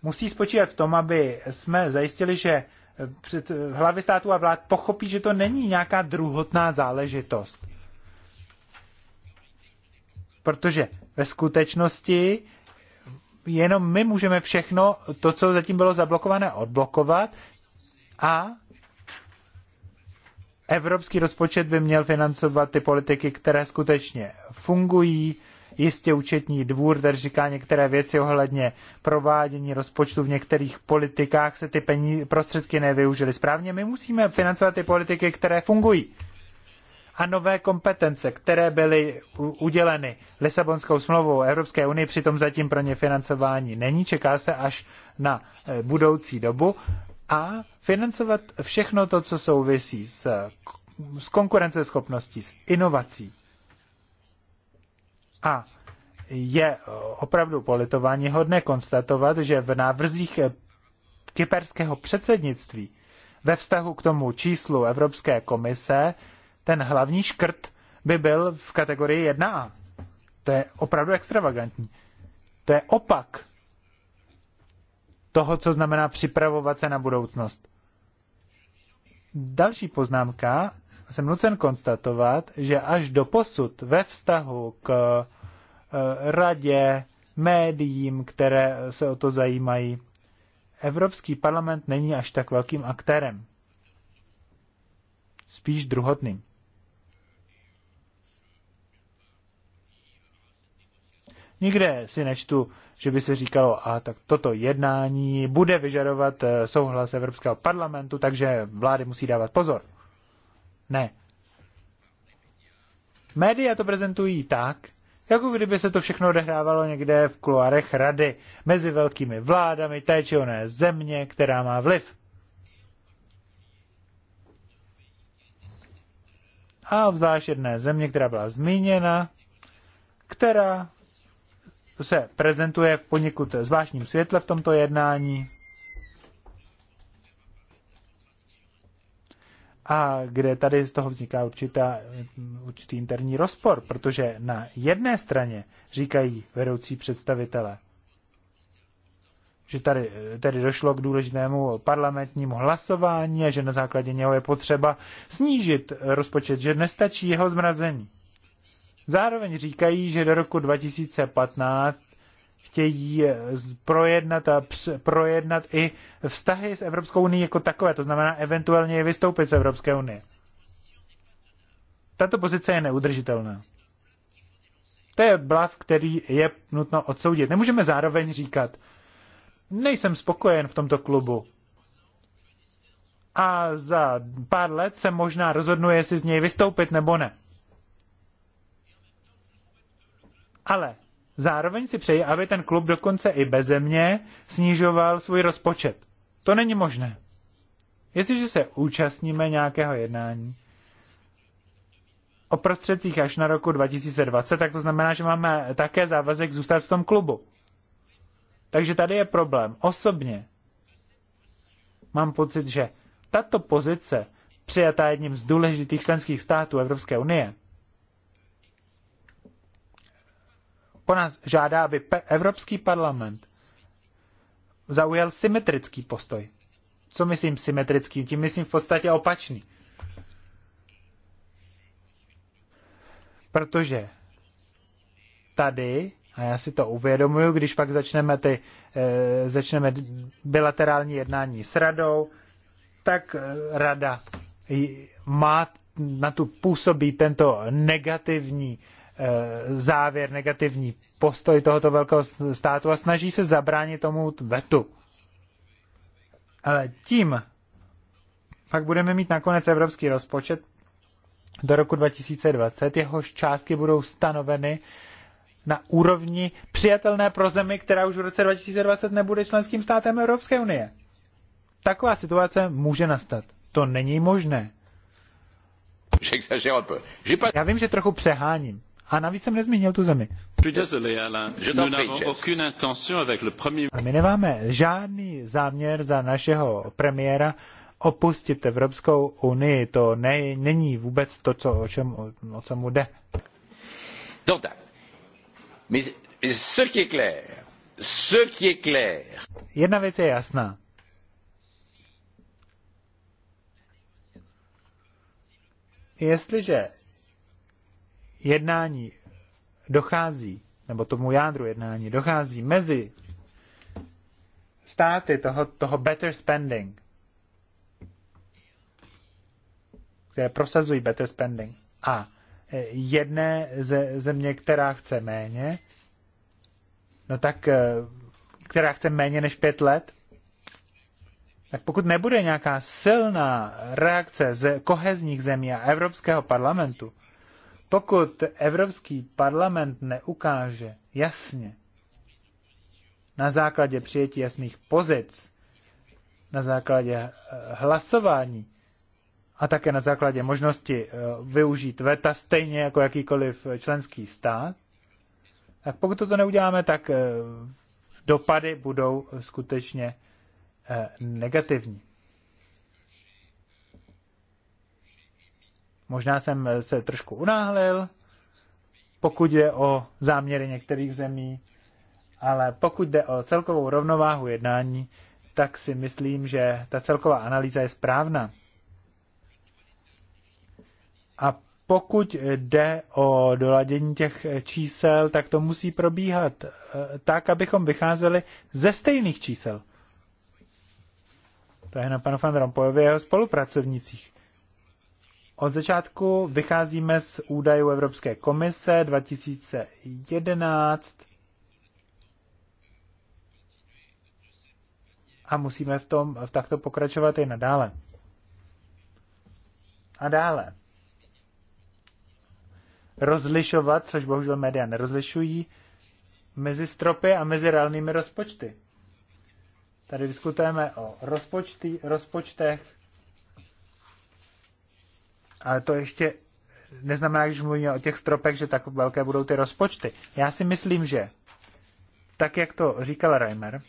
musí spočívat v tom, aby jsme zajistili, že před hlavy států a vlád pochopí, že to není nějaká druhotná záležitost. Protože ve skutečnosti jenom my můžeme všechno to, co zatím bylo zablokované, odblokovat a evropský rozpočet by měl financovat ty politiky, které skutečně fungují, Jistě účetní dvůr ten říká některé věci ohledně provádění rozpočtu v některých politikách se ty peníze, prostředky nevyužily správně. My musíme financovat ty politiky, které fungují. A nové kompetence, které byly uděleny Lisabonskou smlouvou Evropské unii, přitom zatím pro ně financování není, čeká se až na eh, budoucí dobu a financovat všechno to, co souvisí s, s konkurenceschopností, s inovací, a je opravdu politování hodné konstatovat, že v návrzích kyperského předsednictví ve vztahu k tomu číslu Evropské komise ten hlavní škrt by byl v kategorii 1A. To je opravdu extravagantní. To je opak toho, co znamená připravovat se na budoucnost. Další poznámka jsem nucen konstatovat, že až do posud ve vztahu k eh, radě, médiím, které se o to zajímají, Evropský parlament není až tak velkým aktérem. Spíš druhotným. Nikde si nečtu, že by se říkalo, a tak toto jednání bude vyžadovat eh, souhlas Evropského parlamentu, takže vlády musí dávat pozor. Ne. Média to prezentují tak, jako kdyby se to všechno odehrávalo někde v kuloárech rady, mezi velkými vládami té či oné země, která má vliv. A obzvlášť jedné země, která byla zmíněna, která se prezentuje v poněkud zvláštním světle v tomto jednání. a kde tady z toho vzniká určitá, určitý interní rozpor, protože na jedné straně říkají vedoucí představitele, že tady, tady došlo k důležitému parlamentnímu hlasování a že na základě něho je potřeba snížit rozpočet, že nestačí jeho zmrazení. Zároveň říkají, že do roku 2015 chtějí projednat a projednat i vztahy s Evropskou unii jako takové, to znamená eventuálně i vystoupit z Evropské unie. Tato pozice je neudržitelná. To je blav, který je nutno odsoudit. Nemůžeme zároveň říkat, nejsem spokojen v tomto klubu. A za pár let se možná rozhodnu, jestli z něj vystoupit nebo ne. Ale Zároveň si přeji, aby ten klub dokonce i bez mě snižoval svůj rozpočet. To není možné. Jestliže se účastníme nějakého jednání o prostředcích až na roku 2020, tak to znamená, že máme také závazek zůstat v tom klubu. Takže tady je problém. Osobně mám pocit, že tato pozice přijatá jedním z důležitých členských států Evropské unie, po nás žádá, aby Evropský parlament zaujal symetrický postoj. Co myslím symetrický? Tím myslím v podstatě opačný. Protože tady, a já si to uvědomuju, když pak začneme, ty, e, začneme bilaterální jednání s radou, tak eh, rada má na tu působí tento negativní Eh, závěr, negativní postoj tohoto velkého státu a snaží se zabránit tomu vetu. Ale tím pak budeme mít nakonec evropský rozpočet do roku 2020, jehož částky budou stanoveny na úrovni přijatelné pro zemi, která už v roce 2020 nebude členským státem Evropské unie. Taková situace může nastat. To není možné. Já vím, že trochu přeháním. A navíc jsem nezmínil tu zemi. A no, my nemáme žádný záměr za našeho premiéra opustit Evropskou unii. To ne, není vůbec to, co, o čem o, o co mu jde. Jedna věc je jasná. Jestliže jednání dochází, nebo tomu jádru jednání dochází mezi státy toho, toho better spending, které prosazují better spending, a e, jedné ze země, která chce méně, no tak, e, která chce méně než pět let, tak pokud nebude nějaká silná reakce z kohezních zemí a Evropského parlamentu, pokud Evropský parlament neukáže jasně na základě přijetí jasných pozic, na základě eh, hlasování a také na základě možnosti eh, využít veta stejně jako jakýkoliv členský stát, tak pokud to neuděláme, tak eh, dopady budou skutečně negativní. Možná jsem eh, se trošku unáhlil, pokud je o záměry některých zemí, ale pokud jde o celkovou rovnováhu jednání, tak si myslím, že ta celková analýza je správná. A pokud jde o doladění těch čísel, tak to musí probíhat eh, tak, abychom vycházeli ze stejných čísel. To je na panu Van Rompuyovi a jeho spolupracovnicích. Od začátku vycházíme z údajů Evropské komise 2011 a musíme v tom v takto pokračovat i nadále. A dále. Rozlišovat, což bohužel média nerozlišují, mezi stropy a mezi reálnými rozpočty. Tady diskutujeme o rozpočty, rozpočtech ale to ještě neznamená, když mluvíme o těch stropech, že tak velké budou ty rozpočty. Já si myslím, že tak, jak to říkal Reimer,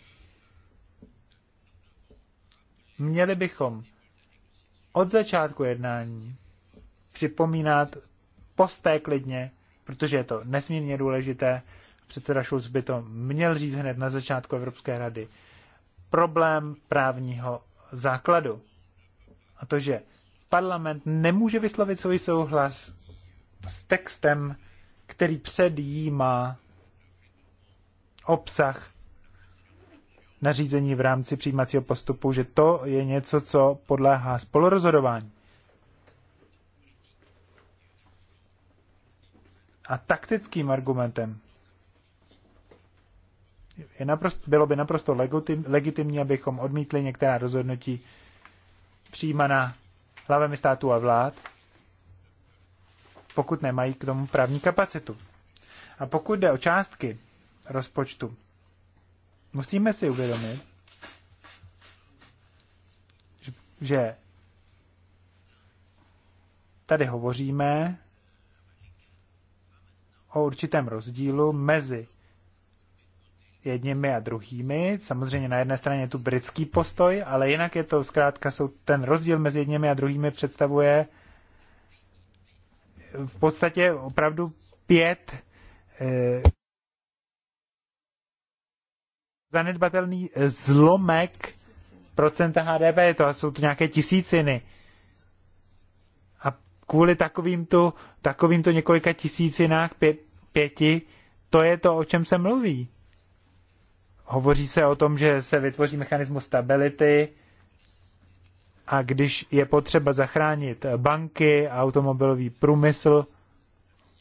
měli bychom od začátku jednání připomínat posté klidně, protože je to nesmírně důležité. Předseda Schulz by to měl říct hned na začátku Evropské rady. Problém právního základu. A to, že parlament nemůže vyslovit svůj souhlas s textem, který předjímá obsah nařízení v rámci přijímacího postupu, že to je něco, co podléhá spolurozhodování. A taktickým argumentem je naprosto, bylo by naprosto legitim, legitimní, abychom odmítli některá rozhodnutí přijímaná hlavami států a vlád, pokud nemají k tomu právní kapacitu. A pokud jde o částky rozpočtu, musíme si uvědomit, že tady hovoříme o určitém rozdílu mezi jedněmi a druhými. Samozřejmě na jedné straně je tu britský postoj, ale jinak je to zkrátka, jsou, ten rozdíl mezi jedněmi a druhými představuje v podstatě opravdu pět eh, zanedbatelný zlomek procenta HDP, to jsou to nějaké tisíciny. A kvůli takovýmto, takovýmto několika tisícinách pě, pěti, to je to, o čem se mluví. Hovoří se o tom, že se vytvoří mechanismus stability a když je potřeba zachránit banky, automobilový průmysl,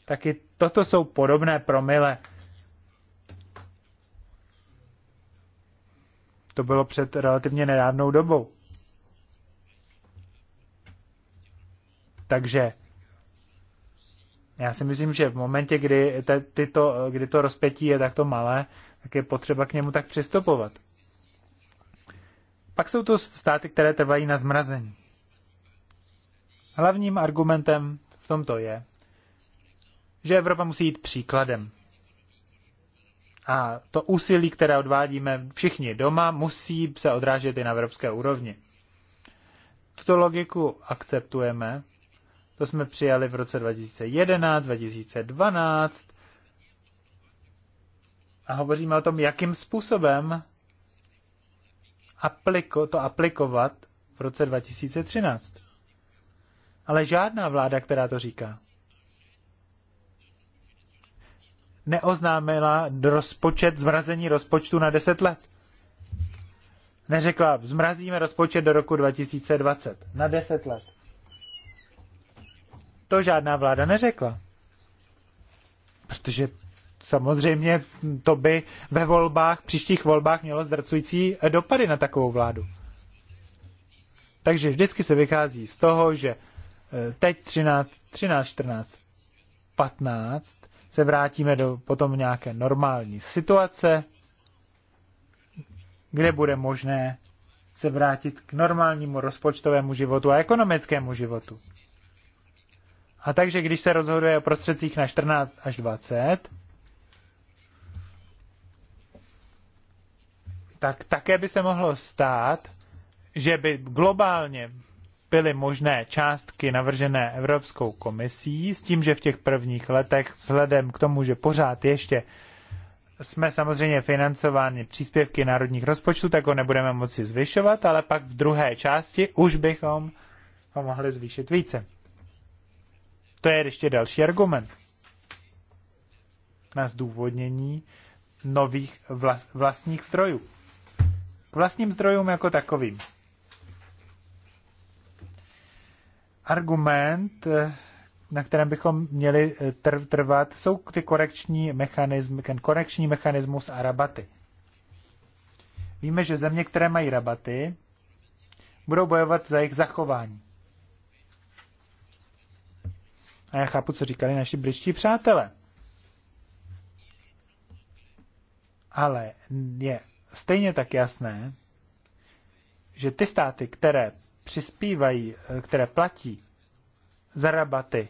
taky toto jsou podobné promile. To bylo před relativně nedávnou dobou. Takže já si myslím, že v momentě, kdy, te, tyto, kdy to rozpětí je takto malé, tak je potřeba k němu tak přistupovat. Pak jsou to státy, které trvají na zmrazení. Hlavním argumentem v tomto je, že Evropa musí jít příkladem. A to úsilí, které odvádíme všichni doma, musí se odrážet i na evropské úrovni. Tuto logiku akceptujeme, to jsme přijali v roce 2011, 2012 a hovoříme o tom, jakým způsobem apliko, to aplikovat v roce 2013. Ale žádná vláda, která to říká, neoznámila rozpočet, zmrazení rozpočtu na 10 let. Neřekla, zmrazíme rozpočet do roku 2020, na 10 let to žádná vláda neřekla. Protože samozřejmě to by ve volbách, příštích volbách mělo zdracující dopady na takovou vládu. Takže vždycky se vychází z toho, že eh, teď 13, 13 14, 15 se vrátíme do potom nějaké normální situace, kde bude možné se vrátit k normálnímu rozpočtovému životu a ekonomickému životu. A takže když se rozhoduje o prostředcích na 14 až 20, tak také by se mohlo stát, že by globálně byly možné částky navržené Evropskou komisí, s tím, že v těch prvních letech, vzhledem k tomu, že pořád ještě jsme samozřejmě financováni příspěvky národních rozpočtů, tak ho nebudeme moci zvyšovat, ale pak v druhé části už bychom ho mohli zvýšit více. To je ještě další argument na zdůvodnění nových vlastních zdrojů. K vlastním zdrojům jako takovým. Argument, na kterém bychom měli eh, trvat, jsou ty korekční mechanizmy, ten korekční mechanismus a rabaty. Víme, že země, které mají rabaty, budou bojovat za jejich zachování. A já chápu, co říkali naši britští přátelé. Ale je stejně tak jasné, že ty státy, které přispívají, které platí za rabaty,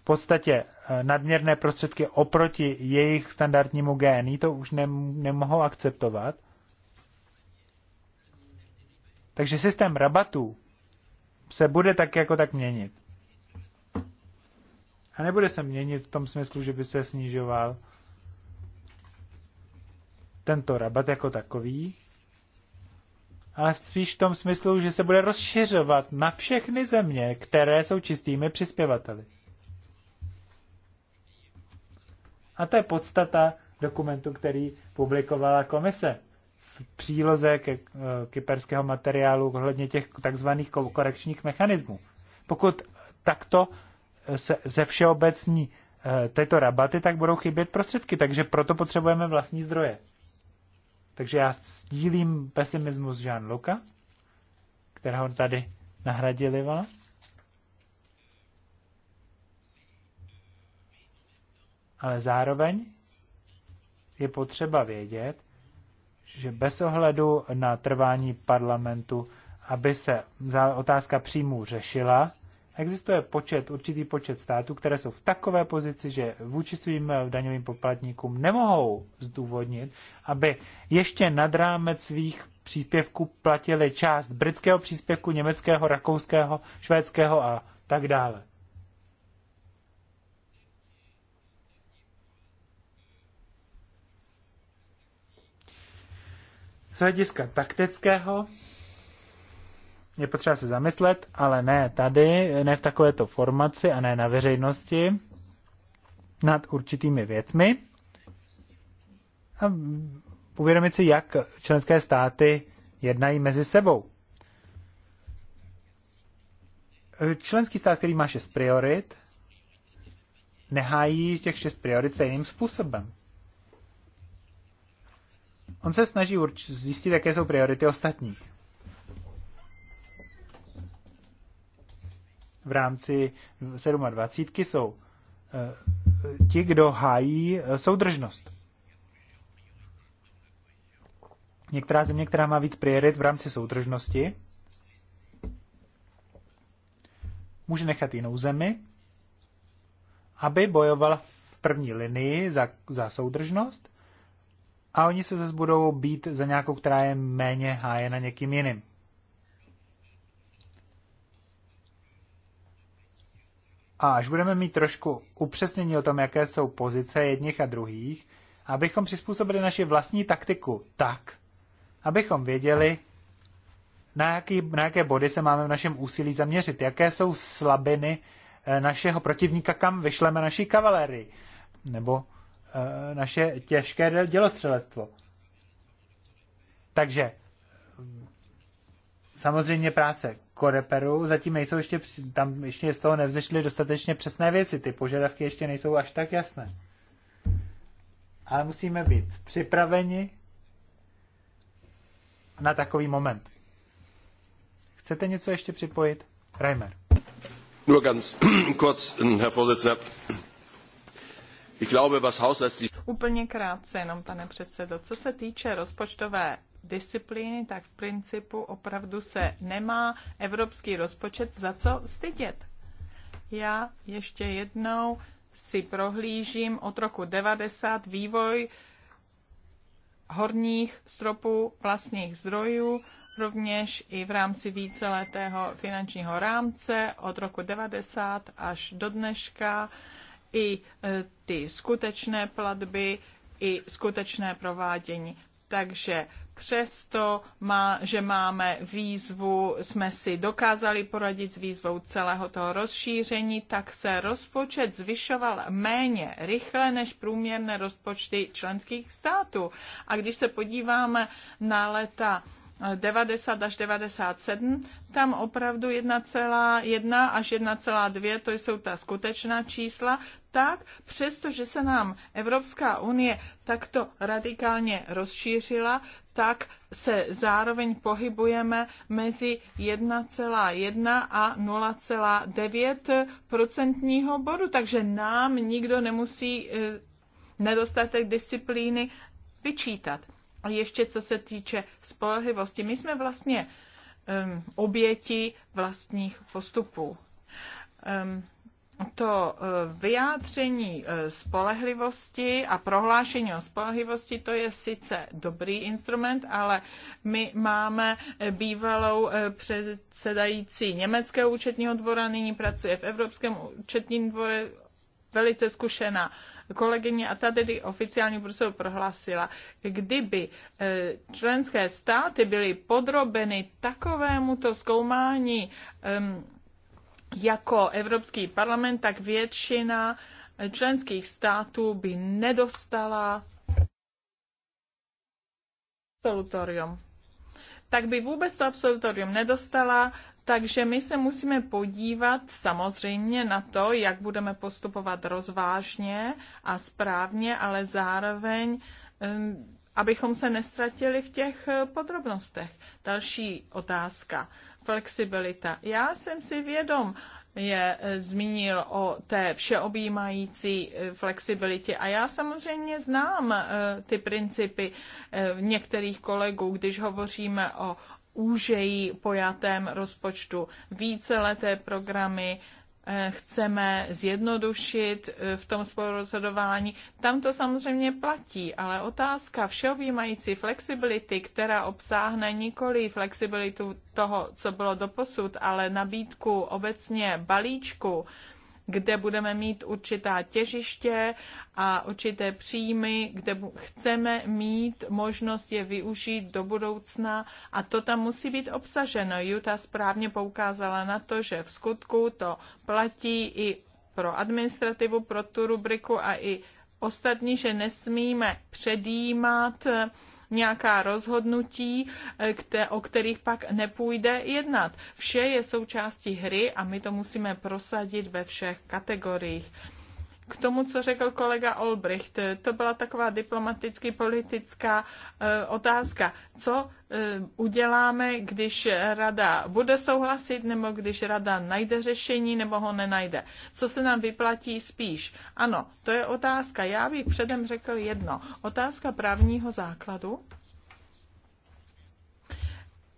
v podstatě eh, nadměrné prostředky oproti jejich standardnímu GNI, to už nem, nemohou akceptovat. Takže systém rabatů se bude tak jako tak měnit. A nebude se měnit v tom smyslu, že by se snižoval tento rabat jako takový, ale spíš v tom smyslu, že se bude rozšiřovat na všechny země, které jsou čistými přispěvateli. A to je podstata dokumentu, který publikovala komise v příloze ke eh, kyperského materiálu ohledně těch takzvaných korekčních mechanismů. Pokud takto se, ze všeobecní eh, této rabaty, tak budou chybět prostředky, takže proto potřebujeme vlastní zdroje. Takže já sdílím pesimismus Jean-Luca, kterého tady nahradili vám. Ale zároveň je potřeba vědět, že bez ohledu na trvání parlamentu, aby se otázka příjmů řešila, Existuje počet, určitý počet států, které jsou v takové pozici, že vůči svým eh, daňovým poplatníkům nemohou zdůvodnit, aby ještě nad rámec svých příspěvků platili část britského příspěvku, německého, rakouského, švédského a tak dále. Z hlediska taktického je potřeba se zamyslet, ale ne tady, ne v takovéto formaci a ne na veřejnosti nad určitými věcmi a uvědomit si, jak členské státy jednají mezi sebou. Členský stát, který má šest priorit, nehájí těch šest priorit stejným způsobem. On se snaží zjistit, jaké jsou priority ostatních. v rámci 27 jsou eh, ti, kdo hájí eh, soudržnost. Některá země, která má víc priorit v rámci soudržnosti, může nechat jinou zemi, aby bojovala v první linii za, za soudržnost a oni se zase budou být za nějakou, která je méně hájena někým jiným. A až budeme mít trošku upřesnění o tom, jaké jsou pozice jedních a druhých, abychom přizpůsobili naši vlastní taktiku tak, abychom věděli, na, jaký, na jaké body se máme v našem úsilí zaměřit, jaké jsou slabiny eh, našeho protivníka, kam vyšleme naší kavalérii, nebo e, naše těžké dělostřelectvo. Takže mm, samozřejmě práce Koreperu zatím nejsou ještě, tam ještě z toho nevzešly dostatečně přesné věci, ty požadavky ještě nejsou až tak jasné. Ale musíme být připraveni na takový moment. Chcete něco ještě připojit? Reimer. Nur ganz <clears throat> kurz, hm, Herr Vorsitzender. Ich glaube, was Haushalts... Úplně krátce jenom, pane předsedo. Co se týče rozpočtové disciplíny, tak v principu opravdu se nemá evropský rozpočet za co stydět. Já ještě jednou si prohlížím od roku 90 vývoj horních stropů vlastních zdrojů, rovněž i v rámci víceletého finančního rámce od roku 90 až do dneška i e, ty skutečné platby, i skutečné provádění. Takže přesto, má, že máme výzvu, jsme si dokázali poradit s výzvou celého toho rozšíření, tak se rozpočet zvyšoval méně rychle než průměrné rozpočty členských států. A když se podíváme na leta 90 až 97, tam opravdu 1,1 až 1,2, to jsou ta skutečná čísla, tak přestože se nám Evropská unie takto radikálně rozšířila, tak se zároveň pohybujeme mezi 1,1 a 0,9 procentního bodu, takže nám nikdo nemusí eh, nedostatek disciplíny vyčítat. A ještě co se týče spolehlivosti, my jsme vlastně um, oběti vlastních postupů. Um, to uh, vyjádření uh, spolehlivosti a prohlášení o spolehlivosti, to je sice dobrý instrument, ale my máme eh, bývalou eh, předsedající Německého účetního dvora, nyní pracuje v Evropském účetním dvore, velice zkušená kolegyně a tady oficiálně Brusel prohlásila, kdyby e, členské státy byly podrobeny takovémuto zkoumání jako Evropský parlament, tak většina e, členských států by nedostala absolutorium. Tak by vůbec to absolutorium nedostala takže my se musíme podívat samozřejmě na to, jak budeme postupovat rozvážně a správně, ale zároveň, abychom se nestratili v těch eh, podrobnostech. Další otázka. Flexibilita. Já jsem si vědom, je eh, zmínil o té všeobjímající eh, flexibilitě. A já samozřejmě znám ty principy některých kolegů, když hovoříme o úžejí pojatém rozpočtu. Víceleté programy eh, chceme zjednodušit eh, v tom spolurozhodování. Tam to samozřejmě platí, ale otázka všeobjímající flexibility, která obsáhne nikoli flexibilitu toho, co bylo doposud, ale nabídku obecně balíčku, kde budeme mít určitá těžiště a určité příjmy, kde chceme mít možnost je využít do budoucna a to tam musí být obsaženo. Juta správně poukázala na to, že v skutku to platí i pro administrativu, pro tu rubriku a i ostatní, že nesmíme předjímat nějaká rozhodnutí, eh, o kterých pak nepůjde jednat. Vše je součástí hry a my to musíme prosadit ve všech kategoriích. K tomu, co řekl kolega Olbricht, to byla taková diplomaticky politická eh, otázka. Co eh, uděláme, když rada bude souhlasit, nebo když rada najde řešení, nebo ho nenajde? Co se nám vyplatí spíš? Ano, to je otázka. Já bych předem řekl jedno. Otázka právního základu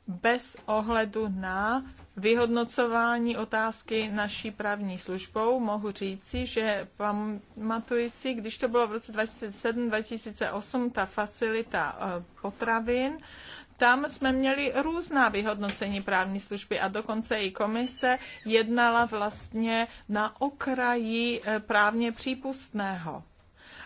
bez ohledu na vyhodnocování otázky naší právní službou mohu říci, že pamatuji si, když to bylo v roce 2007-2008, ta facilita e, potravin, tam jsme měli různá vyhodnocení právní služby a dokonce i komise jednala vlastně na okraji e, právně přípustného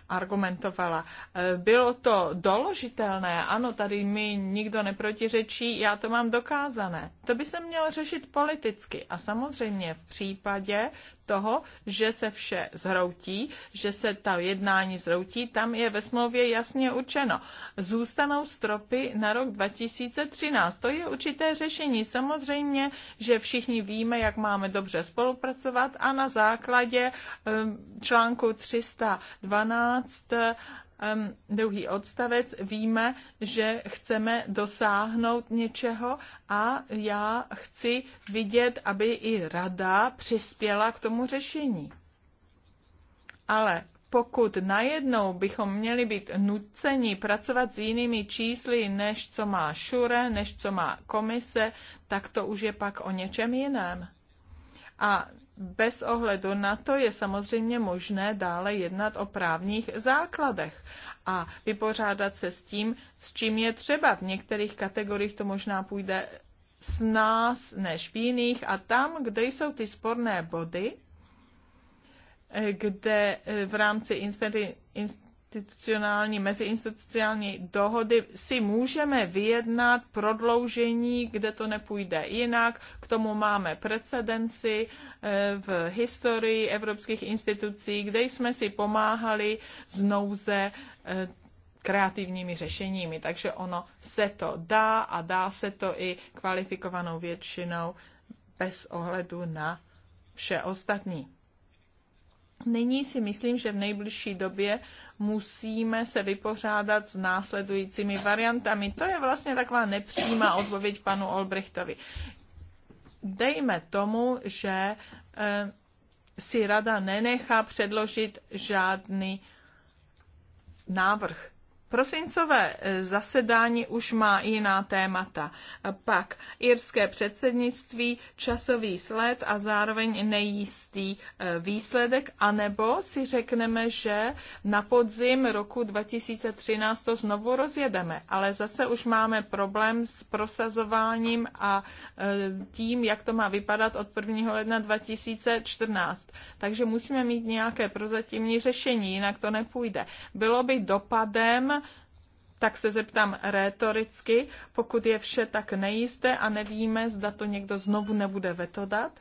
argumentovala. E, bylo to doložitelné, ano, tady mi nikdo neprotiřečí, já to mám dokázané. To by se mělo řešit politicky a samozřejmě v případě toho, že se vše zhroutí, že se ta jednání zhroutí, tam je ve smlouvě jasně učeno. Zůstanou stropy na rok 2013. To je určité řešení. Samozřejmě, že všichni víme, jak máme dobře spolupracovat a na základě eh, článku 312 um, druhý odstavec, víme, že chceme dosáhnout něčeho a já chci vidět, aby i rada přispěla k tomu řešení. Ale pokud najednou bychom měli být nuceni pracovat s jinými čísly, než co má šure, než co má komise, tak to už je pak o něčem jiném. A bez ohledu na to je samozřejmě možné dále jednat o právních základech a vypořádat se s tím, s čím je třeba. V některých kategoriích to možná půjde s nás než v jiných a tam, kde jsou ty sporné body, eh, kde eh, v rámci instanci, institucionální, meziinstitucionální dohody si můžeme vyjednat prodloužení, kde to nepůjde jinak. K tomu máme precedenci eh, v historii evropských institucí, kde jsme si pomáhali z nouze eh, kreativními řešeními. Takže ono se to dá a dá se to i kvalifikovanou většinou bez ohledu na vše ostatní. Nyní si myslím, že v nejbližší době musíme se vypořádat s následujícími variantami. To je vlastně taková nepřímá odpověď panu Olbrichtovi. Dejme tomu, že eh, si rada nenechá předložit žádný návrh Prosincové e, zasedání už má jiná témata. E, Pak irské předsednictví, časový sled a zároveň nejistý e, výsledek, anebo si řekneme, že na podzim roku 2013 to znovu rozjedeme, ale zase už máme problém s prosazováním a tím, jak to má vypadat od 1. ledna 2014. Takže musíme mít nějaké prozatímní řešení, jinak to nepůjde. Bylo by dopadem tak se zeptám rétoricky, pokud je vše tak nejisté a nevíme, zda to někdo znovu nebude vetodat.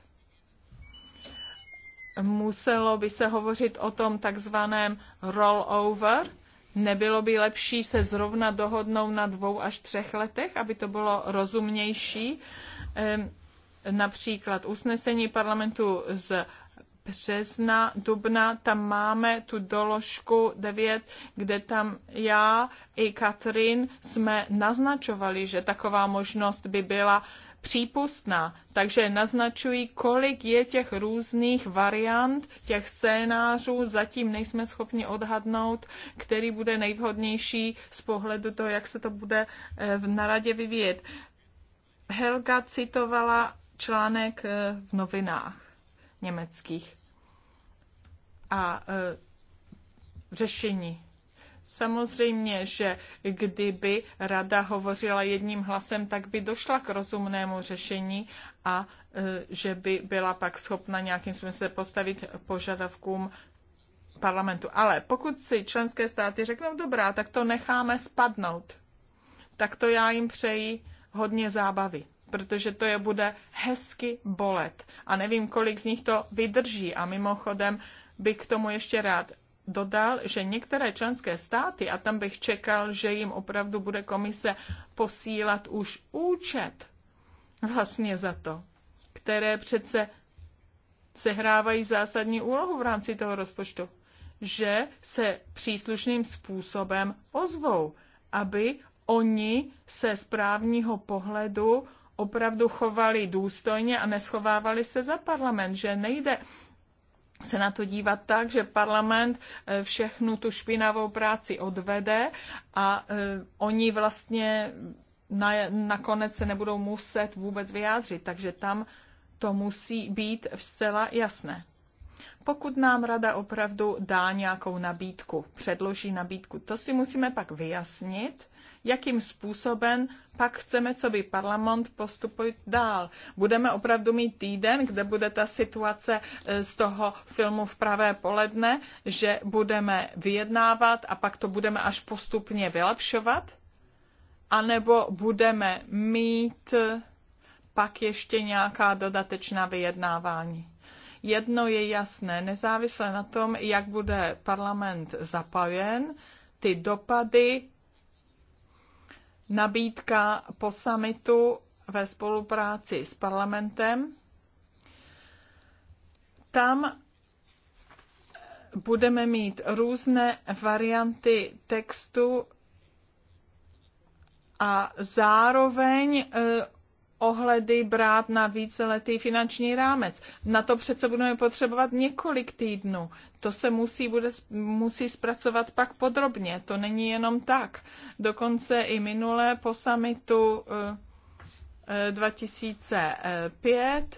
Muselo by se hovořit o tom takzvaném rollover. Nebylo by lepší se zrovna dohodnout na dvou až třech letech, aby to bylo rozumnější. Například usnesení parlamentu z března, dubna, tam máme tu doložku 9, kde tam já i Katrin jsme naznačovali, že taková možnost by byla přípustná. Takže naznačují, kolik je těch různých variant, těch scénářů. Zatím nejsme schopni odhadnout, který bude nejvhodnější z pohledu toho, jak se to bude eh, v naradě vyvíjet. Helga citovala článek eh, v novinách německých a e, řešení. Samozřejmě, že kdyby rada hovořila jedním hlasem, tak by došla k rozumnému řešení a e, že by byla pak schopna nějakým způsobem postavit požadavkům parlamentu. Ale pokud si členské státy řeknou dobrá, tak to necháme spadnout, tak to já jim přeji hodně zábavy protože to je bude hezky bolet. A nevím, kolik z nich to vydrží. A mimochodem bych k tomu ještě rád dodal, že některé členské státy, a tam bych čekal, že jim opravdu bude komise posílat už účet vlastně za to, které přece sehrávají zásadní úlohu v rámci toho rozpočtu, že se příslušným způsobem ozvou, aby oni se z právního pohledu opravdu chovali důstojně a neschovávali se za parlament, že nejde se na to dívat tak, že parlament eh, všechnu tu špinavou práci odvede a eh, oni vlastně na, nakonec se nebudou muset vůbec vyjádřit, takže tam to musí být zcela jasné. Pokud nám rada opravdu dá nějakou nabídku, předloží nabídku, to si musíme pak vyjasnit, jakým způsobem pak chceme, co by parlament postupovat dál. Budeme opravdu mít týden, kde bude ta situace eh, z toho filmu v pravé poledne, že budeme vyjednávat a pak to budeme až postupně vylepšovat? A nebo budeme mít eh, pak ještě nějaká dodatečná vyjednávání? Jedno je jasné, nezávisle na tom, jak bude parlament zapojen, ty dopady nabídka po samitu ve spolupráci s parlamentem. Tam budeme mít různé varianty textu a zároveň eh, ohledy brát na víceletý finanční rámec. Na to přece budeme potřebovat několik týdnů. To se musí, bude, musí zpracovat pak podrobně. To není jenom tak. Dokonce i minulé po samitu eh, 2005,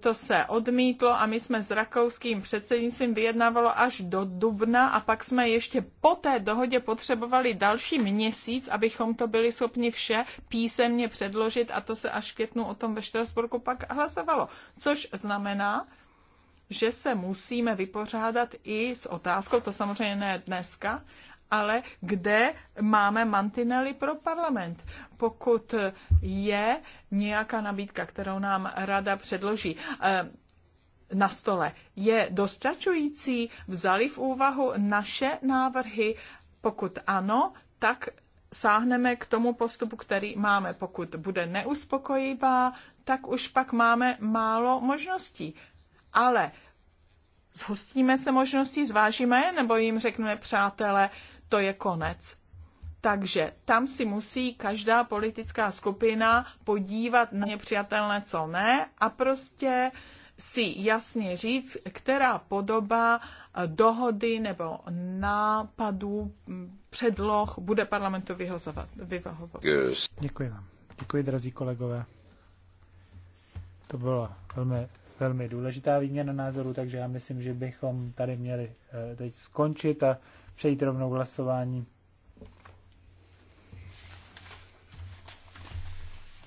to se odmítlo a my jsme s rakouským předsednictvím vyjednávalo až do dubna a pak jsme ještě po té dohodě potřebovali další měsíc, abychom to byli schopni vše písemně předložit a to se až v květnu o tom ve Štrasburku pak hlasovalo. Což znamená, že se musíme vypořádat i s otázkou, to samozřejmě ne dneska, ale kde máme mantinely pro parlament. Pokud je nějaká nabídka, kterou nám rada předloží, eh, na stole. Je dostačující, vzali v úvahu naše návrhy? Pokud ano, tak sáhneme k tomu postupu, který máme. Pokud bude neuspokojivá, tak už pak máme málo možností. Ale zhostíme se možností, zvážíme je, nebo jim řekneme, přátelé, to je konec. Takže tam si musí každá politická skupina podívat na ně přijatelné, co ne a prostě si jasně říct, která podoba eh, dohody nebo nápadů, hm, předloh bude parlamentu vyhozovat, vyvahovat. Yes. Děkuji vám. Děkuji, drazí kolegové. To byla velmi, velmi důležitá výměna názoru, takže já myslím, že bychom tady měli eh, teď skončit a přejít rovnou k hlasování.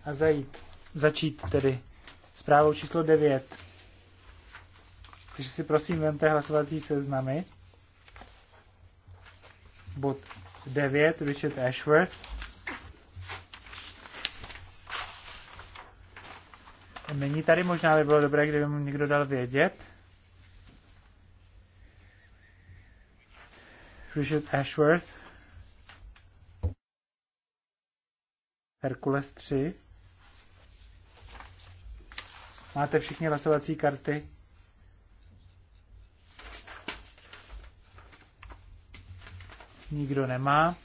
A zajít, začít tedy zprávou číslo 9. Takže si prosím vemte hlasovací seznamy. Bod 9, Richard Ashworth. Není tady, možná by bylo dobré, kdyby mu někdo dal vědět. Richard Ashworth, Herkules 3. Máte všichni hlasovací karty? Nikdo nemá.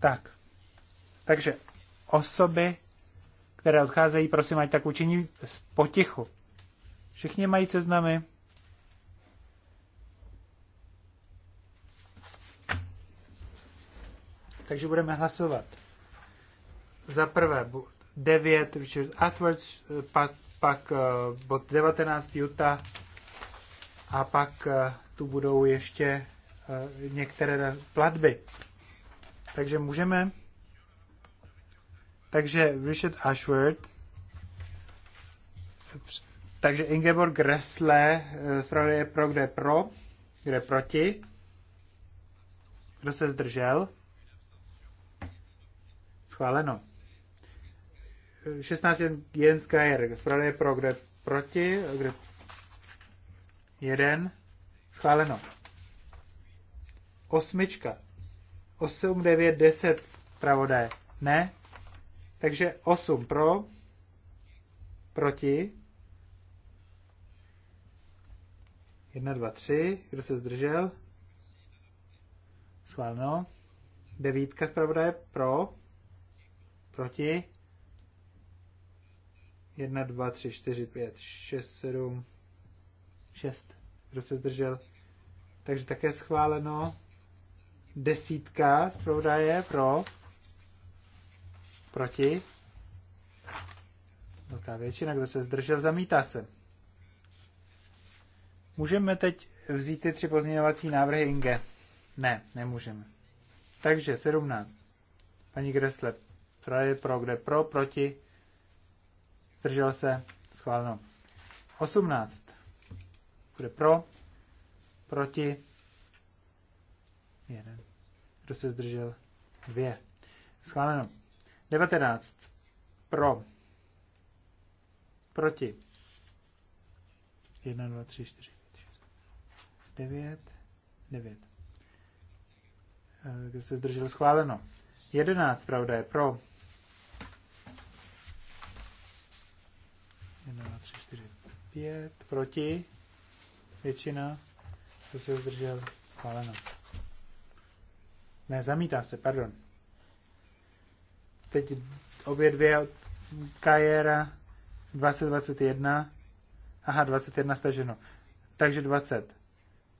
Tak. Takže osoby, které odcházejí, prosím, ať tak učiní potichu. Všichni mají seznamy. Takže budeme hlasovat. Za prvé 9 Richard Athwards, pak, pak eh, bod 19 Utah a pak eh, tu budou ještě eh, některé platby. Takže můžeme... Takže Richard Ashworth, takže Ingeborg Gressle eh, zpravodaj je pro, kde je pro, kde je proti. Kdo se zdržel? Schváleno. 16 Jens Kajer, zpravodaj je pro, kde je proti, kde jeden. Schváleno. Osmička. 8, 9, 10 zpravodaj. Ne. Takže 8 pro, proti. 1, 2, 3. Kdo se zdržel? Schváleno. Devítka zpravodaje pro, proti. 1, 2, 3, 4, 5, 6, 7, 6. Kdo se zdržel? Takže také schváleno. Desítka z prodaje pro, proti, velká většina, kdo se zdržel, zamítá se. Můžeme teď vzít ty tři pozměňovací návrhy Inge? Ne, nemůžeme. Takže 17. Paní Gresle, pro je pro, kde pro, proti, zdržel se, schváleno. 18. Bude pro, proti, jeden. Kdo se zdržel? Dvě. Schváleno. 19. Pro. Proti. 1, 2, 3, 4, 5, 6, 9. 9. Kdo se zdržel? Schváleno. 11. Pravda je pro. 1, 2, 3, 4, 5. Proti. Většina. Kdo se zdržel? Schváleno. Ne, zamítá se, pardon. Teď obě dvě Kajera 2021. Aha, 21 staženo. Takže 20.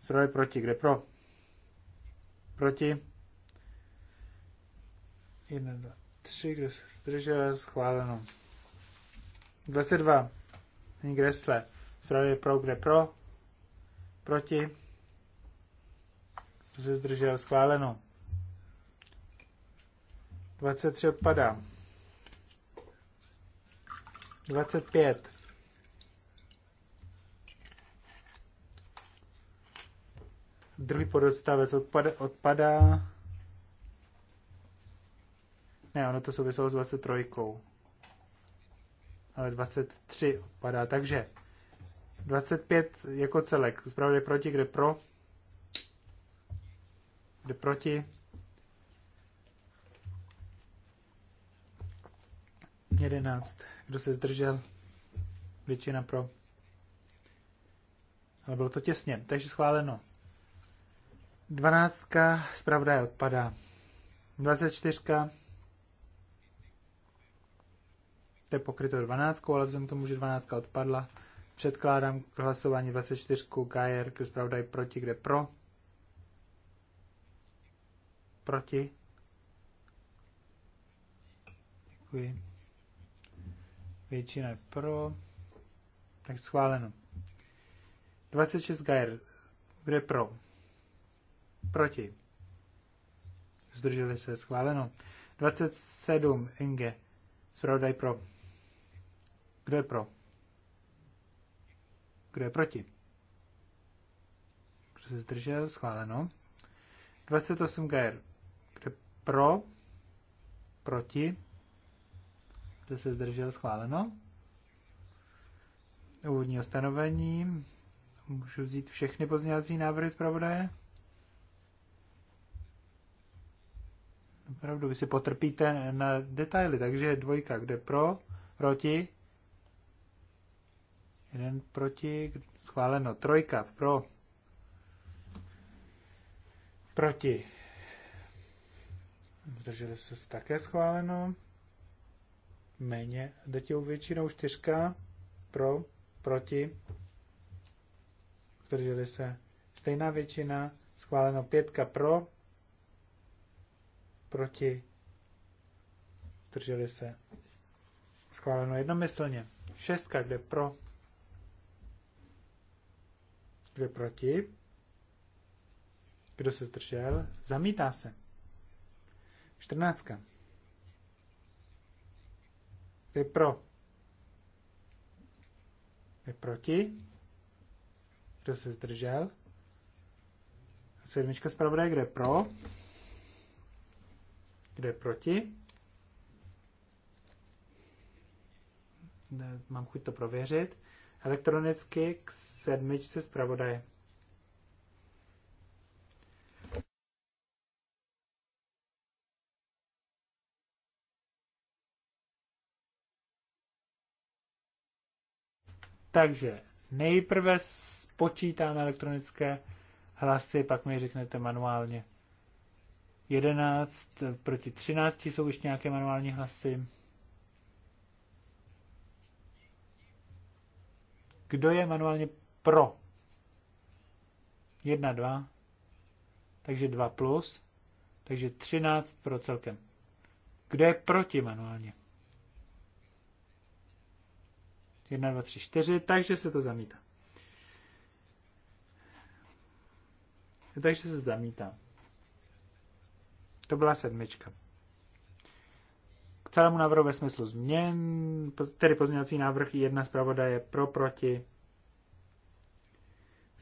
Zpravodaj proti, kde pro? Proti. 1, 2, 3, kdo se zdržel, schváleno. 22. Není kresle. Zpravodaj pro, kde pro? Proti. Kdo se zdržel, schváleno. 23 odpadá. 25. Druhý pododstavec odpada, odpadá. Ne, ono to souviselo s 23. Ale 23 odpadá. Takže 25 jako celek. Zpravdu je proti, kde pro? Kde proti? 11. Kdo se zdržel? Většina pro. Ale bylo to těsně, takže schváleno. 12. Spravda je odpadá. 24. To je pokryto 12, ale vzhledem k tomu, že 12 odpadla, předkládám k hlasování 24. Gajer, kdo zpravodaj proti, kde pro. Proti. Děkuji. Většina je pro. Tak schváleno. 26 Gajer. Kdo je pro? Proti. Zdrželi se. Schváleno. 27 Inge. Spravodaj pro. Kdo je pro? Kdo je proti? Kdo se zdržel? Schváleno. 28 Gajer. Kdo je pro? Proti? kdo se zdržel, schváleno. Úvodní ustanovení. Můžu vzít všechny pozměňovací návrhy zpravodaje? Opravdu, vy si potrpíte na detaily, takže dvojka, kde pro, proti, jeden proti, schváleno, trojka, pro, proti, zdrželi se také schváleno, méně. Jdete většinou čtyřka pro, proti, zdrželi se. Stejná většina, schváleno pětka pro, proti, zdrželi se. Schváleno jednomyslně. Šestka, kde pro, kde proti, kdo se zdržel, zamítá se. Čtrnáctka. Kdo je pro? Kdo je proti? Kdo se zdržel? Sedmička zpravodaje, kdo je pro? Kdo je proti? Mám chuť to prověřit. Elektronicky k sedmičce zpravodaje. Takže nejprve spočítáme elektronické hlasy, pak mi řeknete manuálně. 11 proti 13 jsou ještě nějaké manuální hlasy. Kdo je manuálně pro? 1, 2, takže 2 plus, takže 13 pro celkem. Kdo je proti manuálně? 1, 2, 3, 4, takže se to zamítá. Takže se zamítá. To byla sedmička. K celému návrhu ve smyslu změn, tedy pozměňovací návrh jedna zpravoda je pro, proti,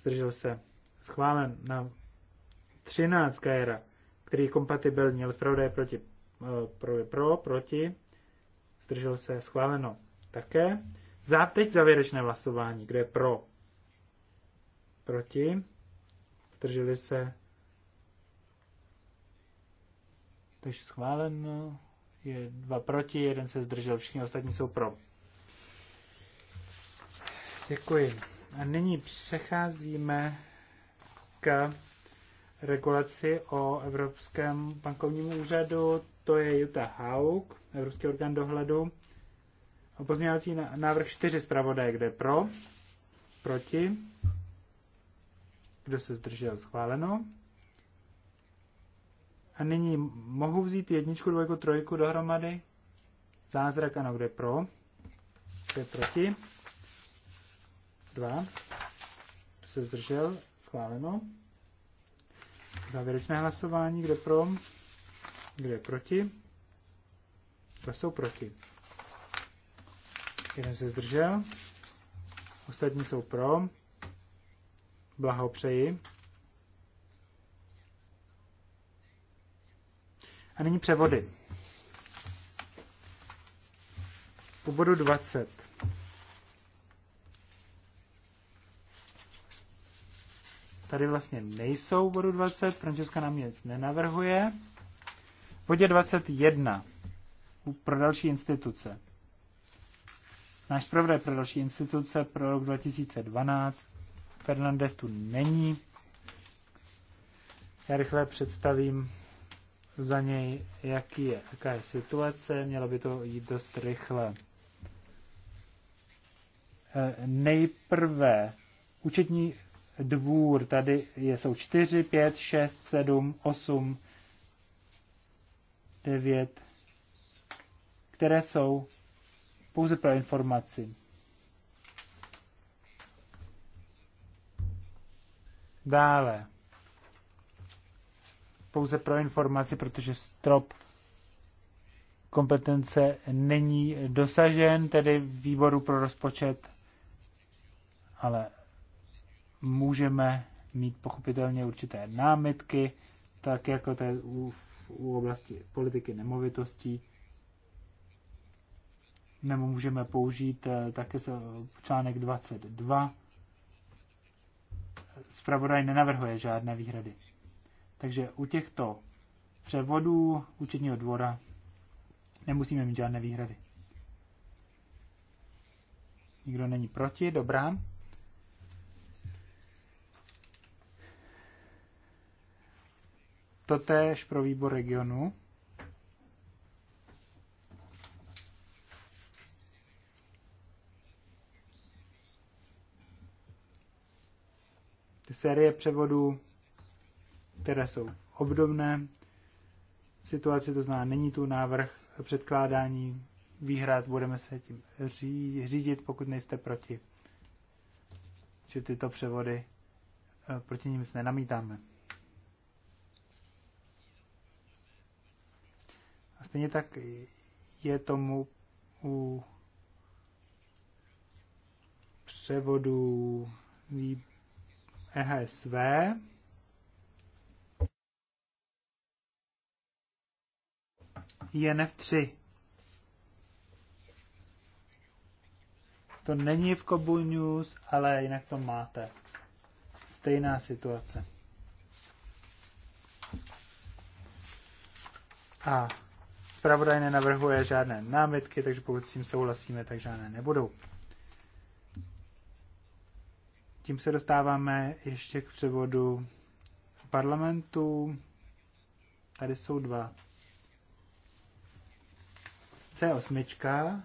zdržel se, schválen na 13 Gaera, který je kompatibilní, ale zpravoda eh, je proti, pro, pro, proti, zdržel se, schváleno také. Za, teď závěrečné hlasování. Kdo je pro? Proti? Zdrželi se? Takže schváleno. Je dva proti, jeden se zdržel, všichni ostatní jsou pro. Děkuji. A nyní přecházíme k regulaci o Evropském bankovním úřadu. To je Jutta Haug, Evropský orgán dohledu. Pozměňovací návrh 4 zpravodaje, kde pro, proti, kdo se zdržel, schváleno. A nyní mohu vzít jedničku, dvojku, trojku dohromady. Zázrak, ano, kde pro, kde proti. Dva, kdo se zdržel, schváleno. Závěrečné hlasování, kde pro, kde proti. Dva jsou proti. Jeden se zdržel. Ostatní jsou pro. Blahopřeji. A nyní převody. Po bodu 20. Tady vlastně nejsou v bodu 20, Frančeska nám nic nenavrhuje. V bodě 21 pro další instituce. Náš zpravodaj pro další instituce pro rok 2012, Fernandez tu není. Já rychle představím za něj, jaký je, jaká je situace. Mělo by to jít dost rychle. E, Nejprve účetní dvůr, tady je, jsou 4, 5, 6, 7, 8, 9, které jsou pouze pro informaci. Dále. Pouze pro informaci, protože strop kompetence není dosažen, tedy výboru pro rozpočet, ale můžeme mít pochopitelně určité námitky, tak jako to je u, u oblasti politiky nemovitostí nebo můžeme použít eh, také článek 22. Spravodaj nenavrhuje žádné výhrady. Takže u těchto převodů účetního dvora nemusíme mít žádné výhrady. Nikdo není proti, dobrá. Totéž pro výbor regionu. série převodů, které jsou v obdobné situaci, to znamená, není tu návrh předkládání výhrad, budeme se tím řídit, pokud nejste proti. Že tyto převody, eh, proti nim nic nenamítáme. A stejně tak je tomu u převodu EHSV. INF 3. To není v Kobu News, ale jinak to máte. Stejná situace. A zpravodaj nenavrhuje žádné námitky, takže pokud s tím souhlasíme, tak žádné nebudou. Tím se dostáváme ještě k převodu parlamentu. Tady jsou dva. C8.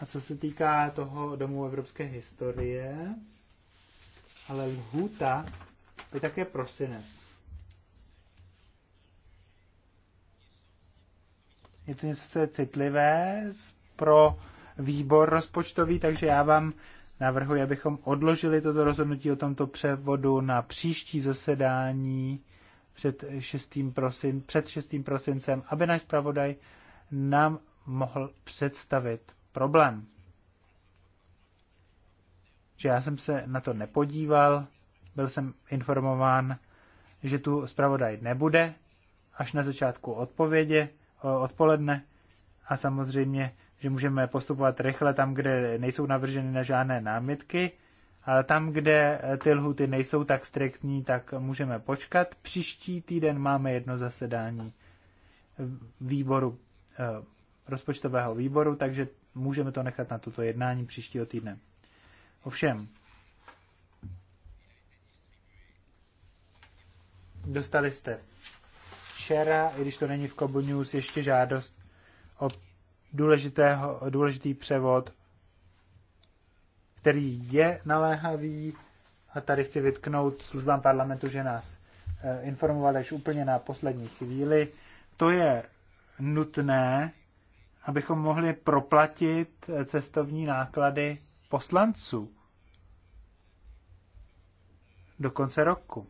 A co se týká toho domu evropské historie, ale lhůta je také prosinec. Je to něco, co je citlivé pro výbor rozpočtový, takže já vám navrhuji, abychom odložili toto rozhodnutí o tomto převodu na příští zasedání před 6. Prosin, před 6. prosincem, aby náš zpravodaj nám mohl představit problém. Že já jsem se na to nepodíval, byl jsem informován, že tu zpravodaj nebude až na začátku odpovědě, odpoledne a samozřejmě že můžeme postupovat rychle tam, kde nejsou navrženy na žádné námitky, ale tam, kde ty lhuty nejsou tak striktní, tak můžeme počkat. Příští týden máme jedno zasedání výboru, eh, rozpočtového výboru, takže můžeme to nechat na toto jednání příštího týdne. Ovšem, dostali jste včera, i když to není v Kobu News, ještě žádost o důležitého, důležitý převod, který je naléhavý a tady chci vytknout službám parlamentu, že nás eh, informovali až úplně na poslední chvíli. To je nutné, abychom mohli proplatit eh, cestovní náklady poslanců do konce roku.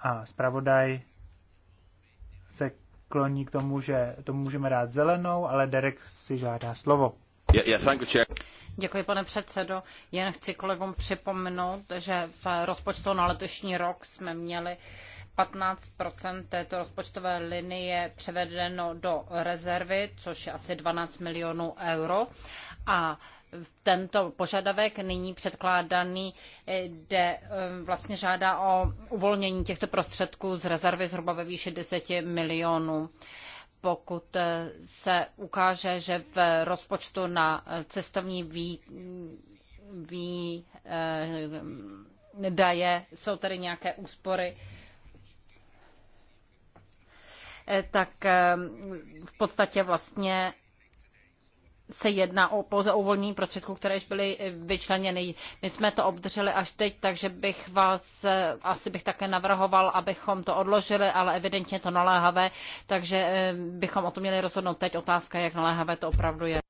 A zpravodaj se kloní k tomu, že tomu můžeme dát zelenou, ale Derek si žádá slovo. Děkuji, pane předsedo. Jen chci kolegům připomenout, že v rozpočtu na letošní rok jsme měli 15 této rozpočtové linie převedeno do rezervy, což je asi 12 milionů euro. A tento požadavek nyní předkládaný eh, jde, eh, vlastně žádá o uvolnění těchto prostředků z rezervy zhruba ve výši 10 milionů. Pokud eh, se ukáže, že v rozpočtu na cestovní vý, vý, jsou tady nějaké úspory, tak v podstatě vlastně se jedná o pouze o uvolnění prostředků, které již byly eh, vyčleněny. My jsme to obdrželi až teď, takže bych vás, eh, asi bych také navrhoval, abychom to odložili, ale evidentně to naléhavé, takže eh, bychom o tom měli rozhodnout teď. Otázka jak naléhavé to opravdu je.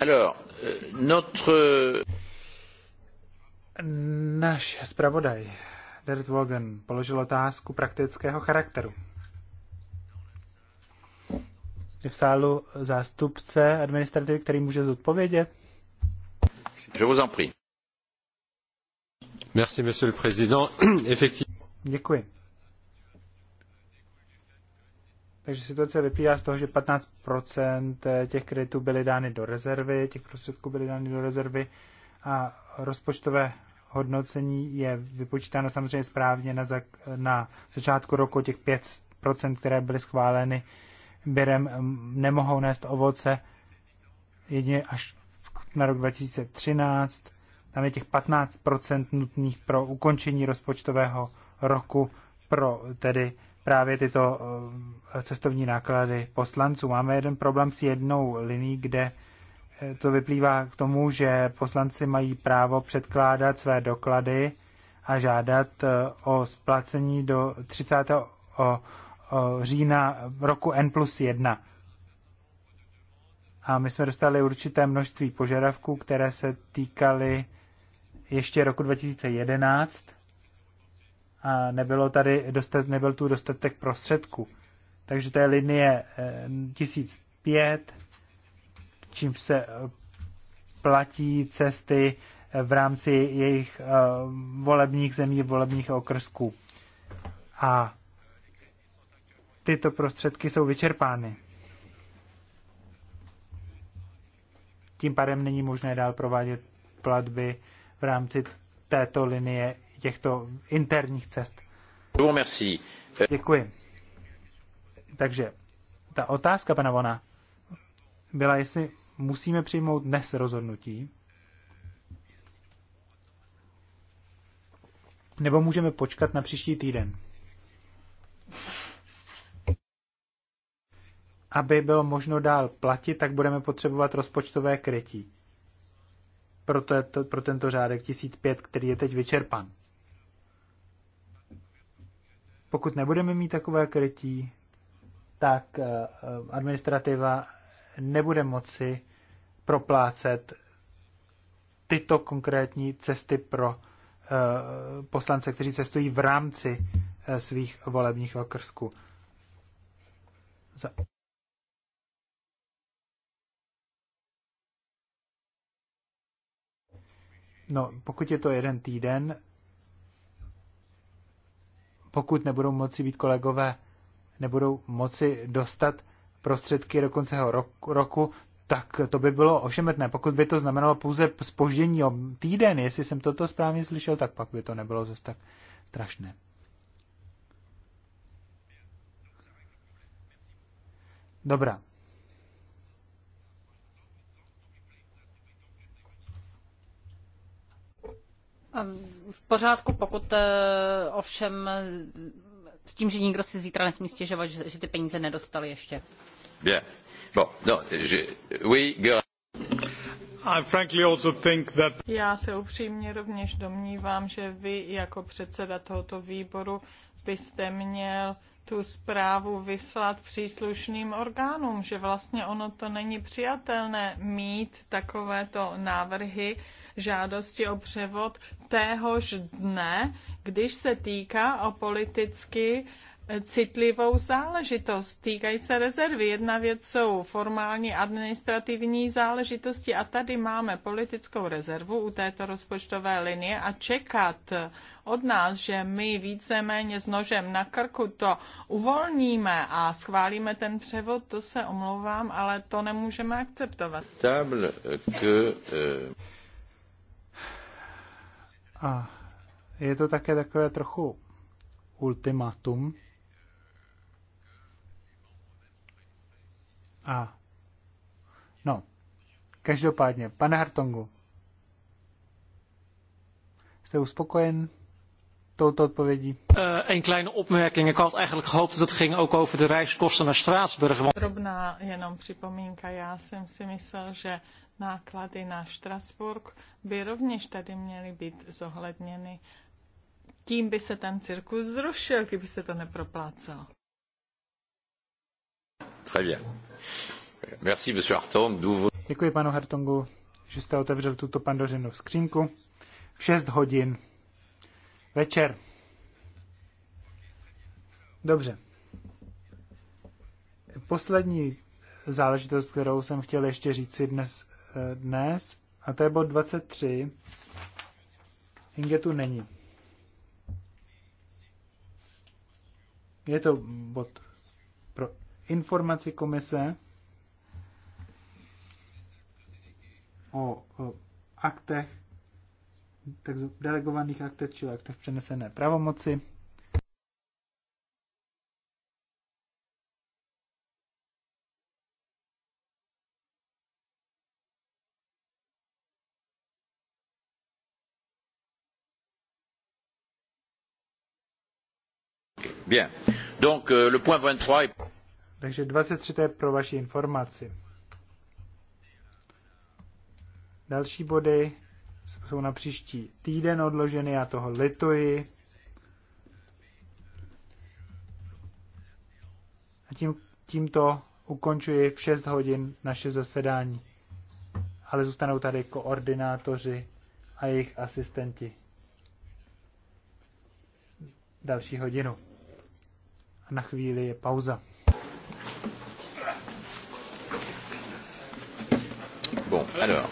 Alors, euh, notre Náš zpravodaj Dirt Wogan položil otázku praktického charakteru. Je v sálu zástupce administrativy, který může zodpovědět? Je vous en prie. Merci, monsieur le président. <clears throat> Effectivement. Děkuji. Takže situace vyplývá z toho, že 15% těch kreditů byly dány do rezervy, těch prostředků byly dány do rezervy a rozpočtové hodnocení je vypočítáno samozřejmě správně na, za, na začátku roku těch 5%, které byly schváleny během, nemohou nést ovoce jedině až na rok 2013. Tam je těch 15% nutných pro ukončení rozpočtového roku pro tedy právě tyto e, cestovní náklady poslanců. Máme jeden problém s jednou linií, kde to vyplývá k tomu, že poslanci mají právo předkládat své doklady a žádat eh, o splacení do 30. října roku N plus 1. A my jsme dostali určité množství požadavků, které se týkaly ještě roku 2011 a nebylo tady dostat, nebyl tu dostatek prostředků. Takže to je linie 1005, eh, čím se eh, platí cesty eh, v rámci jejich eh, volebních zemí, volebních okrsků. A tyto prostředky jsou vyčerpány. Tím pádem není možné dál provádět platby v rámci této linie těchto interních cest. Děkuji. Takže ta otázka pana Vona byla, jestli musíme přijmout dnes rozhodnutí, nebo můžeme počkat na příští týden. Aby bylo možno dál platit, tak budeme potřebovat rozpočtové krytí. Pro, to, pro tento řádek 1005, který je teď vyčerpan. Pokud nebudeme mít takové krytí, tak eh, eh, administrativa nebude moci proplácet tyto konkrétní cesty pro eh, poslance, kteří cestují v rámci eh, svých volebních okrsků. Za... No, pokud je to jeden týden, pokud nebudou moci být kolegové, nebudou moci dostat prostředky do konce roku, roku, tak to by bylo ošemetné. Pokud by to znamenalo pouze spoždění o týden, jestli jsem toto správně slyšel, tak pak by to nebylo zase tak strašné. Dobrá. V pořádku, pokud eh, ovšem s tím, že nikdo si zítra nesmí stěžovat, že ty peníze nedostali ještě. Bien. Bon, je, oui, I frankly also think that... Já se upřímně rovněž domnívám, že vy jako předseda tohoto výboru byste měl tu zprávu vyslat příslušným orgánům, že vlastně ono to není přijatelné mít takovéto návrhy žádosti o převod téhož dne, když se týká o politicky uh, citlivou záležitost. Týkají se rezervy. Jedna věc jsou formální administrativní záležitosti a tady máme politickou rezervu u této rozpočtové linie a čekat od nás, že my víceméně s nožem na krku to uvolníme a schválíme ten převod, to se omlouvám, ale to nemůžeme akceptovat. Eh, a je to také takové trochu ultimatum, A no, každopádně, pane Hartongu, jste uspokojen touto odpovědí? Uh, een kleine opmerking. Ik had eigenlijk gehoopt dat het ging ook over de reiskosten naar Straatsburg. Want... Drobná jenom připomínka. Já jsem si myslel, že náklady na Štrasburg by rovněž tady měly být zohledněny. Tím by se ten cirkus zrušil, kdyby se to neproplácelo. Très bien. Merci, monsieur Hartong. Děkuji panu Hartongu, že jste otevřel tuto pandořinu skřínku v 6 hodin večer. Dobře. Poslední záležitost, kterou jsem chtěl ještě říct si dnes, eh, dnes a to je bod 23. Inge tu není. Je to bod informaci komise o, o aktech, tak delegovaných aktech, či aktech přenesené pravomoci. Bien. Donc euh, le point 23 est... Takže 23. to je pro vaši informaci. Další body jsou na příští týden odloženy, já toho lituji. A tím, tímto ukončuji v 6 hodin naše zasedání. Ale zůstanou tady koordinátoři a jejich asistenti další hodinu. A na chvíli je pauza. Bon, alors.